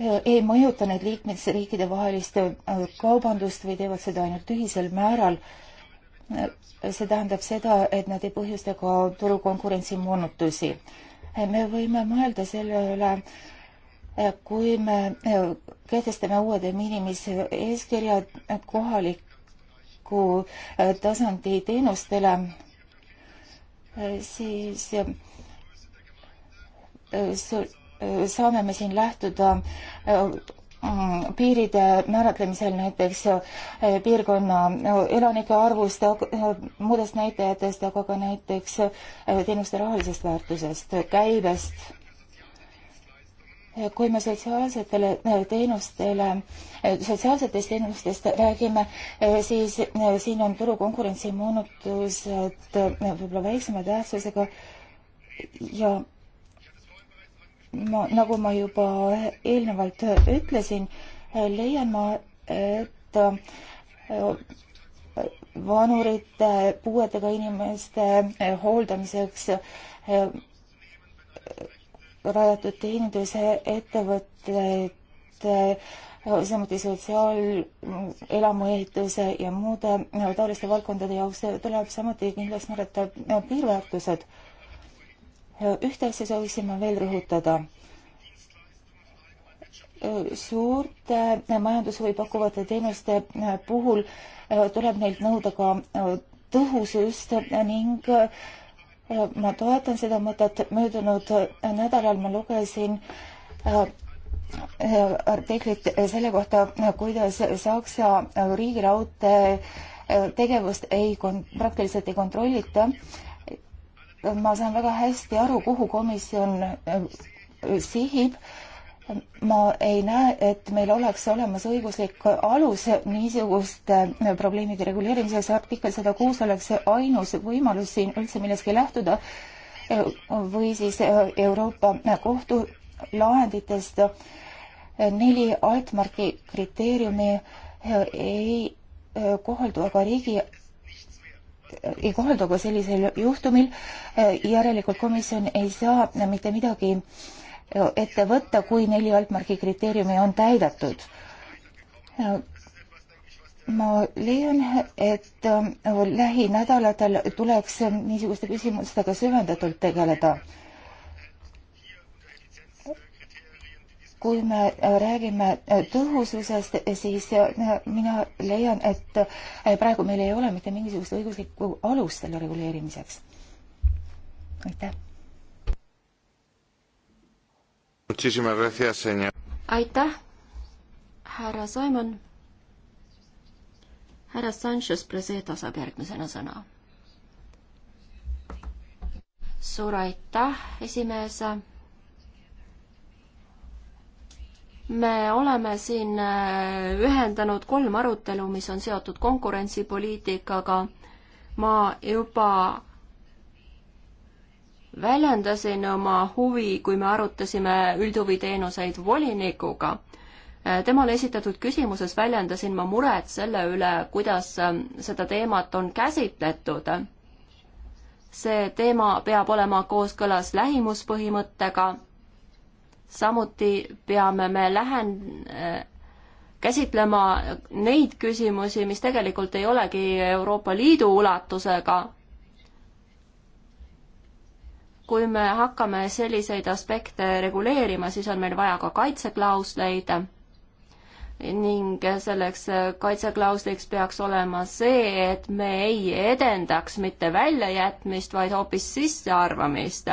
eh, ei mõjuta need liikmesriikide vahelist kaubandust või teevad seda ainult ühisel määral. see tähendab seda, et nad ei põhjusta ka turukonkurentsi moonutusi. me võime mõelda selle üle, kui me kehtestame uued minimis eeskirjad kohaliku tasandi teenustele Äh, siis äh, äh, saame me siin lähtuda mm, piiride määratlemisel näiteks piirkonna elanike arvust, muudest näitajatest, aga ka näiteks teenuste rahalisest väärtusest, käibest Äh, kui me sotsiaalsetele äh, teenustele, äh, sotsiaalsetest teenustest räägime, siis siin on turukonkurentsi moonutused võib-olla väiksema tähtsusega ja ma, nagu ma juba eelnevalt ütlesin, leian ma, et vanurite, puuetega inimeste hooldamiseks rajatud teenindusettevõtted, samuti sotsiaalelamuehituse ja muude taoliste valdkondade jaoks tuleb samuti kindlaks määrata piirväärtused. ühte asja sooviksin ma veel rõhutada suurte majandushuvi pakkuvate teenuste puhul tuleb neilt nõuda ka tõhusust ning ma toetan seda mõtet, möödunud nädalal ma lugesin äh, artiklit selle kohta, kuidas Saksa riigiraudtee äh, tegevust ei, praktiliselt ei kontrollita. ma saan väga hästi aru, kuhu komisjon äh, sihib ma ei näe, et meil oleks olemas õiguslik alus niisuguste äh, probleemide reguleerimiseks. artikkel sada kuus oleks ainus võimalus siin üldse millestki lähtuda või siis äh, Euroopa kohtu lahenditest neli altmarki kriteeriumi äh, ei kohaldu aga riigi ei kohaldu aga sellisel juhtumil. järelikult komisjon ei saa mitte midagi äh, ette võtta, kui neli altmargi kriteeriumi on täidetud. ma leian, et ähm, lähinädalatel tuleks niisuguste küsimustega süvendatult tegeleda. kui me räägime tõhususest, siis äh, mina leian, et äh, praegu meil ei ole mitte mingisugust õiguslikku alust selle reguleerimiseks. aitäh aitäh, härra Simon. härra Sanchez Preseda saab järgmisena sõna. suur aitäh, esimees. me oleme siin äh, ühendanud kolm arutelu, mis on seotud konkurentsipoliitikaga. ma juba väljendasin oma huvi, kui me arutasime üldhuviteenuseid volinikuga. temale esitatud küsimuses väljendasin ma muret selle üle, kuidas ähm, seda teemat on käsitletud. see teema peab olema kooskõlas lähimuspõhimõttega. samuti peame me lähen-, äh, käsitlema neid küsimusi, mis tegelikult ei olegi Euroopa Liidu ulatusega, kui me hakkame selliseid aspekte reguleerima, siis on meil vaja ka kaitseklausleid ning selleks kaitseklausliks peaks olema see, et me ei edendaks mitte väljajätmist, vaid hoopis sissearvamist.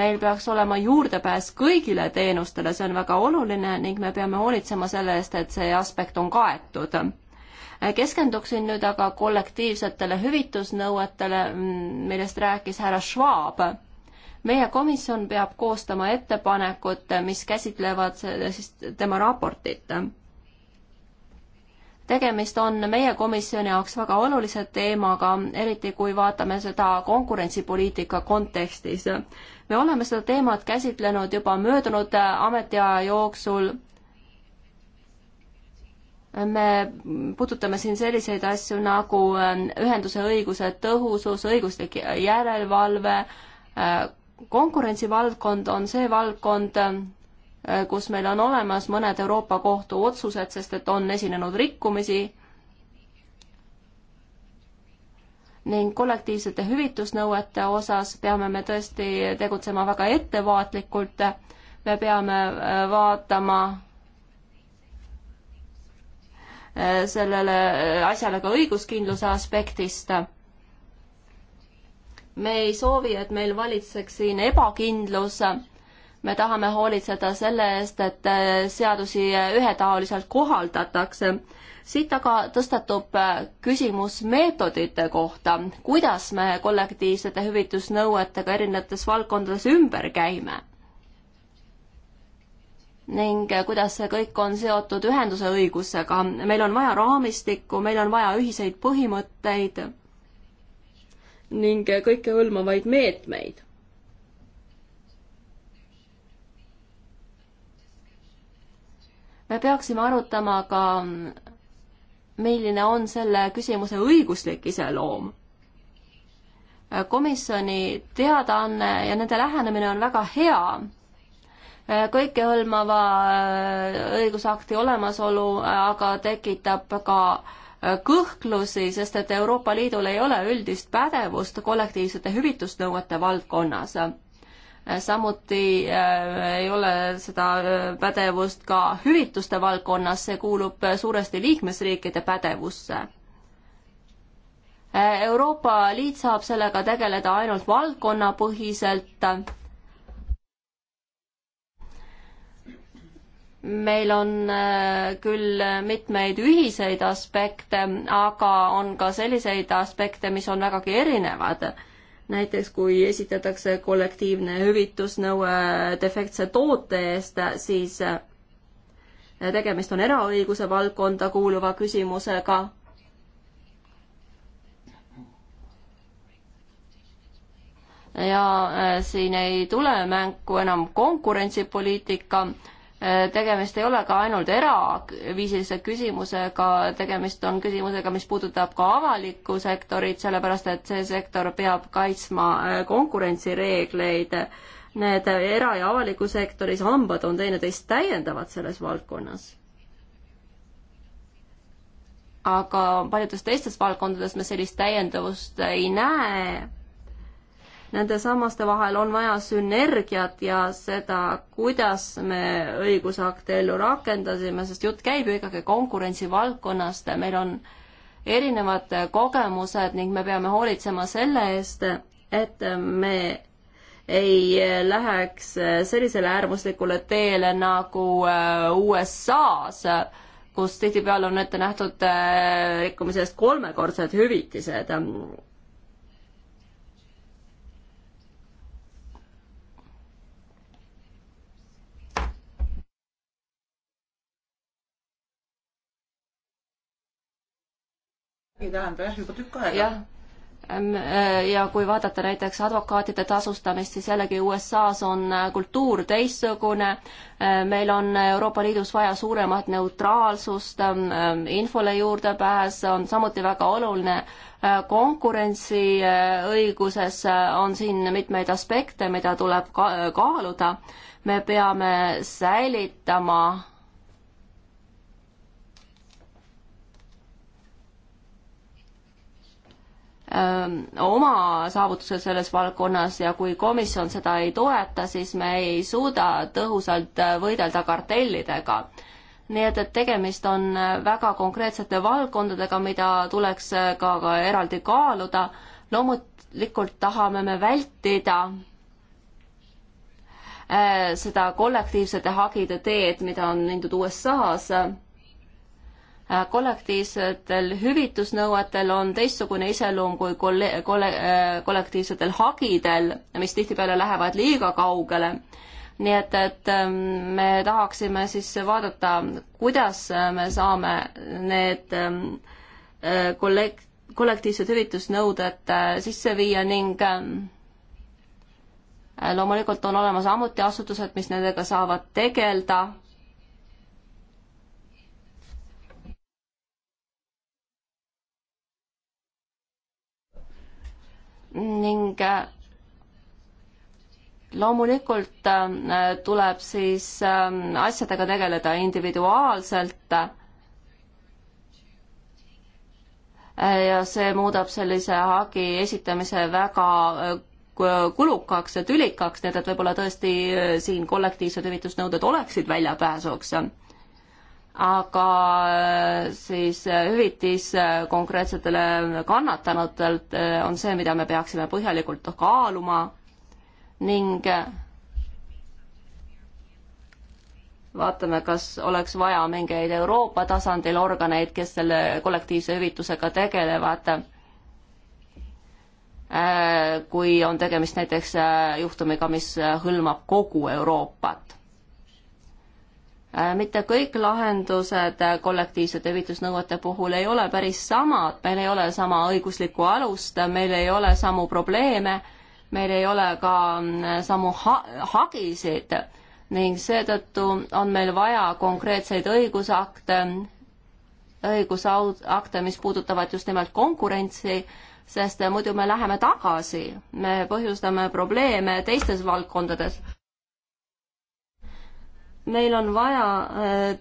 meil peaks olema juurdepääs kõigile teenustele, see on väga oluline ning me peame hoolitsema selle eest, et see aspekt on kaetud keskenduksin nüüd aga kollektiivsetele hüvitusnõuetele, mm, millest rääkis härra Schwab meie komisjon peab koostama ettepanekud, mis käsitlevad siis tema raportit. tegemist on meie komisjoni jaoks väga olulise teemaga, eriti kui vaatame seda konkurentsipoliitika kontekstis. me oleme seda teemat käsitlenud juba möödunud ametiaja jooksul me puudutame siin selliseid asju nagu ühenduse õiguse tõhusus, õiguslik järelevalve, konkurentsivaldkond on see valdkond, äh, kus meil on olemas mõned Euroopa Kohtu otsused, sest et on esinenud rikkumisi ning kollektiivsete hüvitusnõuete osas peame me tõesti tegutsema väga ettevaatlikult. me peame äh, vaatama äh, sellele asjale ka õiguskindluse aspektist me ei soovi, et meil valitseks siin ebakindlus. me tahame hoolitseda selle eest, et äh, seadusi äh, ühetaoliselt kohaldatakse. siit aga tõstatub äh, küsimus meetodite kohta, kuidas me kollektiivsete hüvitusnõuetega erinevates valdkondades ümber käime ning kuidas see kõik on seotud ühenduse õigusega. meil on vaja raamistikku, meil on vaja ühiseid põhimõtteid ning kõikehõlmavaid meetmeid. me peaksime arutama ka, milline on selle küsimuse õiguslik iseloom. komisjoni teadaanne ja nende lähenemine on väga hea kõikehõlmava äh, õigusakti olemasolu, äh, aga tekitab ka kõhklusi, sest et Euroopa Liidul ei ole üldist pädevust kollektiivsete hüvitusnõuete valdkonnas. samuti äh, ei ole seda äh, pädevust ka hüvituste valdkonnas, see kuulub suuresti liikmesriikide pädevusse äh, Euroopa Liit saab sellega tegeleda ainult valdkonnapõhiselt meil on äh, küll mitmeid ühiseid aspekte, aga on ka selliseid aspekte, mis on vägagi erinevad. näiteks kui esitatakse kollektiivne hüvitusnõue defektse toote eest, siis äh, tegemist on eraõiguse valdkonda kuuluva küsimusega. ja äh, siin ei tule mängu enam konkurentsipoliitika Äh, tegemist ei ole ka ainult eraviisilise küsimusega, tegemist on küsimusega, mis puudutab ka avalikku sektorit, sellepärast et see sektor peab kaitsma äh, konkurentsireegleid. Need era- ja avaliku sektoris hambad on teineteist täiendavad selles valdkonnas. aga paljudes teistes valdkondades me sellist täiendavust ei näe nende sammaste vahel on vaja sünergiat ja seda, kuidas me õigusakte ellu rakendasime, sest jutt käib ju ikkagi konkurentsivaldkonnast, meil on erinevad kogemused ning me peame hoolitsema selle eest, et me ei läheks sellisele äärmuslikule teele nagu äh, USA-s, kus tihtipeale on ette nähtud äh, rikkumise eest kolmekordsed hüvitised. ei tähenda jah, juba tükk aega. jah, eh, ja kui vaadata näiteks advokaatide tasustamist, siis jällegi USA-s on eh, kultuur teistsugune, eh, meil on Euroopa Liidus vaja suuremat neutraalsust, infole juurdepääs on samuti väga oluline, konkurentsiõiguses on siin mitmeid aspekte, mida tuleb ka kaaluda, me peame säilitama Ähm, oma saavutused selles valdkonnas ja kui komisjon seda ei toeta, siis me ei suuda tõhusalt äh, võidelda kartellidega. nii et, et tegemist on äh, väga konkreetsete valdkondadega, mida tuleks äh, ka, ka eraldi kaaluda. loomulikult tahame me vältida seda kollektiivsete hagide teed, mida on mindud USA-s Äh, kollektiivsetel hüvitusnõuetel on teistsugune iseloom kui kolle-, kolle-, äh, kollektiivsetel hagidel, mis tihtipeale lähevad liiga kaugele. nii et, et ähm, me tahaksime siis vaadata, kuidas äh, me saame need ähm, kollek-, kollektiivsed hüvitusnõuded sisse viia ning ähm, loomulikult on olemas ametiasutused, mis nendega saavad tegeleda ning äh, loomulikult äh, tuleb siis äh, asjadega tegeleda individuaalselt. ja see muudab sellise hagi esitamise väga kulukaks ja tülikaks, nii et, et võib-olla tõesti siin kollektiivsed hüvitusnõuded oleksid väljapääsuks aga äh, siis äh, hüvitis äh, konkreetsetele kannatanutelt on see, mida me peaksime põhjalikult kaaluma ning vaatame, kas oleks vaja mingeid Euroopa tasandil organeid, kes selle kollektiivse hüvitusega tegelevad. kui on tegemist näiteks juhtumiga, mis hõlmab kogu Euroopat Äh, mitte kõik lahendused äh, kollektiivsete evitusnõuete puhul ei ole päris samad, meil ei ole sama õiguslikku alust, meil ei ole samu probleeme, meil ei ole ka mm, samu ha hagisid ning seetõttu on meil vaja konkreetseid õigusakte, õigusakte, mis puudutavad just nimelt konkurentsi, sest muidu me läheme tagasi, me põhjustame probleeme teistes valdkondades meil on vaja äh,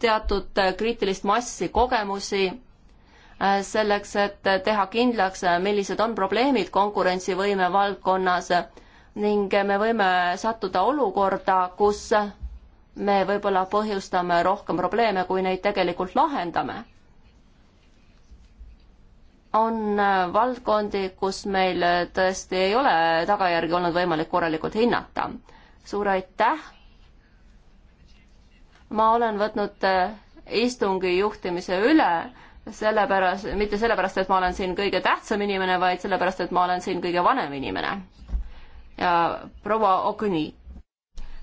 teatud äh, kriitilist massi kogemusi äh, selleks, et teha kindlaks, millised on probleemid konkurentsivõime valdkonnas ning me võime sattuda olukorda, kus me võib-olla põhjustame rohkem probleeme, kui neid tegelikult lahendame on valdkondi, kus meil tõesti ei ole tagajärgi olnud võimalik korralikult hinnata. suur aitäh ma olen võtnud äh, istungi juhtimise üle, sellepärast, mitte sellepärast, et ma olen siin kõige tähtsam inimene, vaid sellepärast, et ma olen siin kõige vanem inimene. ja proua Okuni.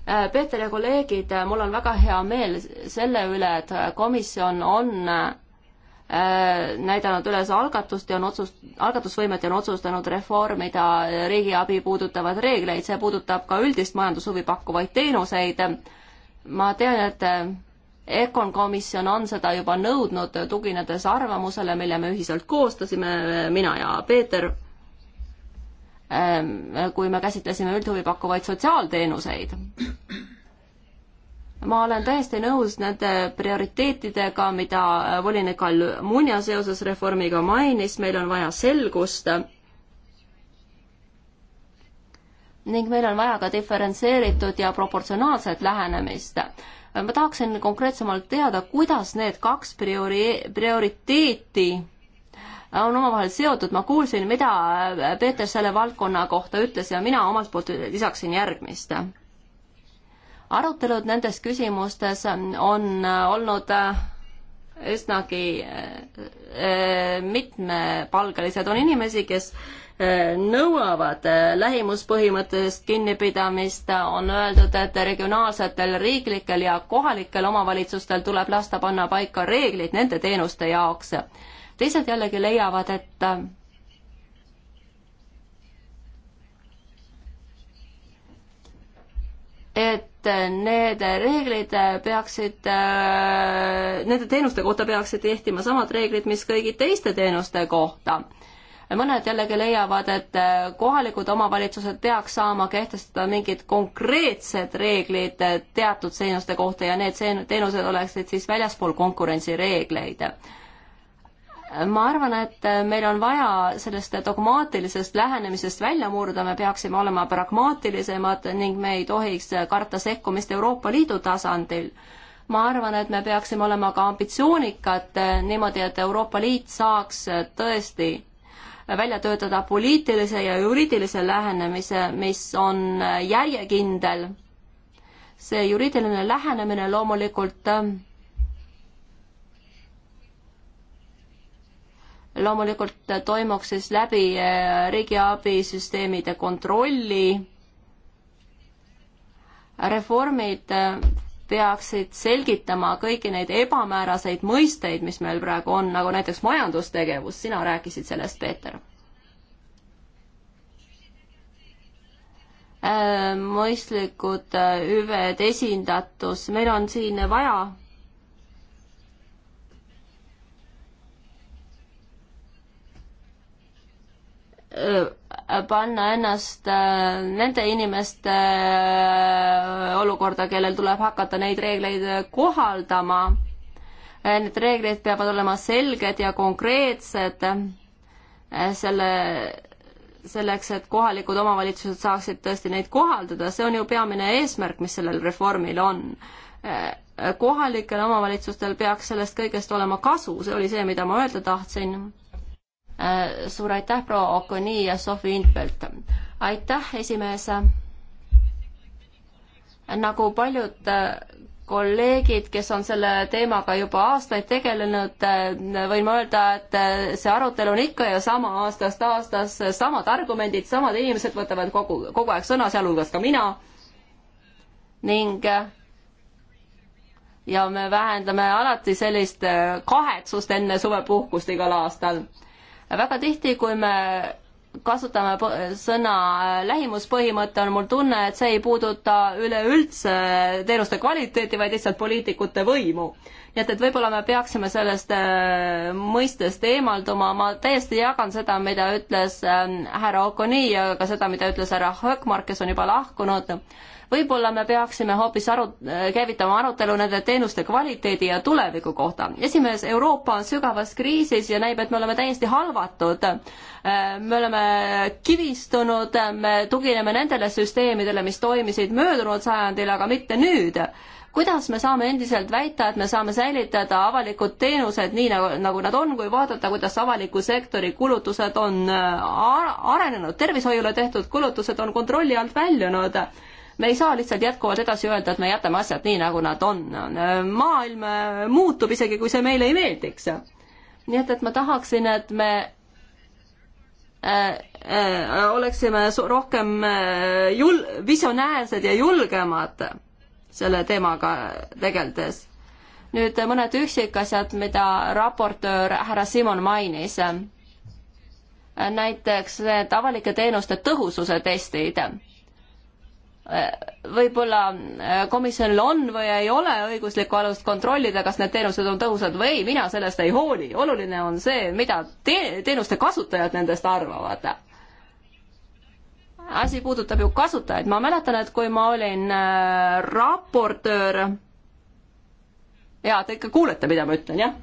Äh, Peeter ja kolleegid, äh, mul on väga hea meel selle üle, et komisjon on näidanud üles algatust ja on otsus, algatusvõimet ja on otsustanud reformida riigiabi puudutavad reegleid, see puudutab ka üldist majandushuvi pakkuvaid teenuseid ma tean, et EKON komisjon on seda juba nõudnud, tuginedes arvamusele, mille me ühiselt koostasime, mina ja Peeter, ehm, kui me käsitlesime üldhuvi pakkuvaid sotsiaalteenuseid. ma olen täiesti nõus nende prioriteetidega, mida volinik Almunia seoses reformiga mainis, meil on vaja selgust ning meil on vaja ka diferentseeritud ja proportsionaalset lähenemist. ma tahaksin konkreetsemalt teada, kuidas need kaks priori-, prioriteeti on omavahel seotud, ma kuulsin, mida Peeter selle valdkonna kohta ütles ja mina omalt poolt lisaksin järgmist. arutelud nendes küsimustes on olnud üsnagi äh, äh, mitmepalgelised, on inimesi, kes nõuavad äh, lähimuspõhimõttest kinnipidamist, on öeldud, et regionaalsetel, riiklikel ja kohalikel omavalitsustel tuleb lasta panna paika reeglid nende teenuste jaoks. teised jällegi leiavad, et et need reeglid peaksid, äh, nende teenuste kohta peaksid kehtima samad reeglid, mis kõigi teiste teenuste kohta mõned jällegi leiavad, et eh, kohalikud omavalitsused peaks saama kehtestada mingid konkreetsed reeglid eh, teatud teenuste kohta ja need teenused oleksid siis väljaspool konkurentsireegleid ma arvan, et eh, meil on vaja sellest dogmaatilisest lähenemisest välja murda, me peaksime olema pragmaatilisemad ning me ei tohiks karta sekkumist Euroopa Liidu tasandil. ma arvan, et me peaksime olema ka ambitsioonikad niimoodi, et Euroopa Liit saaks tõesti välja töötada poliitilise ja juriidilise lähenemise, mis on järjekindel. see juriidiline lähenemine loomulikult loomulikult toimuks siis läbi eh, riigiabisüsteemide kontrolli reformid eh, peaksid selgitama kõiki neid ebamääraseid mõisteid, mis meil praegu on, nagu näiteks majandustegevus, sina rääkisid sellest, Peeter äh,. mõistlikud äh, hüved, esindatus, meil on siin vaja Äh, panna ennast äh, nende inimeste äh, olukorda, kellel tuleb hakata neid reegleid kohaldama. Need reeglid peavad olema selged ja konkreetsed selle, selleks, et kohalikud omavalitsused saaksid tõesti neid kohaldada, see on ju peamine eesmärk, mis sellel reformil on kohalikel omavalitsustel peaks sellest kõigest olema kasu, see oli see, mida ma öelda tahtsin. Äh, suur aitäh, proua Okoni ja Sofi Infelt. aitäh, esimees. nagu paljud äh, kolleegid, kes on selle teemaga juba aastaid tegelenud, äh, võin ma öelda, et see arutelu on ikka ja sama aastast aastas, samad argumendid, samad inimesed võtavad kogu, kogu aeg sõna, sealhulgas ka mina. ning ja me vähendame alati sellist kahetsust enne suvepuhkust igal aastal väga tihti, kui me kasutame sõna äh, lähimuspõhimõte, on mul tunne, et see ei puuduta üleüldse äh, teenuste kvaliteeti, vaid lihtsalt poliitikute võimu. nii et, et võib-olla me peaksime sellest äh, mõistest eemalduma, ma täiesti jagan seda, mida ütles ähm, härra Okoni ja ka seda, mida ütles härra Hökmark, kes on juba lahkunud võib-olla me peaksime hoopis aru, käivitama arutelu nende teenuste kvaliteedi ja tuleviku kohta. esimees, Euroopa on sügavas kriisis ja näib, et me oleme täiesti halvatud. me oleme kivistunud, me tugineme nendele süsteemidele, mis toimisid möödunud sajandil, aga mitte nüüd kuidas me saame endiselt väita, et me saame säilitada avalikud teenused nii nagu, nagu nad on, kui vaadata, kuidas avaliku sektori kulutused on äh, arenenud, tervishoiule tehtud kulutused on kontrolli alt väljunud me ei saa lihtsalt jätkuvalt edasi öelda, et me jätame asjad nii, nagu nad on. maailm muutub, isegi kui see meile ei meeldiks. nii et, et ma tahaksin, et me äh, äh, oleksime rohkem äh, jul-, visionäärsed ja julgemad selle teemaga tegeldes. nüüd mõned üksikasjad, mida raportöör härra Simon mainis näiteks need avalike teenuste tõhususe testid võib-olla äh, komisjonil on või ei ole õiguslikku alust kontrollida, kas need teenused on tõhusad või ei, mina sellest ei hooli, oluline on see, mida te-, teenuste kasutajad nendest arvavad asi puudutab ju kasutajaid, ma mäletan, et kui ma olin äh, raportöör, jaa, te ikka kuulete, mida ma ütlen, jah?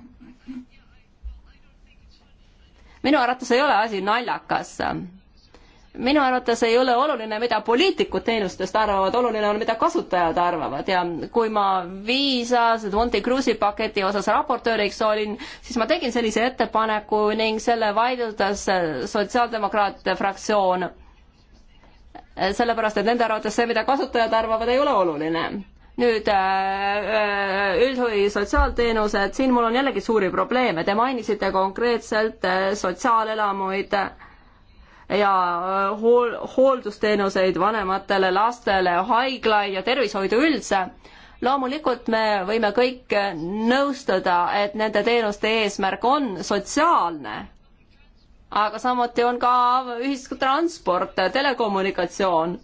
minu arvates ei ole asi naljakas äh, minu arvates ei ole oluline, mida poliitikud teenustest arvavad, oluline on, mida kasutajad arvavad ja kui ma Visa, Monte Cruise'i paketi osas raportööriks olin, siis ma tegin sellise ettepaneku ning selle vaidlustas Sotsiaaldemokraatide fraktsioon. sellepärast, et nende arvates see, mida kasutajad arvavad, ei ole oluline. nüüd äh, äh, üldhuvi sotsiaalteenused, siin mul on jällegi suuri probleeme, te mainisite konkreetselt äh, sotsiaalelamuid ja äh, hool-, hooldusteenuseid vanematele, lastele, haiglaid ja tervishoidu üldse. loomulikult me võime kõik nõustuda, et nende teenuste eesmärk on sotsiaalne, aga samuti on ka ühistransport, telekommunikatsioon.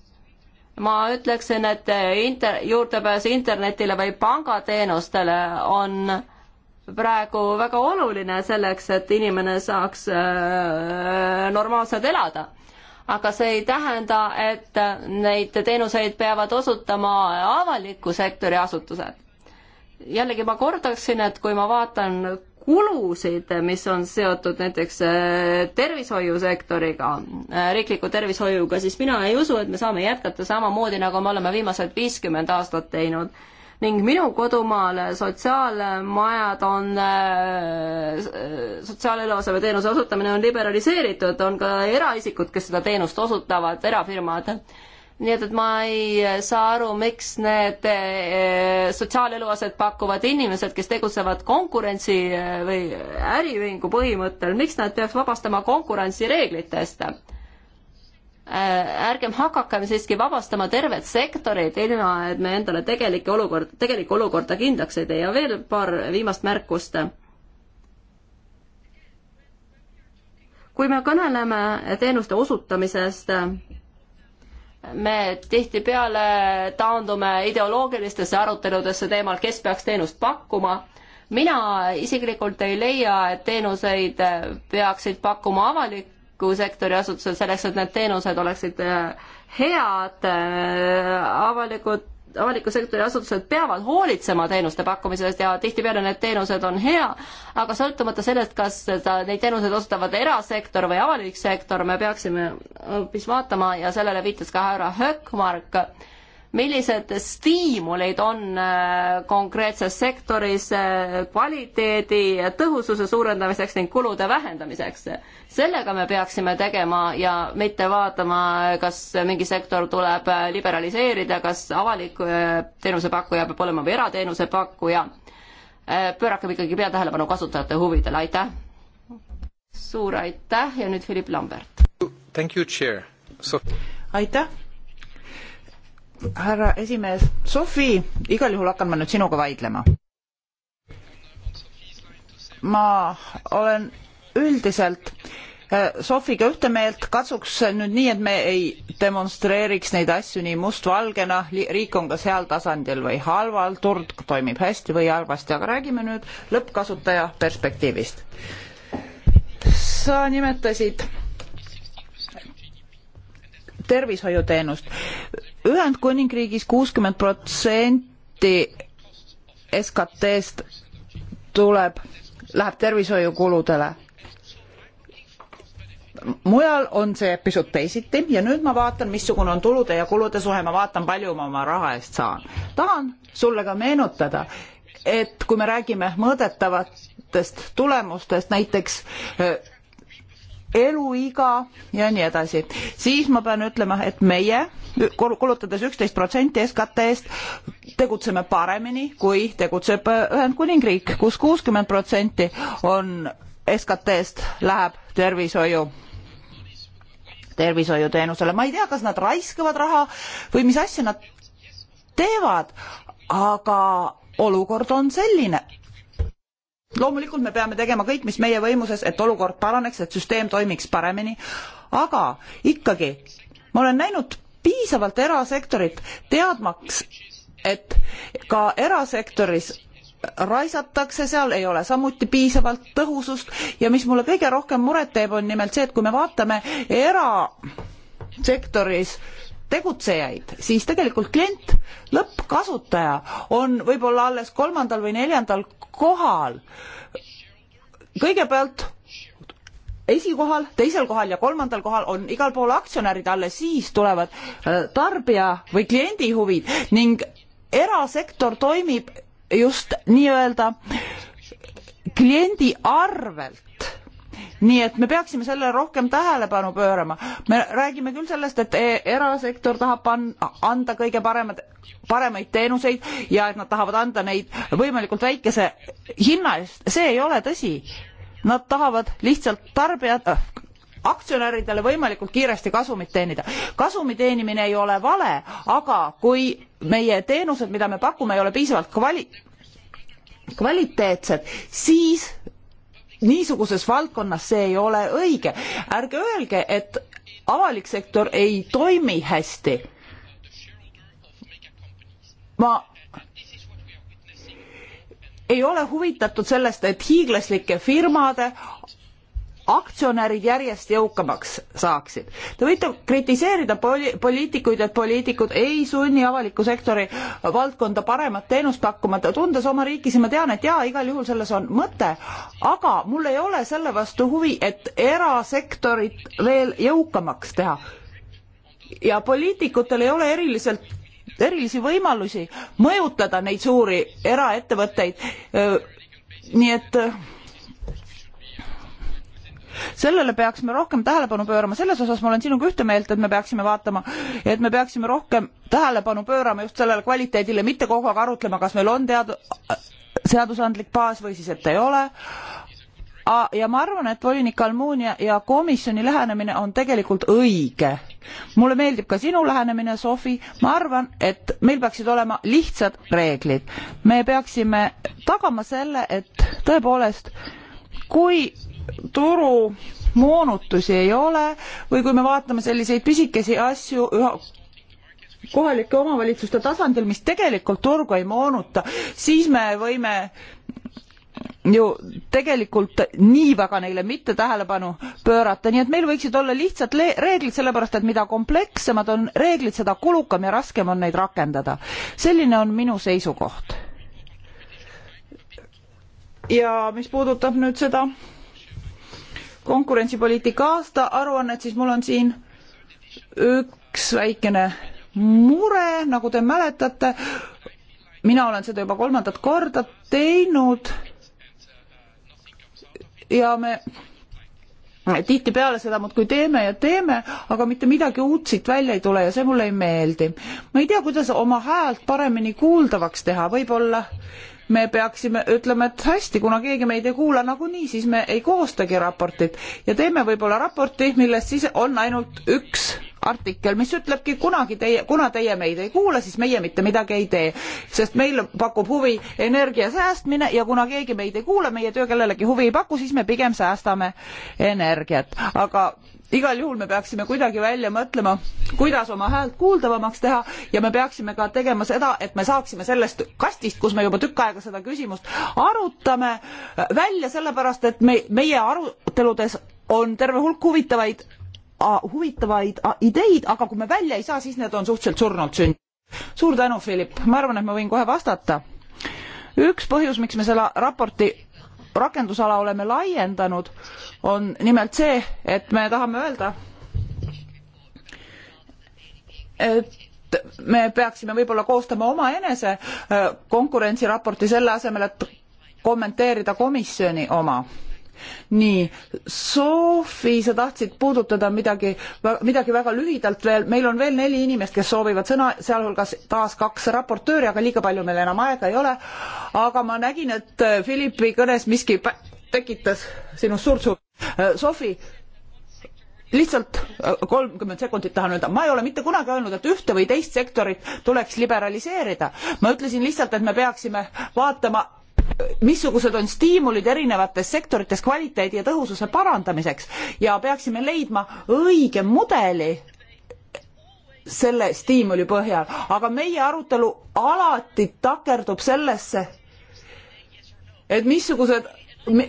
ma ütleksin, et inter-, juurdepääs internetile või pangateenustele on äh, praegu väga oluline selleks, et inimene saaks äh, normaalselt elada. aga see ei tähenda, et neid teenuseid peavad osutama avaliku sektori asutused. jällegi ma kordaksin, et kui ma vaatan kulusid, mis on seotud näiteks äh, tervishoiusektoriga, äh, riikliku tervishoiuga, siis mina ei usu, et me saame jätkata samamoodi, nagu me oleme viimased viiskümmend aastat teinud ning minu kodumaal sotsiaalmajad on, sotsiaaleluaseme teenuse osutamine on liberaliseeritud, on ka eraisikud, kes seda teenust osutavad, erafirmad nii et, et ma ei saa aru, miks need eh, sotsiaaleluaset pakuvad inimesed, kes tegutsevad konkurentsi eh, või äriühingu põhimõttel, miks nad peaks vabastama konkurentsireeglitest? Äh, ärgem hakakem siiski vabastama tervet sektorit, ilma et me endale tegelikke olukord, tegelikku olukorda kindlaks ei tee ja veel paar viimast märkust. kui me kõneleme teenuste osutamisest, me tihtipeale taandume ideoloogilistesse aruteludesse teemal, kes peaks teenust pakkuma. mina isiklikult ei leia, et teenuseid peaksid pakkuma avalik avaliku sektori asutused selleks, et need teenused oleksid äh, head, äh, avalikud avaliku sektori asutused peavad hoolitsema teenuste pakkumise eest ja tihtipeale need teenused on hea, aga sõltumata sellest, kas seda, neid teenuseid osutavad erasektor või avalik sektor, me peaksime hoopis vaatama ja sellele viitas ka härra Höökmark, millised stiimulid on äh, konkreetses sektoris äh, kvaliteedi ja tõhususe suurendamiseks ning kulude vähendamiseks. sellega me peaksime tegema ja mitte vaatama, kas mingi sektor tuleb äh, liberaliseerida, kas avalik teenusepakkuja peab olema või erateenusepakkuja. pöörakem ikkagi peatähelepanu kasutajate huvidele, aitäh! suur aitäh ja nüüd Philip Lambert. aitäh! härra esimees, Sofi, igal juhul hakkan ma nüüd sinuga vaidlema. ma olen üldiselt äh, Sofiga ühte meelt, katsuks nüüd nii, et me ei demonstreeriks neid asju nii mustvalgena, riik on ka seal tasandil või halval, turg toimib hästi või halvasti, aga räägime nüüd lõppkasutaja perspektiivist. sa nimetasid tervishoiuteenust Ühendkuningriigis kuuskümmend protsenti SKT-st tuleb, läheb tervishoiukuludele. mujal on see pisut teisiti ja nüüd ma vaatan, missugune on tulude ja kulude suhe, ma vaatan, palju ma oma raha eest saan. tahan sulle ka meenutada, et kui me räägime mõõdetavatest tulemustest, näiteks äh, eluiga ja nii edasi, siis ma pean ütlema, et meie kulutades üksteist protsenti SKT-st tegutseme paremini kui tegutseb äh, Ühendkuningriik, kus kuuskümmend protsenti on SKT-st läheb tervishoiu tervishoiuteenusele, ma ei tea, kas nad raiskavad raha või mis asja nad teevad, aga olukord on selline loomulikult me peame tegema kõik, mis meie võimuses, et olukord paraneks, et süsteem toimiks paremini, aga ikkagi ma olen näinud piisavalt erasektorit, teadmaks, et ka erasektoris raisatakse, seal ei ole samuti piisavalt tõhusust ja mis mulle kõige rohkem muret teeb, on nimelt see, et kui me vaatame erasektoris tegutsejaid, siis tegelikult klient, lõppkasutaja on võib-olla alles kolmandal või neljandal kohal. kõigepealt esikohal, teisel kohal ja kolmandal kohal on igal pool aktsionärid, alles siis tulevad äh, tarbija või kliendi huvid ning erasektor toimib just nii-öelda kliendi arvelt nii et me peaksime sellele rohkem tähelepanu pöörama. me räägime küll sellest, et e-, erasektor tahab an-, anda kõige paremad, paremaid teenuseid ja et nad tahavad anda neid võimalikult väikese hinna eest, see ei ole tõsi nad tahavad lihtsalt tarbijad äh, aktsionäridele võimalikult kiiresti kasumit teenida. kasumi teenimine ei ole vale, aga kui meie teenused, mida me pakume, ei ole piisavalt kvali-, kvaliteetsed, siis niisuguses valdkonnas see ei ole õige. ärge öelge, et avalik sektor ei toimi hästi. ma ei ole huvitatud sellest, et hiiglaslike firmade aktsionärid järjest jõukamaks saaksid. Te võite kritiseerida poli-, poliitikuid, et poliitikud ei sunni avaliku sektori valdkonda paremat teenust pakkuma, tundes oma riiki, siis ma tean, et jaa, igal juhul selles on mõte, aga mul ei ole selle vastu huvi, et erasektorit veel jõukamaks teha. ja poliitikutel ei ole eriliselt erilisi võimalusi mõjutada neid suuri eraettevõtteid. nii et sellele peaks me rohkem tähelepanu pöörama, selles osas ma olen sinuga ühte meelt, et me peaksime vaatama, et me peaksime rohkem tähelepanu pöörama just sellele kvaliteedile, mitte kogu aeg arutlema, kas meil on tead-, seadusandlik baas või siis, et ei ole, ja ma arvan, et volinik Almunia ja komisjoni lähenemine on tegelikult õige. mulle meeldib ka sinu lähenemine, Sofi, ma arvan, et meil peaksid olema lihtsad reeglid. me peaksime tagama selle, et tõepoolest, kui turu moonutusi ei ole või kui me vaatame selliseid pisikesi asju üha kohalike omavalitsuste tasandil, mis tegelikult turgu ei moonuta, siis me võime ju tegelikult nii väga neile mitte tähelepanu pöörata nii et meil võiksid olla lihtsad reeglid sellepärast et mida komplekssemad on reeglid seda kulukam ja raskem on neid rakendada selline on minu seisukoht ja mis puudutab nüüd seda konkurentsipoliitika aasta aruannet siis mul on siin üks väikene mure nagu te mäletate mina olen seda juba kolmandat korda teinud ja me tihtipeale seda muudkui teeme ja teeme, aga mitte midagi uut siit välja ei tule ja see mulle ei meeldi. ma ei tea, kuidas oma häält paremini kuuldavaks teha, võib-olla me peaksime ütlema, et hästi, kuna keegi meid ei kuula nagunii, siis me ei koostagi raportit ja teeme võib-olla raporti, millest siis on ainult üks artikkel, mis ütlebki kunagi teie, kuna teie meid ei kuula, siis meie mitte midagi ei tee, sest meil pakub huvi energia säästmine ja kuna keegi meid ei kuula, meie töö kellelegi huvi ei paku, siis me pigem säästame energiat, aga igal juhul me peaksime kuidagi välja mõtlema, kuidas oma häält kuuldavamaks teha ja me peaksime ka tegema seda, et me saaksime sellest kastist, kus me juba tükk aega seda küsimust arutame, välja, sellepärast et me, meie aruteludes on terve hulk huvitavaid huvitavaid ideid, aga kui me välja ei saa, siis need on suhteliselt surnult sünd-. suur tänu, Philip, ma arvan, et ma võin kohe vastata. üks põhjus, miks me selle raporti rakendusala oleme laiendanud, on nimelt see, et me tahame öelda, et me peaksime võib-olla koostama omaenese eh, konkurentsiraporti selle asemel, et kommenteerida komisjoni oma nii, Sofi, sa tahtsid puudutada midagi, midagi väga lühidalt veel, meil on veel neli inimest, kes soovivad sõna, sealhulgas taas kaks raportööri, aga liiga palju meil enam aega ei ole. aga ma nägin, et äh, Philippi kõnes miski tekitas sinust suurt suurt. Äh, Sofi, lihtsalt äh, kolmkümmend sekundit tahan öelda, ma ei ole mitte kunagi öelnud, et ühte või teist sektorit tuleks liberaliseerida. ma ütlesin lihtsalt, et me peaksime vaatama missugused on stiimulid erinevates sektorites kvaliteedi ja tõhususe parandamiseks ja peaksime leidma õige mudeli selle stiimuli põhjal, aga meie arutelu alati takerdub sellesse, et missugused,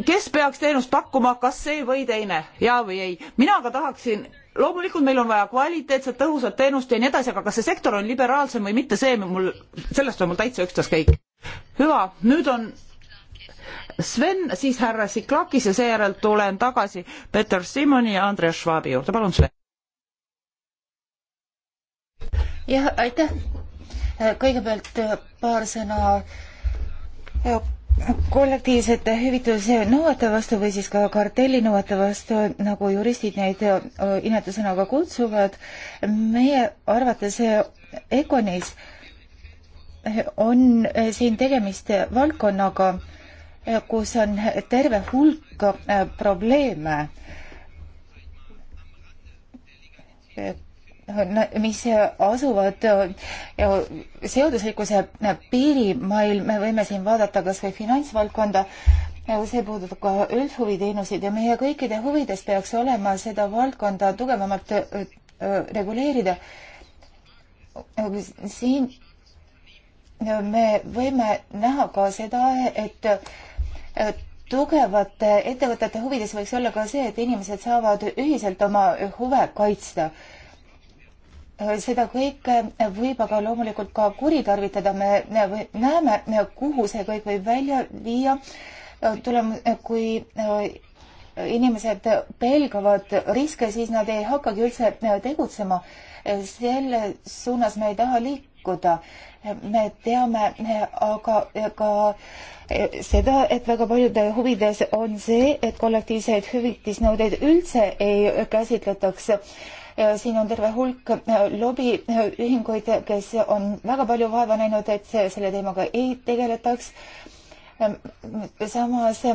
kes peaks teenust pakkuma, kas see või teine, jaa või ei. mina aga tahaksin loomulikult meil on vaja kvaliteetset tõhusat teenust ja nii edasi aga kas see sektor on liberaalsem või mitte see mul sellest on mul täitsa ükstaskõik hüva nüüd on Sven, siis härra Siklakis ja seejärel tulen tagasi Peter Simoni ja Andres Schwabi juurde, palun Sven. jah, aitäh. kõigepealt paar sõna kollektiivsete hüvitusnõuete vastu või siis ka kartellinõuete vastu, nagu juristid neid inetusõnaga kutsuvad, meie arvates Econis on siin tegemist valdkonnaga, kus on terve hulk äh, probleeme, äh, mis asuvad äh, seaduslikkuse piirimail, me võime siin vaadata kas või finantsvaldkonda, see puudutab ka üldhuviteenuseid ja meie kõikide huvides peaks olema seda valdkonda tugevamalt reguleerida. siin me võime näha ka seda, et Äh, tugevate ettevõtete huvides võiks olla ka see, et inimesed saavad ühiselt oma huve kaitsta. Äh, seda kõike võib aga loomulikult ka kuritarvitada, me näeme, kuhu see kõik võib välja viia. Äh, tuleme, kui inimesed pelgavad riske, siis nad ei hakkagi üldse tegutsema. selles suunas me ei taha liik-, pakkuda. me teame aga ka seda, et väga paljude huvides on see, et kollektiivseid hüvitisnõudeid üldse ei käsitletaks siin on terve hulk lobiühinguid, kes on väga palju vaeva näinud, et selle teemaga ei tegeletaks. samas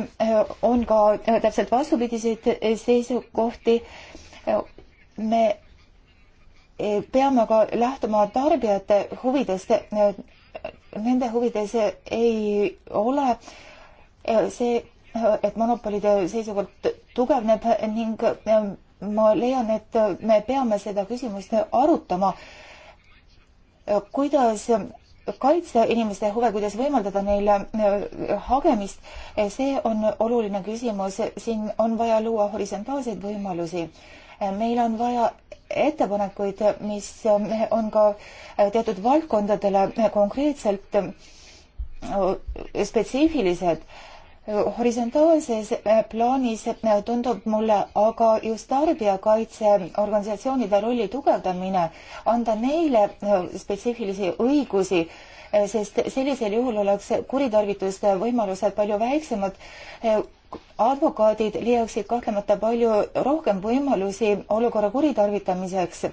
on ka täpselt vastupidiseid seisukohti. me peame aga lähtuma tarbijate huvidest. Nende huvides ei ole see, et monopolide seisukord tugevneb ning ma leian, et me peame seda küsimust arutama. kuidas kaitsta inimeste huve, kuidas võimaldada neile hagemist, see on oluline küsimus, siin on vaja luua horisontaalseid võimalusi. meil on vaja ettepanekuid, mis eh, on ka eh, teatud valdkondadele eh, konkreetselt spetsiifilised. horisontaalses plaanis tundub mulle aga just tarbijakaitseorganisatsioonide rolli tugevdamine, anda neile spetsiifilisi õigusi, sest sellisel juhul oleks kuritarvituste võimalused palju väiksemad advokaadid leiaksid kahtlemata palju rohkem võimalusi olukorra kuritarvitamiseks,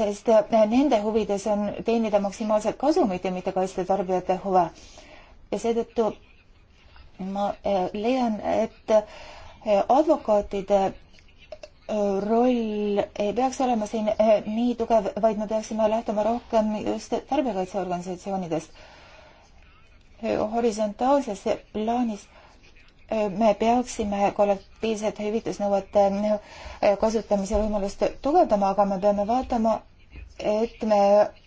sest nende huvides on teenida maksimaalset kasumit ja mitte kaitsta tarbijate huve. ja seetõttu ma eh, leian, et eh, advokaatide eh, roll ei peaks olema siin nii tugev, vaid me peaksime lähtuma rohkem just tarbijakaitseorganisatsioonidest horisontaalses plaanis me peaksime kollektiivsete hüvitusnõuete kasutamise võimalust tugevdama, aga me peame vaatama, et me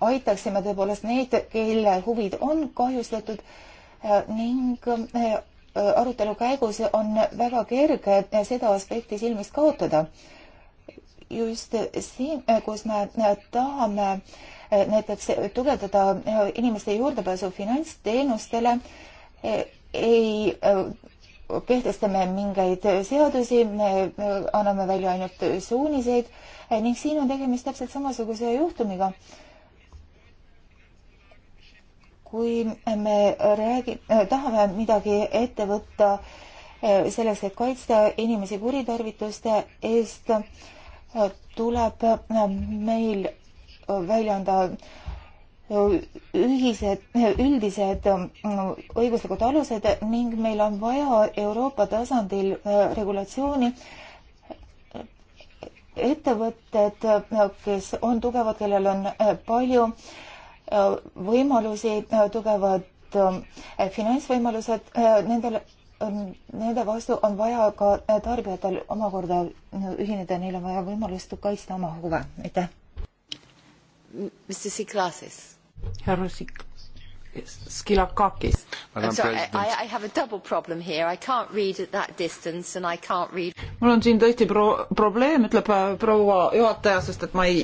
aitaksime tõepoolest neid, kelle huvid on kahjustatud ning arutelu käigus on väga kerge seda aspekti silmist kaotada. just siin, kus me tahame äh, näiteks tugevdada eh, inimeste juurdepääsu finantsteenustele, eh, ei eh, kehtestame mingeid seadusi, me anname välja ainult suuniseid ning siin on tegemist täpselt samasuguse juhtumiga. kui me räägi-, tahame midagi ette võtta selleks, et kaitsta inimesi kuritarvituste eest, tuleb meil välja anda äh, ühised, äh, üldised äh, õiguslikud alused ning meil on vaja Euroopa tasandil regulatsiooni. ettevõtted, kes on tugevad, kellel on palju võimalusi, tugevad finantsvõimalused, nendel, nende vastu on vaja ka tarbijatel omakorda ühineda, neil on vaja võimalust kaitsta oma huve. aitäh! Mr Siklasis. härra Sik-, Skilakakis. I'm sorry, I, I have a double problem here, I can't read at that distance and I can't read. mul on siin tõesti pro-, probleem, ütleb äh, proua juhataja, sest et ma ei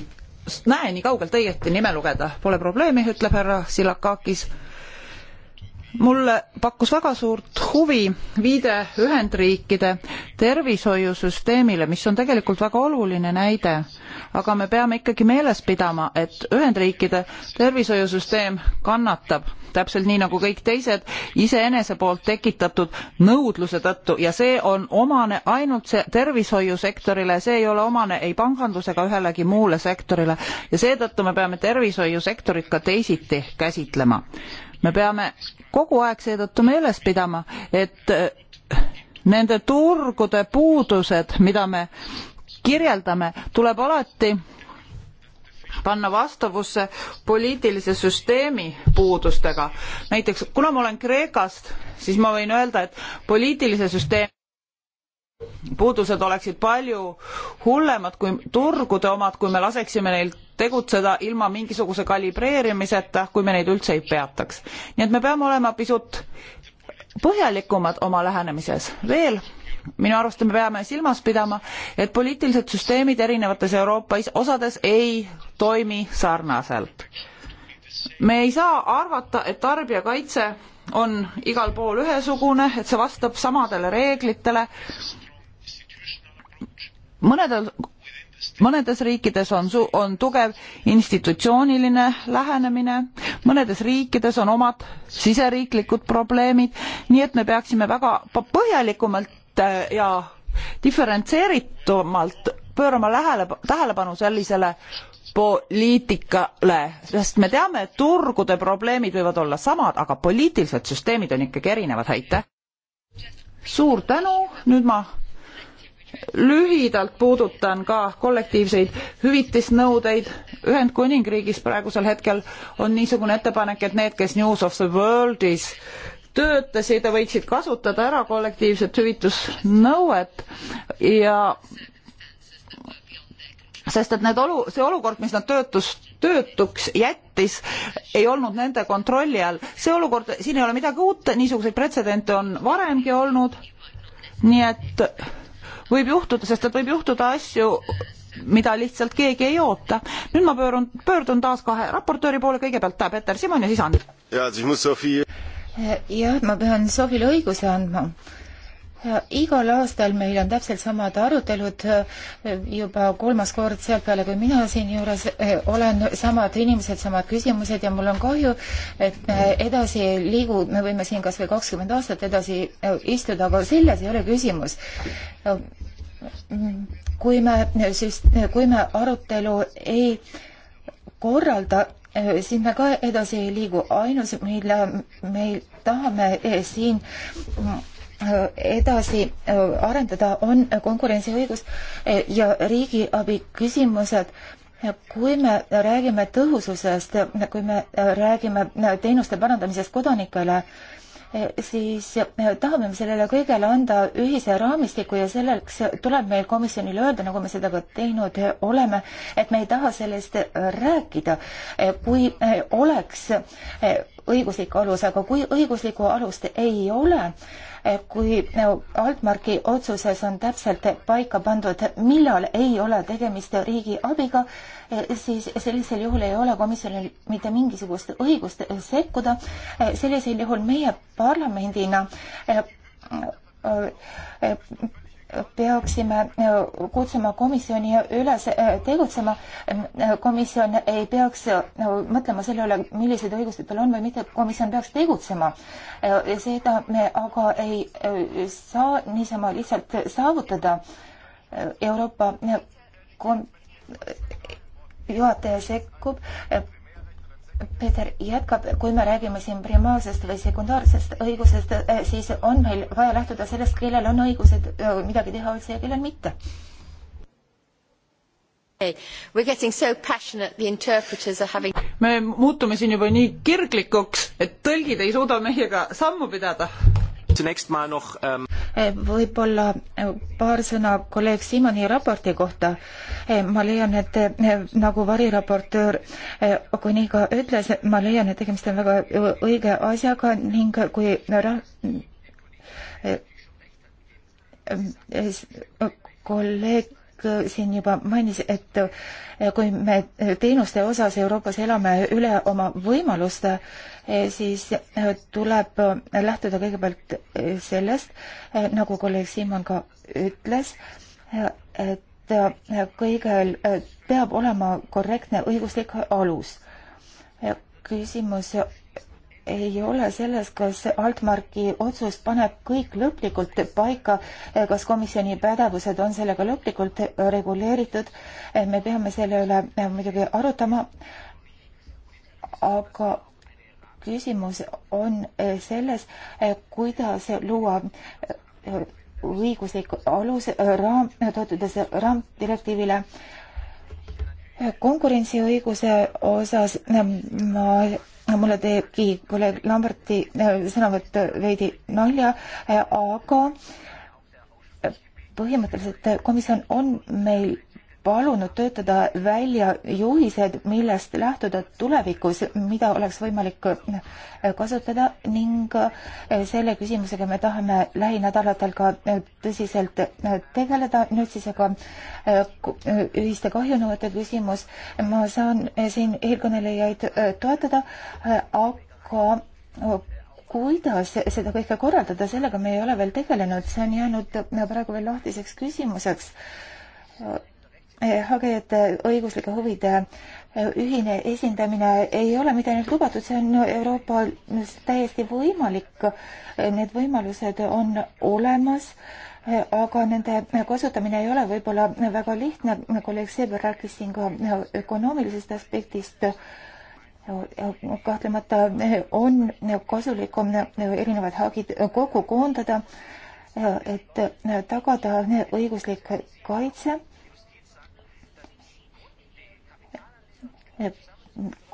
näe nii kaugelt õieti nime lugeda. Pole probleemi, ütleb härra Silakakis mulle pakkus väga suurt huvi viide Ühendriikide tervishoiusüsteemile, mis on tegelikult väga oluline näide, aga me peame ikkagi meeles pidama, et Ühendriikide tervishoiusüsteem kannatab täpselt nii nagu kõik teised iseenese poolt tekitatud nõudluse tõttu ja see on omane ainult see tervishoiusektorile, see ei ole omane ei pangandus ega ühelegi muule sektorile ja seetõttu me peame tervishoiusektorit ka teisiti käsitlema me peame kogu aeg seetõttu meeles pidama, et äh, nende turgude puudused, mida me kirjeldame, tuleb alati panna vastavusse poliitilise süsteemi puudustega. näiteks kuna ma olen Kreekast, siis ma võin öelda, et poliitilise süsteemi puudused oleksid palju hullemad kui turgude omad, kui me laseksime neil tegutseda ilma mingisuguse kalibreerimiseta, kui me neid üldse ei peataks. nii et me peame olema pisut põhjalikumad oma lähenemises. veel minu arust me peame silmas pidama, et poliitilised süsteemid erinevates Euroopa osades ei toimi sarnaselt. me ei saa arvata, et tarbijakaitse on igal pool ühesugune, et see vastab samadele reeglitele. mõnedel mõnedes riikides on, on tugev institutsiooniline lähenemine, mõnedes riikides on omad siseriiklikud probleemid, nii et me peaksime väga põhjalikumalt äh, ja diferentseeritumalt pöörama lähele, tähelepanu sellisele poliitikale, sest me teame, et turgude probleemid võivad olla samad, aga poliitilised süsteemid on ikkagi erinevad, aitäh! suur tänu, nüüd ma lühidalt puudutan ka kollektiivseid hüvitisnõudeid. Ühendkuningriigis praegusel hetkel on niisugune ettepanek, et need, kes News of the World'is töötasid, võiksid kasutada ära kollektiivset hüvitusnõuet ja sest et need olu, see olukord, mis nad töötus, töötuks jättis, ei olnud nende kontrolli all. see olukord, siin ei ole midagi uut, niisuguseid pretsedente on varemgi olnud, nii et võib juhtuda, sest et võib juhtuda asju, mida lihtsalt keegi ei oota. nüüd ma pöörun, pöördun taas kahe raportööri poole, kõigepealt Peeter Simon ja siis Andres. jah, ma pean Sofile õiguse andma igal aastal meil on täpselt samad arutelud äh, juba kolmas kord sealt peale, kui mina siinjuures äh, olen, samad inimesed, samad küsimused ja mul on kahju, et me äh, edasi ei liigu, me võime siin kas või kakskümmend aastat edasi istuda, aga selles ei ole küsimus. kui me, siis kui me arutelu ei korralda, siin me ka edasi ei liigu, ainus, mille me tahame siin Äh, edasi äh, arendada, on konkurentsiõigus äh, ja riigiabi küsimused. kui me räägime tõhususest, kui me räägime teenuste parandamisest kodanikele, siis tahame me sellele kõigele anda ühise raamistiku ja selleks tuleb meil komisjonile öelda, nagu me seda ka teinud oleme, et me ei taha sellest rääkida, kui oleks õiguslik alus, aga kui õiguslikku alust ei ole, kui Altmarki otsuses on täpselt paika pandud, millal ei ole tegemist riigi abiga, eh, siis sellisel juhul ei ole komisjonil mitte mingisugust õigust sekkuda. Eh, sellisel juhul meie parlamendina eh, peaksime äh, kutsuma komisjoni üles äh, tegutsema. Äh, komisjon ei peaks mõtlema selle üle, millised õigused tal on või mitte, komisjon peaks tegutsema. seda me aga ei saa niisama lihtsalt saavutada. Euroopa juhataja sekkub Peeter jätkab, kui me räägime siin primaarsest või sekundaarsest õigusest, eh, siis on meil vaja lähtuda sellest, kellel on õigused eh, midagi teha üldse ja kellel mitte. me muutume siin juba nii kirglikuks, et tõlgid ei suuda meiega sammu pidada. Ähm, eh, võib-olla eh, paar sõna kolleeg Simoni raporti kohta. Eh, ma leian, et nagu variraportöör kuni ka ütles, ma leian, et tegemist on väga õige asjaga ning kui rah... kolleeg siin juba mainis, et äh, kui me teenuste osas Euroopas elame üle oma võimaluste, äh, siis äh, tuleb lähtuda kõigepealt sellest, nagu kolleeg Simon ka ütles, et kõigel peab olema korrektne õiguslik alus. küsimus ei ole selles, kas Altmarki otsus paneb kõik lõplikult paika, kas komisjoni pädevused on sellega lõplikult reguleeritud. me peame selle üle muidugi arutama. aga küsimus on selles, kuidas luua õiguslik alus raam, toetudes raamdirektiivile konkurentsiõiguse osas ma mulle teebki kolleeg Lamberti äh, sõnavõtt veidi nalja, äh, aga põhimõtteliselt komisjon on meil palunud töötada välja juhised, millest lähtuda tulevikus, mida oleks võimalik eh, kasutada ning eh, selle küsimusega me tahame lähinädalatel ka eh, tõsiselt tegeleda. nüüd siis aga ühiste kahjunõuete küsimus. ma saan siin eelkõnelejaid toetada, aga oh, kuidas seda kõike korraldada, sellega me ei ole veel tegelenud, see on jäänud praegu veel lahtiseks küsimuseks Eh, hagejate õiguslike huvide eh, ühine esindamine ei ole mitte ainult lubatud, see on Euroopa täiesti võimalik. Eh, need võimalused on olemas, aga nende kasutamine ei ole võib-olla väga lihtne. kolleeg Seeber rääkis siin ka ökonoomilisest aspektist. kahtlemata on kasulikum erinevad haagid kokku koondada, et tagada õiguslik kaitse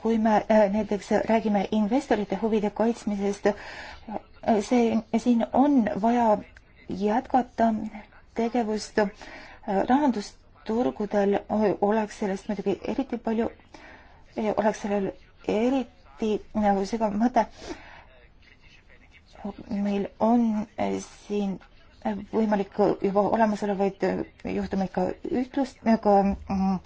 kui me äh, näiteks räägime investorite huvide kaitsmisest, äh, see, siin on vaja jätkata tegevust. Äh, rahandusturgudel oleks sellest muidugi eriti palju, oleks sellel eriti nagu segav mõte. meil on siin võimalik juba olemasolevaid juhtumeid ka ühtlust, ka mm,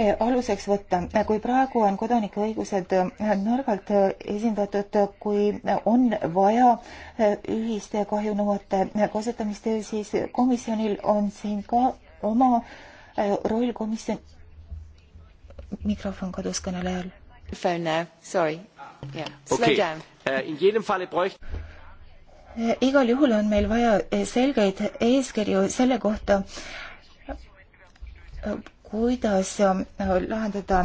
Eh, aluseks võtta. kui praegu on kodanikuõigused eh, nõrgalt eh, esindatud, kui on vaja ühiste kahjunõuete kasutamist, siis komisjonil on siin ka oma roll komisjon. mikrofon kadus kõnelejal. Phone now, sorry yeah.. Okay. Uh, in jedem Falle bräuchte igal juhul on meil vaja selgeid eeskirju selle kohta, kuidas äh, lahendada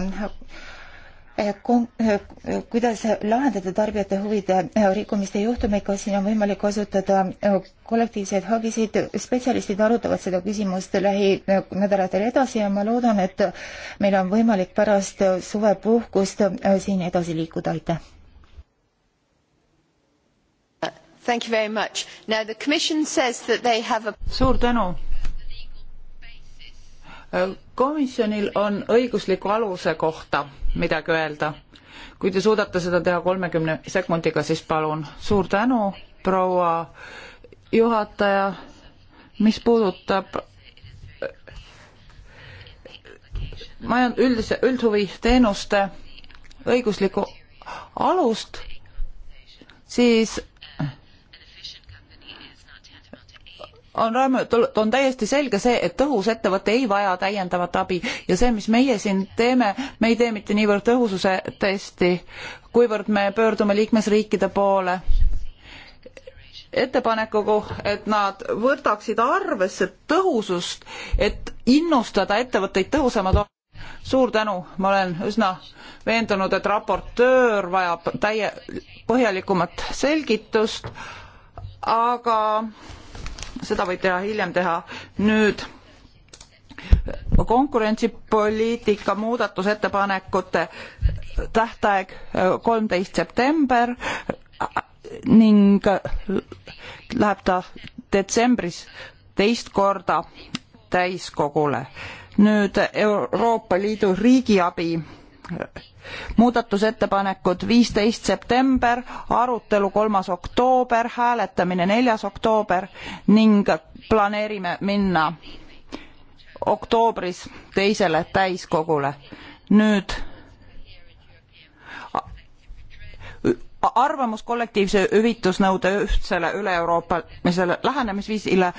äh, äh, kuidas lahendada tarbijate huvide rikkumiste juhtumeid, kas siin on võimalik kasutada kollektiivseid hagisid, spetsialistid arutavad seda küsimust lähinädalatel edasi ja ma loodan, et meil on võimalik pärast suvepuhkust siin edasi liikuda, aitäh! Thank you very much. Now the Commission says that they have a suur tänu komisjonil on õigusliku aluse kohta midagi öelda. kui te suudate seda teha kolmekümne sekundiga, siis palun. suur tänu, proua juhataja. mis puudutab majand-, üldise, üldhuviteenuste õiguslikku alust, siis on raamat-, on täiesti selge see, et tõhus ettevõte ei vaja täiendavat abi ja see, mis meie siin teeme, me ei tee mitte niivõrd tõhususe testi, kuivõrd me pöördume liikmesriikide poole ettepanekuga, et nad võtaksid arvesse tõhusust, et innustada ettevõtteid tõhusamad suur tänu, ma olen üsna veendunud, et raportöör vajab täie, põhjalikumat selgitust, aga seda võib teha hiljem teha. nüüd konkurentsipoliitika muudatusettepanekute tähtaeg äh, kolmteist september ning äh, läheb ta detsembris teist korda täiskogule. nüüd Euroopa Liidu riigiabi muudatusettepanekud viisteist september, arutelu kolmas oktoober, hääletamine neljas oktoober ning planeerime minna oktoobris teisele täiskogule. nüüd arvamus kollektiivse hüvitusnõude ühtsele üleeuroopalisele lähenemisviisile äh,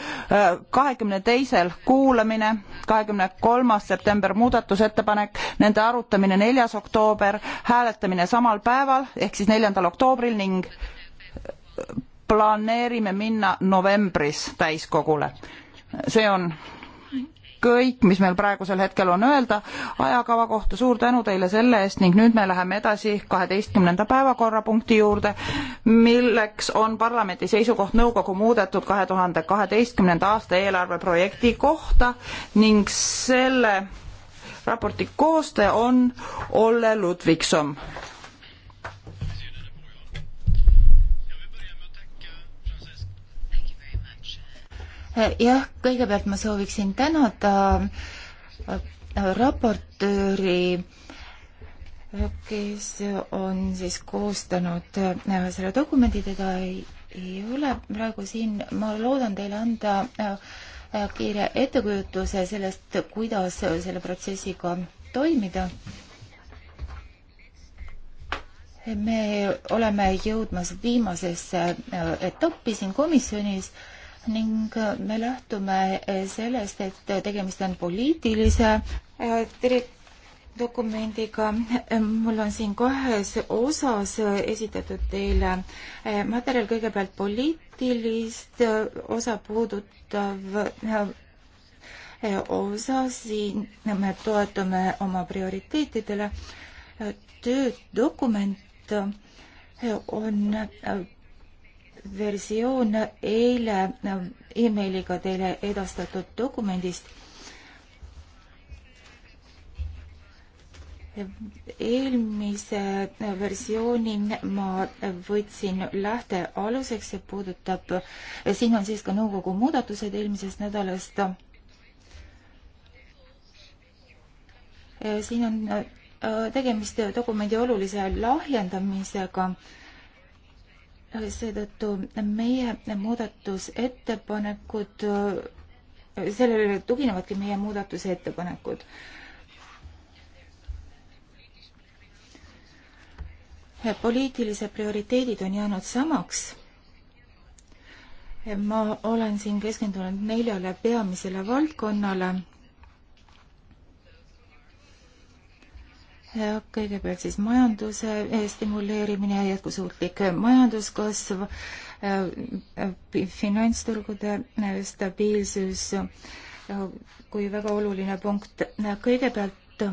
kahekümne teisel kuulamine kahekümne kolmas september muudatusettepanek nende arutamine neljas oktoober hääletamine samal päeval ehk siis neljandal oktoobril ning äh, planeerime minna novembris täiskogule see on kõik, mis meil praegusel hetkel on öelda ajakava kohta. suur tänu teile selle eest ning nüüd me läheme edasi kaheteistkümnenda päevakorrapunkti juurde, milleks on parlamendi seisukoht nõukogu muudetud kahe tuhande kaheteistkümnenda aasta eelarveprojekti kohta ning selle raporti koostaja on Olle Ludvigson. jah, kõigepealt ma sooviksin tänada äh, raportööri, äh, kes on siis koostanud äh, selle dokumendi, teda ei, ei ole praegu siin, ma loodan teile anda kiire ettekujutuse sellest, kuidas selle protsessiga toimida me oleme jõudmas viimasesse etappi siin komisjonis ning me lähtume sellest, et tegemist on poliitilise äh, dokumendiga. mul on siin kahes osas esitatud teile äh, materjal, kõigepealt poliitilist äh, osa puudutav osa, siin me toetume oma prioriteetidele. töödokument on versioon eile emailiga teile edastatud dokumendist. eelmise versiooni ma võtsin lähtealuseks, see puudutab, siin on siis ka nõukogu muudatused eelmisest nädalast. siin on äh, tegemist dokumendi olulise lahjendamisega seetõttu meie muudatusettepanekud, sellele tuginevadki meie muudatusettepanekud. poliitilised prioriteedid on jäänud samaks. ma olen siin keskendunud neljale peamisele valdkonnale kõigepealt siis majanduse eh, stimuleerimine, jätkusuutlik majanduskasv, eh, eh, finantsturgude stabiilsus kui väga oluline punkt. kõigepealt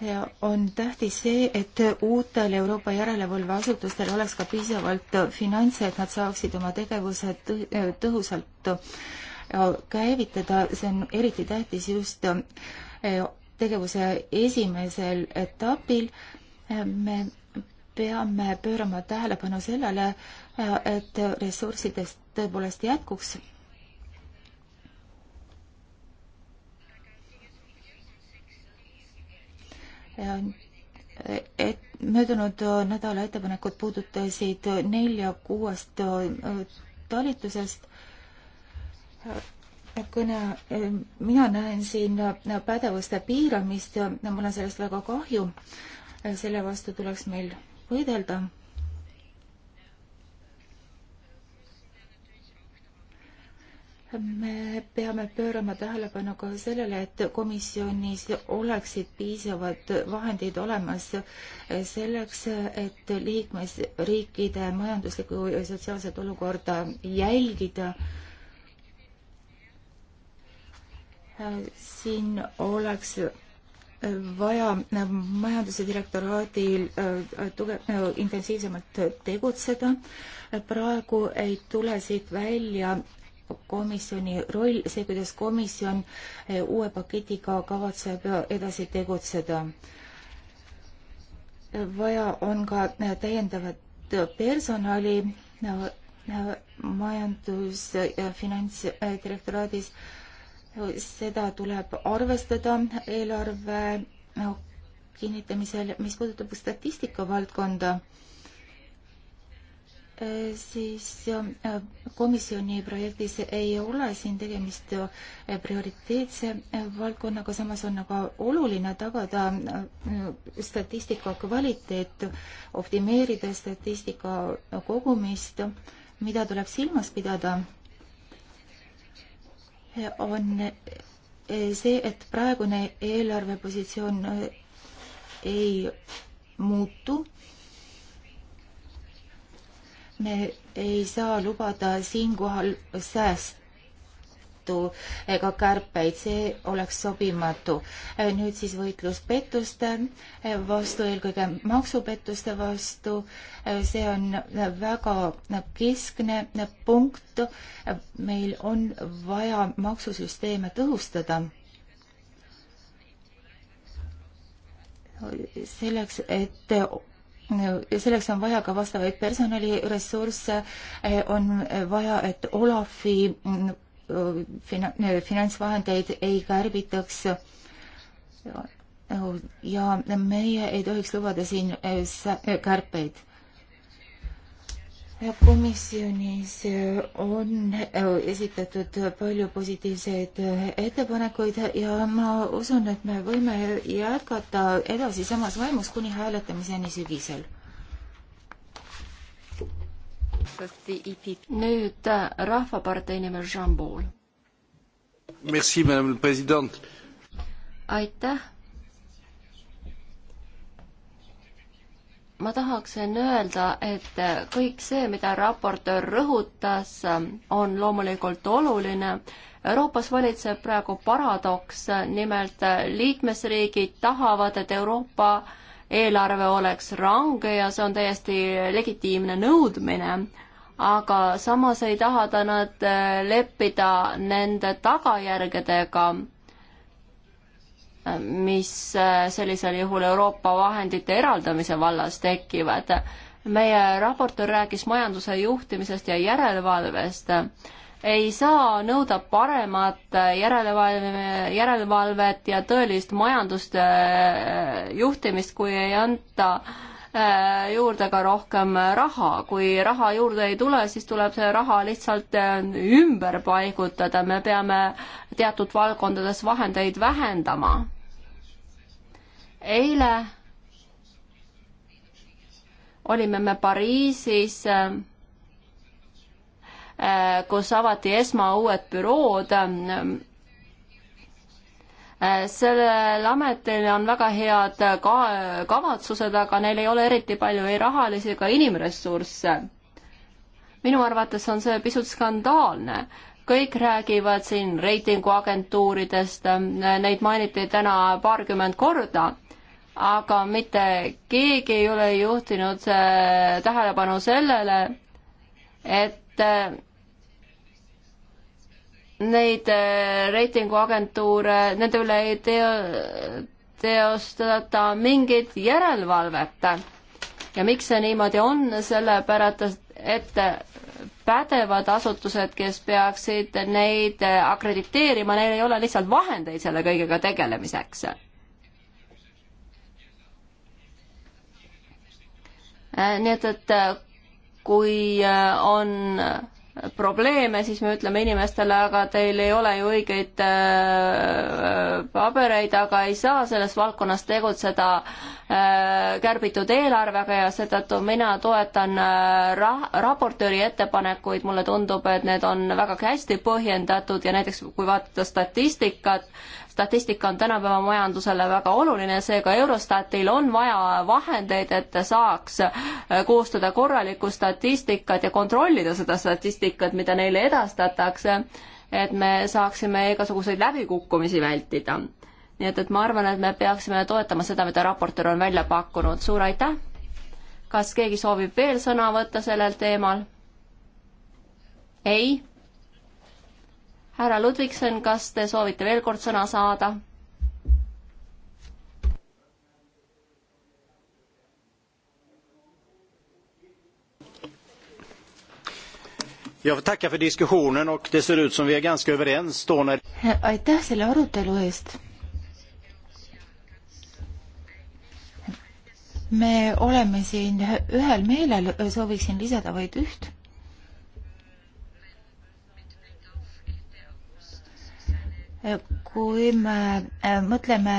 ja on tähtis see, et uutel Euroopa järelevalveasutustel oleks ka piisavalt finantse, et nad saaksid oma tegevuse tõhusalt Äh, käivitada, see on eriti tähtis just äh, tegevuse esimesel etapil. Äh, me peame pöörama tähelepanu sellele, et ressurssidest tõepoolest jätkuks Ja et möödunud nädala ettepanekud puudutasid nelja kuuest talitusest kõne, ähm, mina näen siin äh, pädevuste piiramist ja mul on sellest väga kahju. Äh, selle vastu tuleks meil võidelda. me peame pöörama tähelepanu ka sellele, et komisjonis oleksid piisavad vahendid olemas selleks, et liikmesriikide majanduslikku ja sotsiaalset olukorda jälgida siin oleks vaja majanduse direktoraadil äh, tuge-, äh, intensiivsemalt tegutseda. praegu ei tule siit välja komisjoni roll, see, kuidas komisjon äh, uue paketiga kavatseb edasi tegutseda. vaja on ka täiendavat personali majandus- ja finantsdirektoraadis äh, seda tuleb arvestada eelarve kinnitamisel, mis puudutab statistika valdkonda, siis komisjoni projektis ei ole siin tegemist prioriteetse valdkonnaga, samas on aga oluline tagada statistika kvaliteet, optimeerida statistika kogumist, mida tuleb silmas pidada on see, et praegune eelarvepositsioon äh, ei muutu. me ei saa lubada siinkohal sääste vastu ega kärpeid, see oleks sobimatu. nüüd siis võitlus pettuste vastu, eelkõige maksupettuste vastu, see on väga keskne punkt. meil on vaja maksusüsteeme tõhustada selleks, et selleks on vaja ka vastavaid personaliressursse, on vaja, et Olafi fina-, finantsvahendeid ei kärbitaks. ja meie ei tohiks lubada siin äh, äh, kärpeid komisjonis äh, on esitatud palju positiivseid ettepanekuid ja ma usun, et me võime jätkata edasi samas vaimus kuni hääletamiseni sügisel nüüd äh, Rahvapartei nimel Jean Paul. aitäh. ma tahaksin öelda, et äh, kõik see, mida raportöör rõhutas, äh, on loomulikult oluline. Euroopas valitseb praegu paradoks, nimelt liikmesriigid tahavad, et Euroopa eelarve oleks range ja see on täiesti legitiimne nõudmine, aga samas ei taha ta nad äh, leppida nende tagajärgedega, äh, mis äh, sellisel juhul Euroopa vahendite eraldamise vallas tekivad. meie raportöör rääkis majanduse juhtimisest ja järelevalvest ei saa nõuda paremat järelevalve, järelevalvet ja tõelist majandust äh, juhtimist, kui ei anta äh, juurde ka rohkem raha. kui raha juurde ei tule, siis tuleb see raha lihtsalt äh, ümber paigutada, me peame teatud valdkondades vahendeid vähendama. eile olime me Pariisis Äh, kus avati esma uued bürood. Äh, sellel ametil on väga head ka-, kavatsused, aga neil ei ole eriti palju ei rahalisi ega inimressursse. minu arvates on see pisut skandaalne kõik räägivad siin reitinguagentuuridest, äh, neid mainiti täna paarkümmend korda, aga mitte keegi ei ole juhtinud tähelepanu sellele, et neid äh, reitinguagentuure, nende üle ei teo, teostata mingit järelevalvet. ja miks see niimoodi on, sellepärast et pädevad asutused, kes peaksid neid äh, akrediteerima, neil ei ole lihtsalt vahendeid selle kõigega tegelemiseks. Äh, nii et, et kui on probleeme, siis me ütleme inimestele, aga teil ei ole ju õigeid äh, äh, pabereid, aga ei saa selles valdkonnas tegutseda äh, kärbitud eelarvega ja seetõttu mina toetan ra-, raportööri ettepanekuid, mulle tundub, et need on vägagi hästi põhjendatud ja näiteks kui vaadata statistikat, statistika on tänapäeva majandusele väga oluline, seega Eurostatil on vaja vahendeid, et ta saaks äh, koostada korralikku statistikat ja kontrollida seda statistikat, mida neile edastatakse, et me saaksime igasuguseid läbikukkumisi vältida. nii et, et ma arvan, et me peaksime toetama seda, mida raportöör on välja pakkunud, suur aitäh! kas keegi soovib veel sõna võtta sellel teemal? ei härra Ludvigson, kas te soovite veel kord sõna saada? Jag får tacka för diskussionen och det ser ut som vi är ganska överens då när... Aitäh selle arutelu eest. me oleme siin ühel meelel, sooviksin lisada vaid üht kui me äh, mõtleme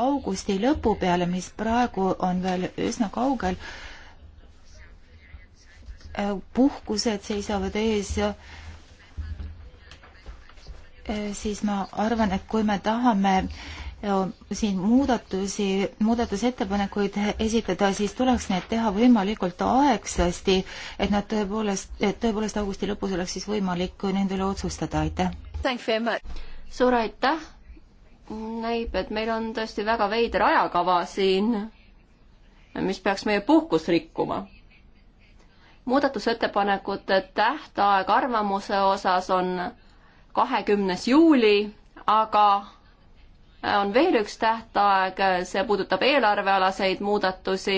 augusti lõpu peale, mis praegu on veel üsna kaugel, äh, puhkused seisavad ees, äh, siis ma arvan, et kui me tahame siin muudatusi, muudatusettepanekuid esitada, siis tuleks need teha võimalikult aegsasti, et nad tõepoolest, et tõepoolest augusti lõpus oleks siis võimalik nendele otsustada, aitäh! suur aitäh. näib, et meil on tõesti väga veider ajakava siin, mis peaks meie puhkust rikkuma. muudatusettepanekute tähtaeg arvamuse osas on kahekümnes juuli, aga on veel üks tähtaeg, see puudutab eelarvealaseid muudatusi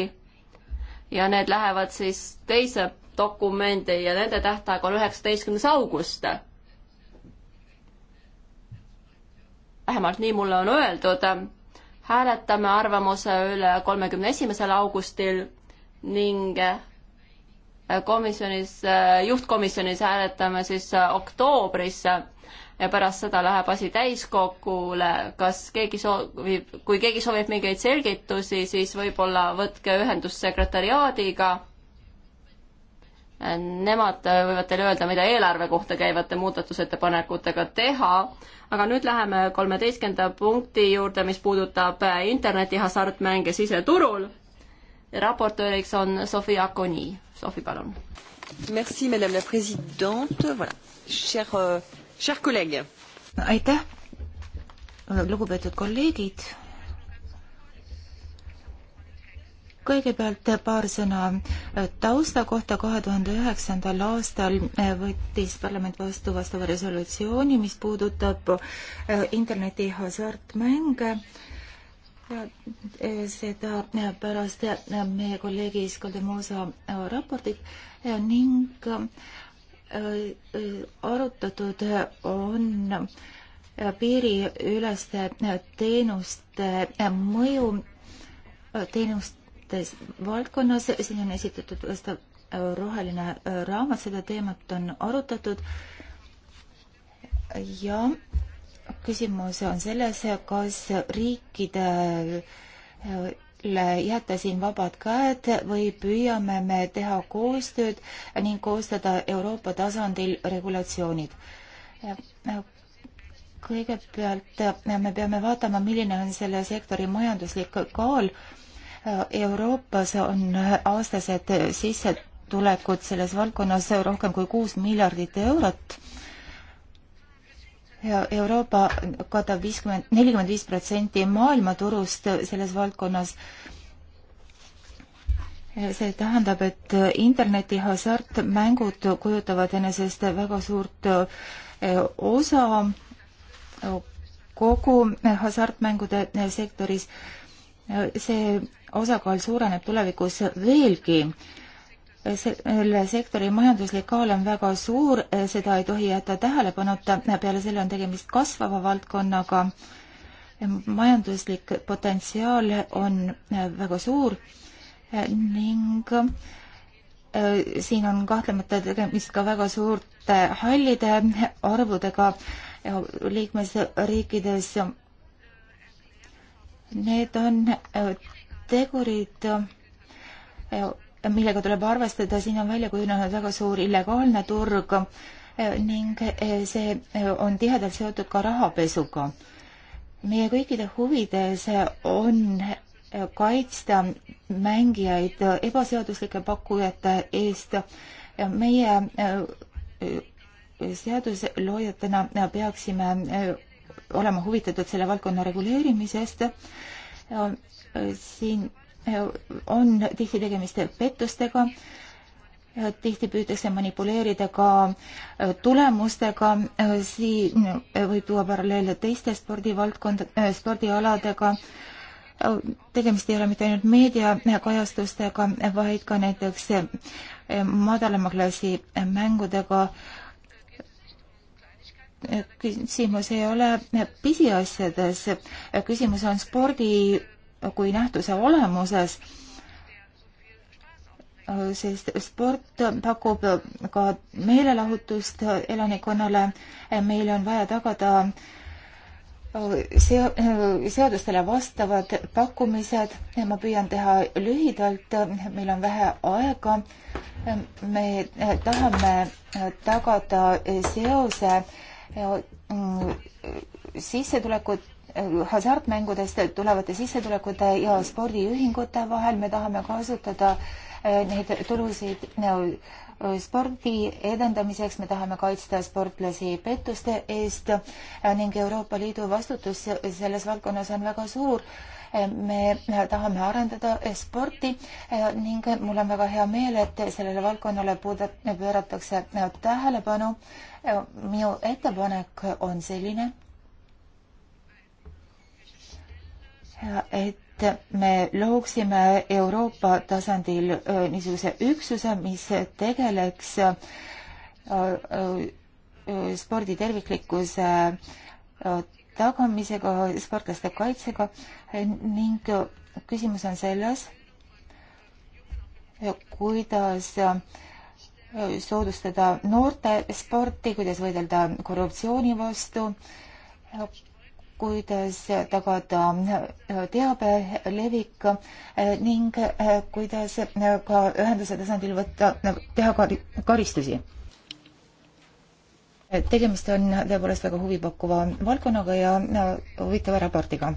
ja need lähevad siis teise dokumendi ja nende tähtaeg on üheksateistkümnes august vähemalt nii mulle on öeldud, hääletame arvamuse üle kolmekümne esimesel augustil ning komisjonis, juhtkomisjonis hääletame siis oktoobris ja pärast seda läheb asi täiskogule, kas keegi soovib, kui keegi soovib mingeid selgitusi, siis võib-olla võtke ühendust sekretariaadiga Nemad äh, võivad teile öelda, mida eelarve kohta käivate muudatusettepanekutega teha, aga nüüd läheme kolmeteistkümnenda punkti juurde, mis puudutab äh, interneti hasartmänge siseturul. raportööriks on Sofi Akoni. Sofi, palun. Merci, madame la presidente, voilà, cher, euh, cher kolleeg. aitäh, lugupeetud kolleegid kõigepealt paar sõna äh, tausta kohta. kahe tuhande üheksandal aastal äh, võttis parlament vastu vastava resolutsiooni, mis puudutab äh, interneti hasartmänge. seda pärast meie kolleegi Skaldemosa raportit ning arutatud on piiriüleste teenuste mõju, teenust mitmes valdkonnas, siin on esitatud vastav äh, roheline äh, raamat, seda teemat on arutatud ja küsimus on selles, kas riikidele jätta siin vabad käed või püüame me teha koostööd ning koostada Euroopa tasandil regulatsioonid. kõigepealt me peame vaatama, milline on selle sektori majanduslik kaal Euroopas on aastased sissetulekud selles valdkonnas rohkem kui kuus miljardit eurot. Euroopa katab viiskümmend, nelikümmend viis protsenti maailmaturust selles valdkonnas. see tähendab, et interneti hasartmängud kujutavad enesest väga suurt e, osa kogu hasartmängude sektoris e, see osakaal suureneb tulevikus veelgi. selle sektori majanduslik kaal on väga suur, seda ei tohi jätta tähelepanuta, peale selle on tegemist kasvava valdkonnaga. majanduslik potentsiaal on väga suur ning äh, siin on kahtlemata tegemist ka väga suurte hallide arvudega liikmesriikides. Need on äh, tegurid, millega tuleb arvestada, siin on välja kujunenud väga suur illegaalne turg eh, ning eh, see eh, on tihedalt seotud ka rahapesuga. meie kõikide huvides on kaitsta mängijaid ebaseaduslike pakkujate eest. meie seadusloojatena peaksime olema huvitatud selle valdkonna reguleerimisest siin äh, on tihti tegemist pettustega, äh, tihti püütakse manipuleerida ka äh, tulemustega, siin võib tuua paralleele teiste spordivaldkond, spordialadega, tegemist ei ole mitte ainult meediakajastustega, vaid ka näiteks madalama klassi mängudega. küsimus ei ole pisiasjades, küsimus on spordi kui nähtuse olemuses, sest sport pakub ka meelelahutust elanikkonnale. meil on vaja tagada seadustele vastavad pakkumised. ma püüan teha lühidalt, meil on vähe aega. me tahame tagada seose sissetulekut hasartmängudest tulevate sissetulekute ja spordiühingute vahel. me tahame kasutada eh, neid tulusid no, eh, spordi edendamiseks, me tahame kaitsta sportlasi pettuste eest eh, ning Euroopa Liidu vastutus selles valdkonnas on väga suur me tahame arendada sporti ning mul on väga hea meel, et sellele valdkonnale pööratakse tähelepanu. minu ettepanek on selline, et me looksime Euroopa tasandil äh, niisuguse üksuse, mis tegeleks äh, äh, spordi terviklikkuse tagamisega, sportlaste kaitsega ning küsimus on selles, kuidas soodustada noorte sporti, kuidas võidelda korruptsiooni vastu, kuidas tagada teabe levik ning kuidas ka ühenduse tasandil võtta, teha karistusi. tegemist on tõepoolest väga huvipakkuva valdkonnaga ja huvitava raportiga.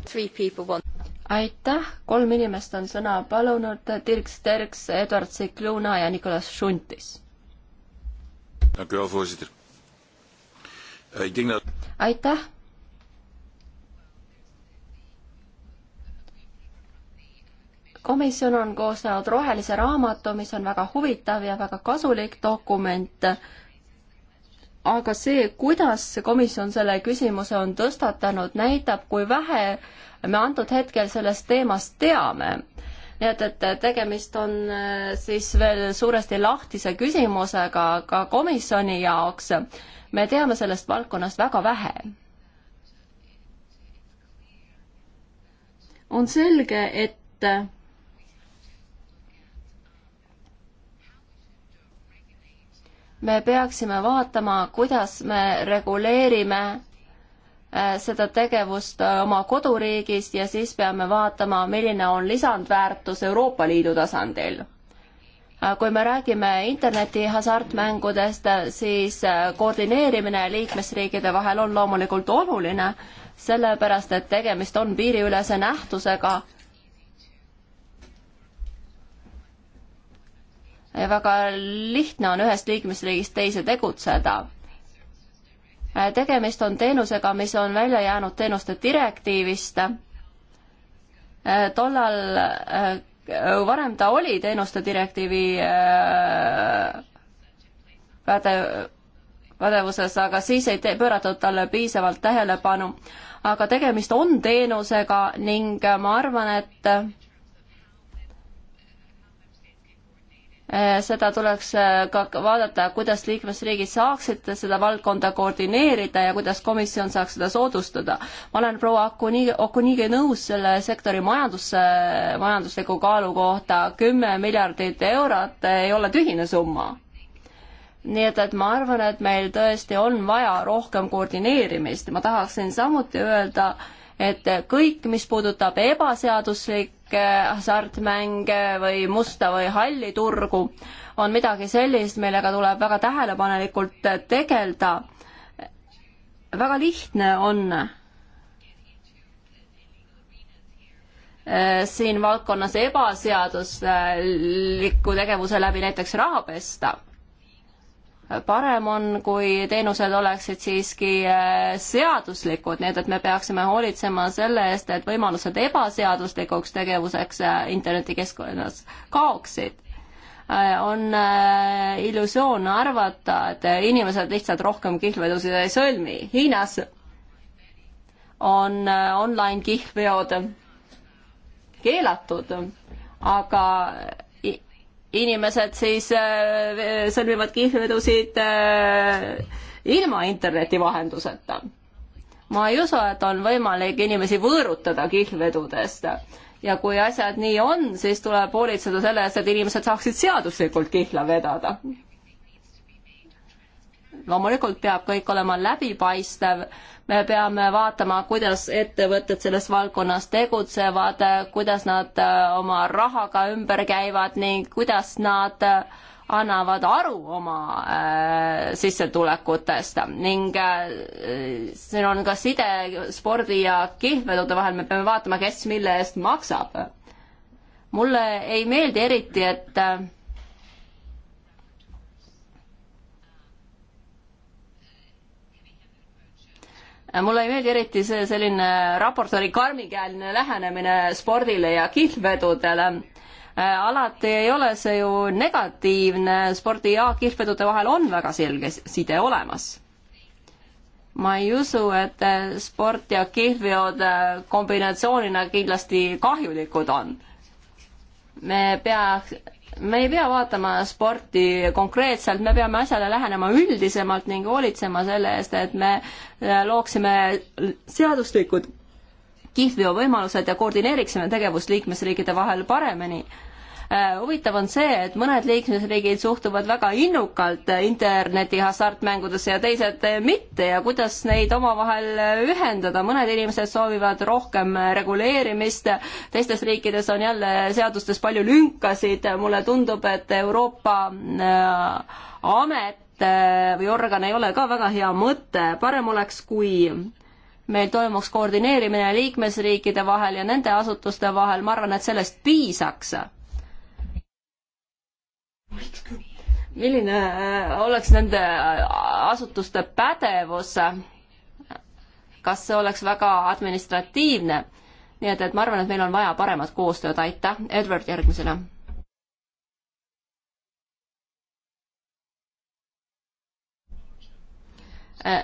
aitäh, kolm inimest on sõna palunud, Dirk Sterks, Eduard Sikluna ja Nicolas Šuntis. Eh, aitäh komisjon on koostanud rohelise raamatu, mis on väga huvitav ja väga kasulik dokument. aga see, kuidas komisjon selle küsimuse on tõstatanud, näitab, kui vähe me antud hetkel sellest teemast teame. nii et, et tegemist on äh, siis veel suuresti lahtise küsimusega ka komisjoni jaoks. me teame sellest valdkonnast väga vähe on selge, et me peaksime vaatama, kuidas me reguleerime äh, seda tegevust äh, oma koduriigis ja siis peame vaatama, milline on lisandväärtus Euroopa Liidu tasandil. Äh, kui me räägime interneti hasartmängudest, siis koordineerimine liikmesriikide vahel on loomulikult oluline, sellepärast et tegemist on piiriülese nähtusega väga lihtne on ühest liikmesriigist teise tegutseda. tegemist on teenusega, mis on välja jäänud teenuste direktiivist. tollal, äh, varem ta oli teenuste direktiivi äh, päde-, pädevuses, aga siis ei te-, pööratud talle piisavalt tähelepanu. aga tegemist on teenusega ning ma arvan, et Eh, seda tuleks eh, ka vaadata, kuidas liikmesriigid saaksid seda valdkonda koordineerida ja kuidas komisjon saaks seda soodustada. ma olen proua Akuniga, Akuniga nõus selle sektori majandus, eh, majandusliku kaalu kohta, kümme miljardit eurot ei ole tühine summa. nii et, et ma arvan, et meil tõesti on vaja rohkem koordineerimist, ma tahaksin samuti öelda, et kõik, mis puudutab ebaseaduslikke hasartmänge või musta või halli turgu, on midagi sellist, millega tuleb väga tähelepanelikult tegeleda. väga lihtne on äh, siin valdkonnas ebaseadusliku tegevuse läbi näiteks raha pesta parem on, kui teenused oleksid siiski äh, seaduslikud, nii et, et me peaksime hoolitsema selle eest, et võimalused ebaseaduslikuks tegevuseks äh, internetikeskkonnas kaoksid. Äh, on illusioon arvata, et inimesed lihtsalt rohkem kihlvedusid ei sõlmi. Hiinas on online kihlveod keelatud, aga inimesed siis äh, sõlmivad kihlvedusid äh, ilma interneti vahenduseta. ma ei usu, et on võimalik inimesi võõrutada kihlvedudest ja kui asjad nii on, siis tuleb hoolitseda selle eest, et inimesed saaksid seaduslikult kihla vedada loomulikult peab kõik olema läbipaistev, me peame vaatama, kuidas ettevõtted selles valdkonnas tegutsevad, kuidas nad äh, oma rahaga ümber käivad ning kuidas nad äh, annavad aru oma äh, sissetulekutest ning äh, siin on ka side spordi ja kihlvedude vahel, me peame vaatama, kes mille eest maksab. mulle ei meeldi eriti, et äh, mulle ei meeldi eriti see selline raportööri karmikäeline lähenemine spordile ja kihlvedudele. Äh, alati ei ole see ju negatiivne, spordi ja kihlvedude vahel on väga selge side olemas. ma ei usu, et äh, sport ja kihlveod äh, kombinatsioonina kindlasti kahjulikud on. me peaks me ei pea vaatama sporti konkreetselt, me peame asjale lähenema üldisemalt ning hoolitsema selle eest, et me äh, looksime seaduslikud kihlveo võimalused ja koordineeriksime tegevust liikmesriikide vahel paremini Äh, huvitav on see, et mõned liikmesriigid suhtuvad väga innukalt interneti hasartmängudesse ja teised mitte ja kuidas neid omavahel ühendada, mõned inimesed soovivad rohkem reguleerimist, teistes riikides on jälle seadustes palju lünkasid, mulle tundub, et Euroopa äh, amet äh, või organ ei ole ka väga hea mõte, parem oleks, kui meil toimuks koordineerimine liikmesriikide vahel ja nende asutuste vahel, ma arvan, et sellest piisaks milline äh, oleks nende äh, asutuste pädevus? kas see oleks väga administratiivne? nii et, et ma arvan, et meil on vaja paremat koostööd, aitäh, Edward järgmisena. Äh,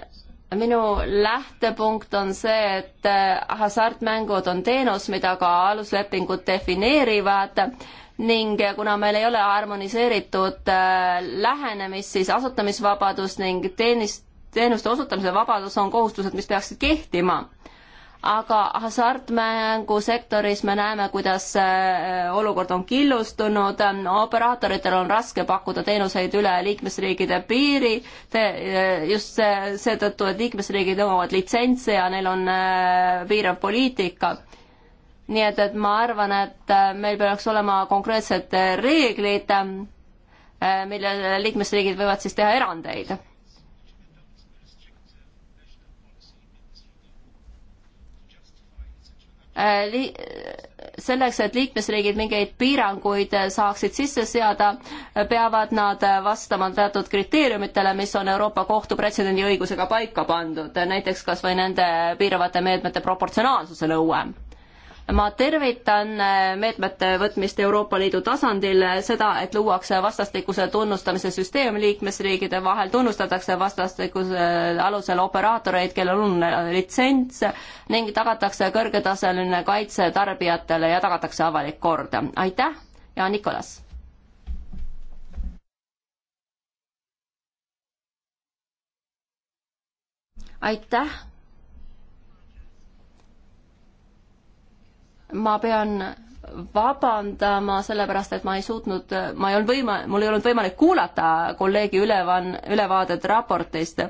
minu lähtepunkt on see, et hasartmängud on teenus, mida ka aluslepingud defineerivad ning kuna meil ei ole harmoniseeritud äh, lähenemist, siis asutamisvabadus ning teenist, teenuste osutamise vabadus on kohustused, mis peaksid kehtima. aga hasartmängusektoris me näeme, kuidas äh, olukord on killustunud, operaatoritel on raske pakkuda teenuseid üle liikmesriikide piiri, äh, just seetõttu, et liikmesriigid omavad litsentse ja neil on piirav poliitika nii et, et ma arvan, et äh, meil peaks olema konkreetsed äh, reeglid, äh, millele liikmesriigid võivad siis teha erandeid. Li-, selleks, et liikmesriigid mingeid piiranguid saaksid sisse seada, peavad nad vastama teatud kriteeriumitele, mis on Euroopa Kohtu pretsedendi õigusega paika pandud, näiteks kas või nende piiravate meetmete proportsionaalsuse nõue ma tervitan äh, meetmete võtmist Euroopa Liidu tasandil, seda, et luuakse vastastikuse tunnustamise süsteem liikmesriigide vahel, tunnustatakse vastastikuse äh, alusel operaatoreid, kellel on äh, litsents ning tagatakse kõrgetasemeline kaitse tarbijatele ja tagatakse avalik kord. aitäh ja Nikolas! aitäh! ma pean vabandama, sellepärast et ma ei suutnud, ma ei olnud võima-, mul ei olnud võimalik kuulata kolleegi ülevan-, ülevaadet raportist.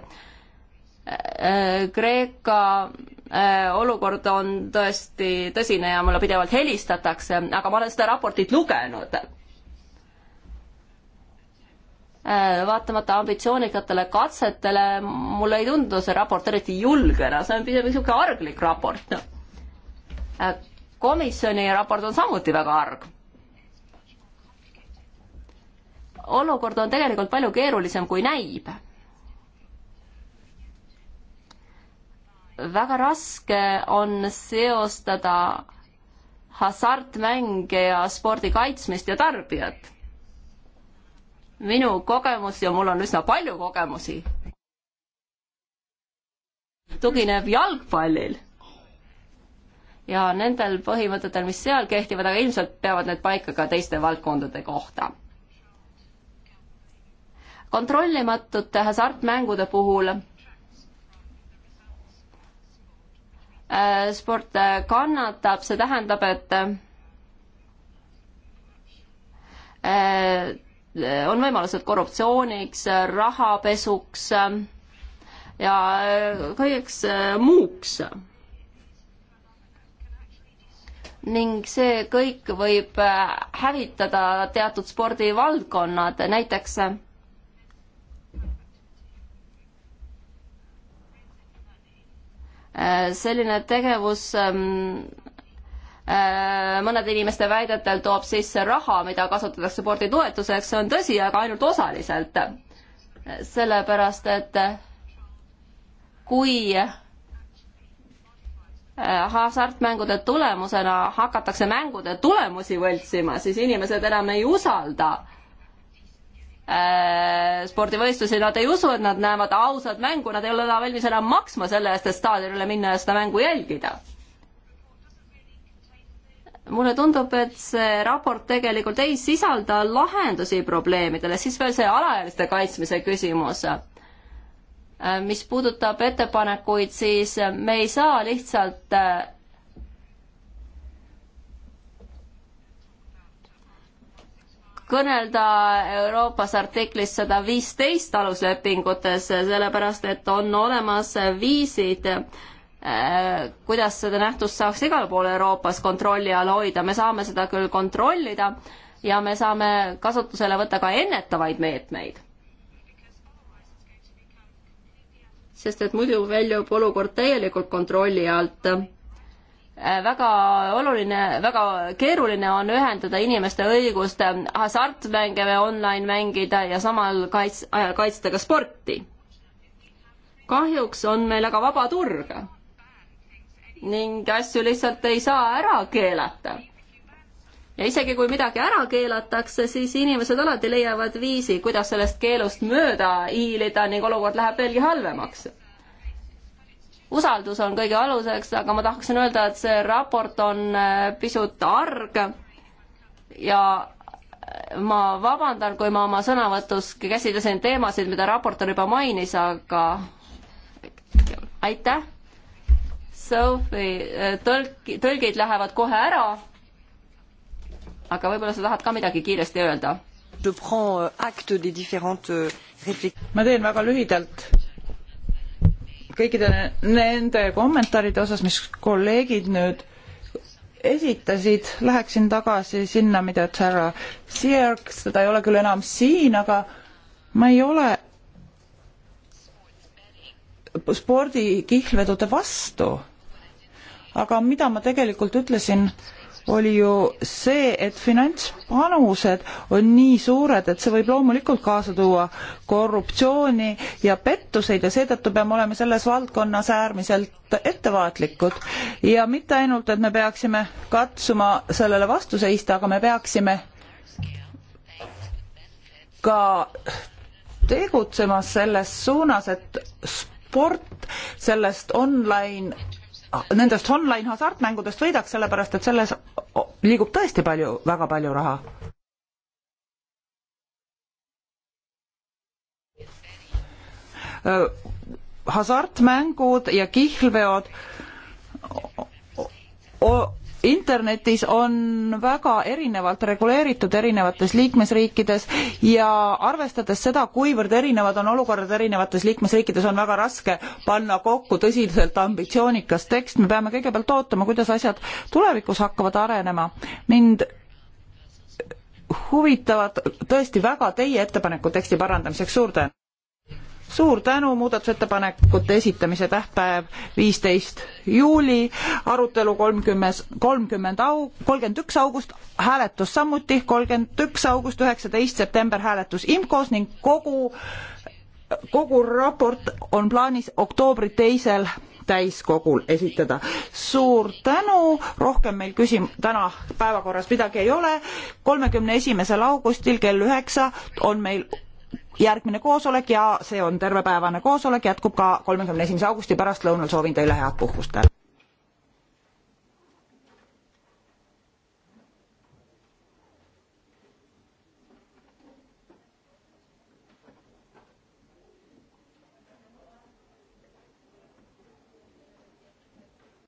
Kreeka äh, olukord on tõesti tõsine ja mulle pidevalt helistatakse, aga ma olen seda raportit lugenud. Äh, vaatamata ambitsioonikatele katsetele, mulle ei tundu see raport eriti julgena, see on pigem niisugune arglik raport äh, komisjoni raport on samuti väga arg. olukord on tegelikult palju keerulisem, kui näib. väga raske on seostada hasartmänge ja spordi kaitsmist ja tarbijat. minu kogemus ja mul on üsna palju kogemusi, tugineb jalgpallil ja nendel põhimõtetel, mis seal kehtivad, aga ilmselt peavad need paika ka teiste valdkondade kohta. kontrollimatute hasartmängude puhul äh, sport äh, kannatab, see tähendab, et äh, on võimalused korruptsiooniks, rahapesuks ja kõigeks muuks ning see kõik võib äh, hävitada teatud spordivaldkonnad, näiteks äh, selline tegevus ähm, äh, mõnede inimeste väidetel toob sisse raha, mida kasutatakse spordi toetuseks, see on tõsi, aga ainult osaliselt. sellepärast, et kui Äh, hasartmängude tulemusena hakatakse mängude tulemusi võltsima, siis inimesed enam ei usalda äh, spordivõistlusi, nad ei usu, et nad näevad ausat mängu, nad ei ole valmis enam maksma selle eest, et staadionile minna ja seda mängu jälgida. mulle tundub, et see raport tegelikult ei sisalda lahendusi probleemidele, siis veel see alaealiste kaitsmise küsimus Äh, mis puudutab ettepanekuid, siis äh, me ei saa lihtsalt äh, kõnelda Euroopas artiklis sada viisteist aluslepingutes, sellepärast et on olemas viisid, kuidas seda nähtust saaks igal pool Euroopas kontrolli all hoida, me saame seda küll kontrollida ja me saame kasutusele võtta ka ennetavaid meetmeid sest et muidu väljub olukord täielikult kontrolli alt äh, väga oluline, väga keeruline on ühendada inimeste õigust äh, hasartmänge või online mängida ja samal kaits-, äh, kaitsta ka sporti. kahjuks on meil aga vaba turg ning asju lihtsalt ei saa ära keelata ja isegi kui midagi ära keelatakse, siis inimesed alati leiavad viisi, kuidas sellest keelust mööda hiilida ning olukord läheb veelgi halvemaks. usaldus on kõige aluseks, aga ma tahaksin öelda, et see raport on äh, pisut arg ja äh, ma vabandan, kui ma oma sõnavõtus käsitlesin teemasid, mida raportöör juba mainis, aga aitäh. Sophie, äh, tõlk, tõlgid lähevad kohe ära aga võib-olla sa tahad ka midagi kiiresti öelda? Euh, euh, ma teen väga lühidalt kõikide nende kommentaaride osas, mis kolleegid nüüd esitasid, läheksin tagasi sinna, mida Tara Sierks, teda ei ole küll enam siin, aga ma ei ole spordikihlvedude vastu. aga mida ma tegelikult ütlesin oli ju see, et finantspanused on nii suured, et see võib loomulikult kaasa tuua korruptsiooni ja pettuseid ja seetõttu peame olema selles valdkonnas äärmiselt ettevaatlikud. ja mitte ainult, et me peaksime katsuma sellele vastu seista, aga me peaksime ka tegutsema selles suunas, et sport sellest online nendest online hasartmängudest võidaks, sellepärast et selles liigub tõesti palju, väga palju raha. hasartmängud ja kihlveod internetis on väga erinevalt reguleeritud erinevates liikmesriikides ja arvestades seda, kuivõrd erinevad on olukorrad erinevates liikmesriikides, on väga raske panna kokku tõsiselt ambitsioonikas tekst, me peame kõigepealt ootama, kuidas asjad tulevikus hakkavad arenema. mind huvitavad tõesti väga teie ettepanekud teksti parandamiseks, suur tänu! suur tänu, muudatusettepanekute esitamise tähtpäev viisteist juuli, arutelu kolmkümmend, kolmkümmend au-, kolmkümmend üks august, hääletus samuti kolmkümmend üks august, üheksateist september hääletus IMCO-s ning kogu, kogu raport on plaanis oktoobri teisel täiskogul esitada. suur tänu, rohkem meil küsim-, täna päevakorras midagi ei ole, kolmekümne esimesel augustil kell üheksa on meil järgmine koosolek ja see on tervepäevane koosolek jätkub ka 31 augusti pärastlõunal soovin teile head puhkust